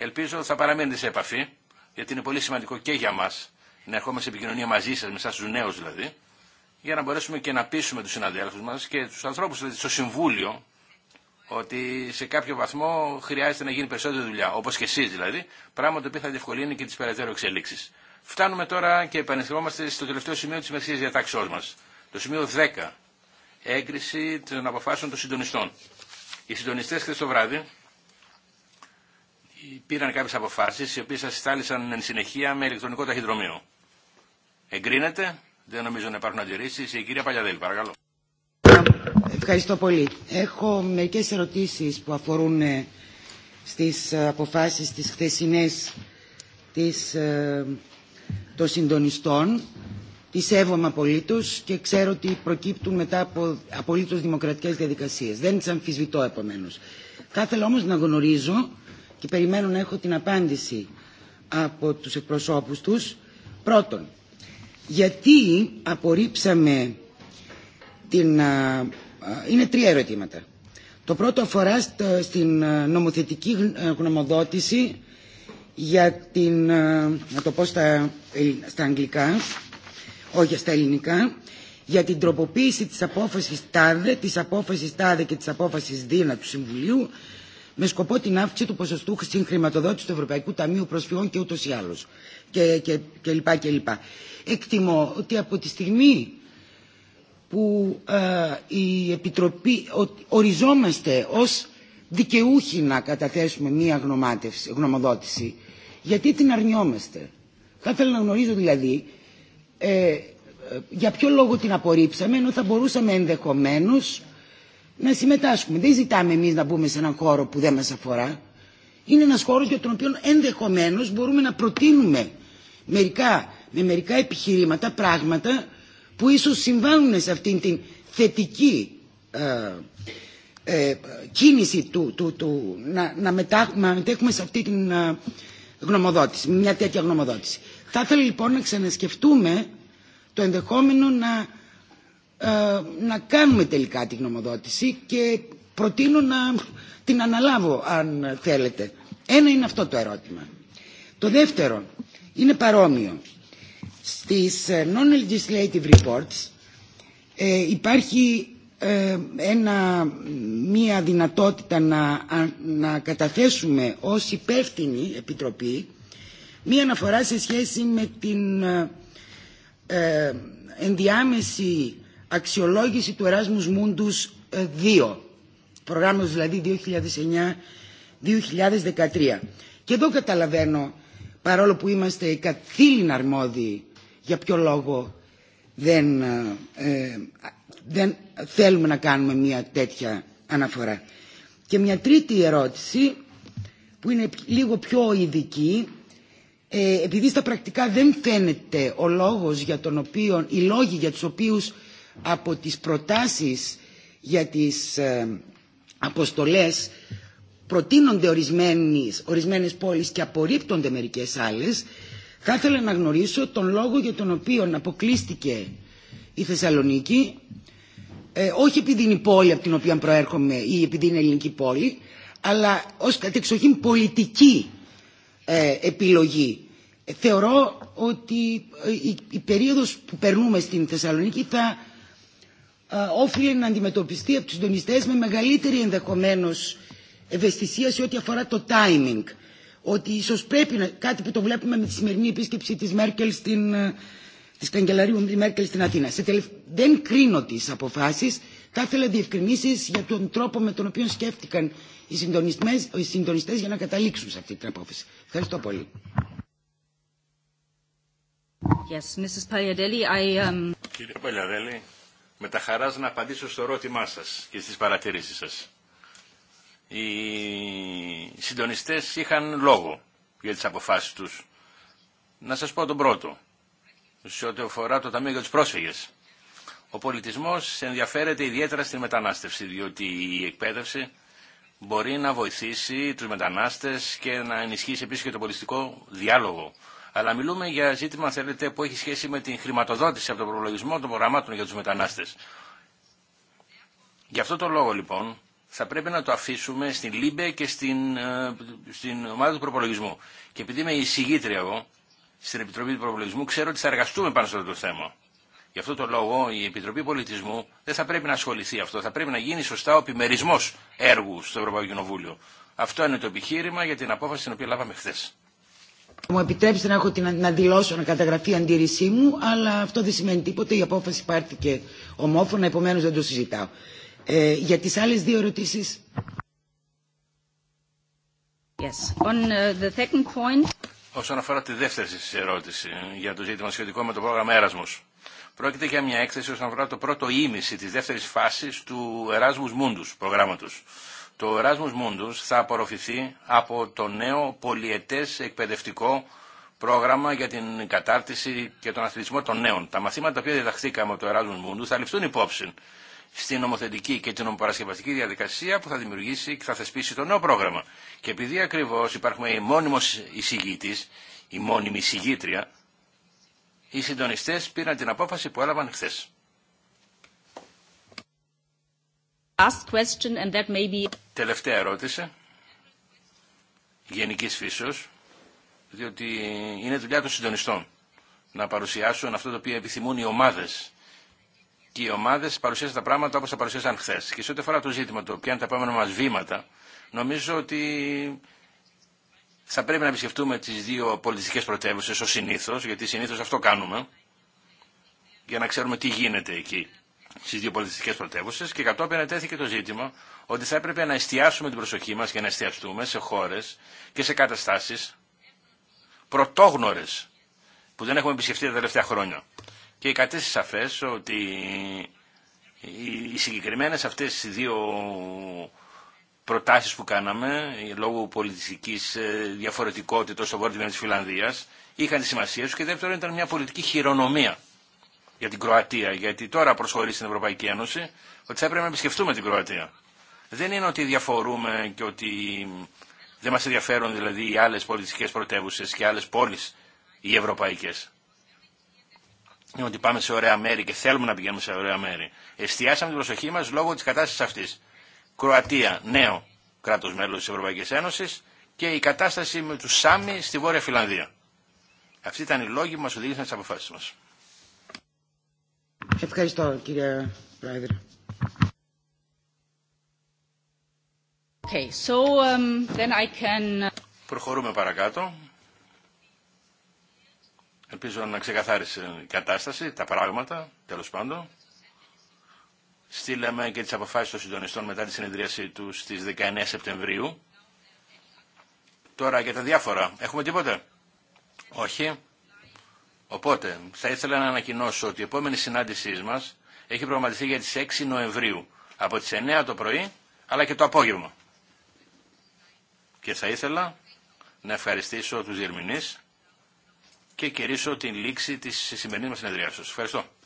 Ελπίζω ότι θα παραμείνετε σε επαφή, γιατί είναι πολύ σημαντικό και για μα να ερχόμαστε σε επικοινωνία μαζί σα, με εσά του νέου δηλαδή, για να μπορέσουμε και να πείσουμε του συναδέλφου μα και του ανθρώπου δηλαδή, στο Συμβούλιο ότι σε κάποιο βαθμό χρειάζεται να γίνει περισσότερη δουλειά, όπω και εσεί δηλαδή, πράγμα το οποίο θα διευκολύνει και τι περαιτέρω εξελίξει. Φτάνουμε τώρα και επανερχόμαστε στο τελευταίο σημείο τη μεσαία διατάξεώ μα. το σημείο 10, έγκριση των αποφάσεων των συντονιστών. Οι συντονιστέ χθε το βράδυ πήραν κάποιες αποφάσεις οι οποίες στάλησαν εν συνεχεία με ηλεκτρονικό ταχυδρομείο. Εγκρίνεται. Δεν νομίζω να υπάρχουν αντιρρήσεις. Η κυρία Παλιαδέλη, παρακαλώ. Ευχαριστώ πολύ. Έχω μερικέ ερωτήσεις που αφορούν ε, στις αποφάσεις τις χθεσινές της, ε, των συντονιστών. Τις σέβομαι απολύτω και ξέρω ότι προκύπτουν μετά από απολύτω δημοκρατικέ διαδικασίε. Δεν τι αμφισβητώ επομένω. Θα ήθελα όμω να γνωρίζω και περιμένω να έχω την απάντηση από τους εκπροσώπους τους. Πρώτον, γιατί απορρίψαμε την... Είναι τρία ερωτήματα. Το πρώτο αφορά στην νομοθετική γνωμοδότηση για την... να το πω ε, στα, αγγλικά, όχι στα ελληνικά, για την τροποποίηση της απόφασης ΤΑΔΕ, της απόφασης ΤΑΔΕ και της απόφασης ΔΙΝΑ του Συμβουλίου με σκοπό την αύξηση του ποσοστού χρηματοδότηση του Ευρωπαϊκού Ταμείου Προσφυγών και ούτω ή άλλω. Και, και, και, λοιπά και λοιπά. Εκτιμώ ότι από τη στιγμή που ε, η Επιτροπή οριζόμαστε ως δικαιούχοι να καταθέσουμε μία γνωμοδότηση, γιατί την αρνιόμαστε. Θα ήθελα να γνωρίζω δηλαδή ε, ε για ποιο λόγο την απορρίψαμε, ενώ θα μπορούσαμε ενδεχομένως να συμμετάσχουμε. Δεν ζητάμε εμεί να μπούμε σε έναν χώρο που δεν μα αφορά. Είναι ένα χώρο για τον οποίο ενδεχομένω μπορούμε να προτείνουμε μερικά, με μερικά επιχειρήματα πράγματα που ίσω συμβάλλουν σε αυτήν την θετική ε, ε, κίνηση του, να, μετά, να μετέχουμε σε αυτή την ε, γνωμοδότηση, μια τέτοια γνωμοδότηση. Θα ήθελα λοιπόν να ξανασκεφτούμε το ενδεχόμενο να ε, να κάνουμε τελικά τη γνωμοδότηση και προτείνω να την αναλάβω αν θέλετε. Ένα είναι αυτό το ερώτημα. Το δεύτερο είναι παρόμοιο. Στις ε, non-legislative reports ε, υπάρχει ένα, μία δυνατότητα να, να καταθέσουμε ως υπεύθυνη επιτροπή μία αναφορά σε σχέση με την ε, ενδιάμεση αξιολόγηση του Erasmus Mundus 2, ε, προγράμματος δηλαδή 2009-2013. Και εδώ καταλαβαίνω, παρόλο που είμαστε καθήλυνα αρμόδιοι, για ποιο λόγο δεν, ε, ε, δεν θέλουμε να κάνουμε μια τέτοια αναφορά. Και μια τρίτη ερώτηση, που είναι λίγο πιο ειδική, ε, επειδή στα πρακτικά δεν φαίνεται ο λόγος για τον οποίο, οι λόγοι για τους οποίους από τις προτάσεις για τις ε, αποστολές προτείνονται ορισμένες, ορισμένες πόλεις και απορρίπτονται μερικές άλλες θα ήθελα να γνωρίσω τον λόγο για τον οποίο αποκλείστηκε η Θεσσαλονίκη ε, όχι επειδή είναι η πόλη από την οποία προέρχομαι ή επειδή είναι ελληνική πόλη αλλά ως κατεξοχήν πολιτική ε, επιλογή. Θεωρώ ότι η, η περίοδος που περνούμε στην Θεσσαλονίκη θα ε, όφιλε να αντιμετωπιστεί από τους συντονιστές με μεγαλύτερη ενδεχομένως ευαισθησία σε ό,τι αφορά το timing. Ότι ίσως πρέπει να, κάτι που το βλέπουμε με τη σημερινή επίσκεψη της Μέρκελ στην, ε, της καγκελαρίου Μέρκελ στην Αθήνα. Σε τελευ... Δεν κρίνω τις αποφάσεις, θα ήθελα διευκρινήσεις για τον τρόπο με τον οποίο σκέφτηκαν οι συντονιστές, για να καταλήξουν σε αυτή την απόφαση. Ευχαριστώ πολύ. Yes, Mrs. I, um... Κύριε Παλιαδέλη, με τα χαράς να απαντήσω στο ερώτημά σας και στις παρατηρήσεις σας. Οι συντονιστές είχαν λόγο για τις αποφάσεις τους. Να σας πω τον πρώτο, σε ό,τι αφορά το Ταμείο για τους Πρόσφυγες. Ο πολιτισμός ενδιαφέρεται ιδιαίτερα στην μετανάστευση, διότι η εκπαίδευση μπορεί να βοηθήσει τους μετανάστες και να ενισχύσει επίσης και το πολιτιστικό διάλογο αλλά μιλούμε για ζήτημα, θέλετε, που έχει σχέση με την χρηματοδότηση από τον προλογισμό των προγραμμάτων για τους μετανάστες. Γι' αυτό το λόγο, λοιπόν, θα πρέπει να το αφήσουμε στην ΛΥΜΠΕ και στην, ε, στην ομάδα του προπολογισμού. Και επειδή είμαι εισηγήτρια εγώ στην Επιτροπή του Προπολογισμού, ξέρω ότι θα εργαστούμε πάνω σε αυτό το θέμα. Γι' αυτό το λόγο η Επιτροπή Πολιτισμού δεν θα πρέπει να ασχοληθεί αυτό. Θα πρέπει να γίνει σωστά ο επιμερισμό έργου στο Ευρωπαϊκό Κοινοβούλιο. Αυτό είναι το επιχείρημα για την απόφαση την οποία λάβαμε χθε. Μου επιτρέψετε να, έχω την, να δηλώσω, να καταγραφεί η αντίρρησή μου, αλλά αυτό δεν σημαίνει τίποτα. Η απόφαση πάρθηκε ομόφωνα, επομένω δεν το συζητάω. Ε, για τις άλλες δύο ερωτήσεις. Yes. On uh, the second point... Όσον αφορά τη δεύτερη ερώτηση για το ζήτημα σχετικό με το πρόγραμμα Erasmus, Πρόκειται για μια έκθεση όσον αφορά το πρώτο ίμιση της δεύτερης φάσης του Erasmus Mundus προγράμματος. Το Erasmus Mundus θα απορροφηθεί από το νέο πολιετές εκπαιδευτικό πρόγραμμα για την κατάρτιση και τον αθλητισμό των νέων. Τα μαθήματα που διδαχθήκαμε από το Erasmus Mundus θα ληφθούν υπόψη στην νομοθετική και την νομοπαρασκευαστική διαδικασία που θα δημιουργήσει και θα θεσπίσει το νέο πρόγραμμα. Και επειδή ακριβώ υπάρχουμε η μόνιμο εισηγήτη, η μόνιμη εισηγήτρια, οι συντονιστέ πήραν την απόφαση που έλαβαν χθε. Τελευταία ερώτηση, γενικής φύσεως, διότι είναι δουλειά των συντονιστών να παρουσιάσουν αυτό το οποίο επιθυμούν οι ομάδες. Και οι ομάδες παρουσιάζουν τα πράγματα όπως τα παρουσιάσαν χθε. Και σε ό,τι αφορά το ζήτημα το ποια είναι τα επόμενα μας βήματα, νομίζω ότι θα πρέπει να επισκεφτούμε τις δύο πολιτιστικές πρωτεύουσες ως συνήθως, γιατί συνήθως αυτό κάνουμε, για να ξέρουμε τι γίνεται εκεί. Στι δύο πολιτιστικέ πρωτεύουσε και κατόπιν ετέθηκε το ζήτημα ότι θα έπρεπε να εστιάσουμε την προσοχή μα και να εστιαστούμε σε χώρε και σε καταστάσει πρωτόγνωρε, που δεν έχουμε επισκεφτεί τα τελευταία χρόνια. Και κατέστησε σαφέ ότι οι συγκεκριμένε αυτέ οι δύο προτάσεις που κάναμε λόγω πολιτιστικής ε, διαφορετικότητας στο βόρειο της Φιλανδίας είχαν τη σημασία τους και δεύτερον ήταν μια πολιτική χειρονομία για την Κροατία, γιατί τώρα προσχωρεί στην Ευρωπαϊκή Ένωση, ότι θα έπρεπε να επισκεφτούμε την Κροατία. Δεν είναι ότι διαφορούμε και ότι δεν μας ενδιαφέρουν δηλαδή οι άλλες πολιτιστικές πρωτεύουσες και άλλες πόλεις οι ευρωπαϊκές. Είναι ότι πάμε σε ωραία μέρη και θέλουμε να πηγαίνουμε σε ωραία μέρη. Εστιάσαμε την προσοχή μας λόγω της κατάστασης αυτής. Κροατία, νέο κράτος μέλος της Ευρωπαϊκής Ένωσης και η κατάσταση με τους Σάμι στη Βόρεια Φιλανδία. Αυτοί ήταν οι λόγοι που μας οδήγησαν τις αποφάσεις μας. Ευχαριστώ κύριε Πρόεδρε. so, um, then I can... Uh, Προχωρούμε παρακάτω. Ελπίζω να ξεκαθάρισε η κατάσταση, τα πράγματα, τέλος πάντων. Στείλαμε και τις αποφάσεις των συντονιστών μετά τη συνεδρίαση του στις 19 Σεπτεμβρίου. Τώρα για τα διάφορα. Έχουμε τίποτε. Όχι. Οπότε θα ήθελα να ανακοινώσω ότι η επόμενη συνάντησή μας έχει προγραμματιστεί για τις 6 Νοεμβρίου από τις 9 το πρωί αλλά και το απόγευμα. Και θα ήθελα να ευχαριστήσω τους διερμηνείς και κηρύσω την λήξη της σημερινής μας συνεδρίαση. Ευχαριστώ.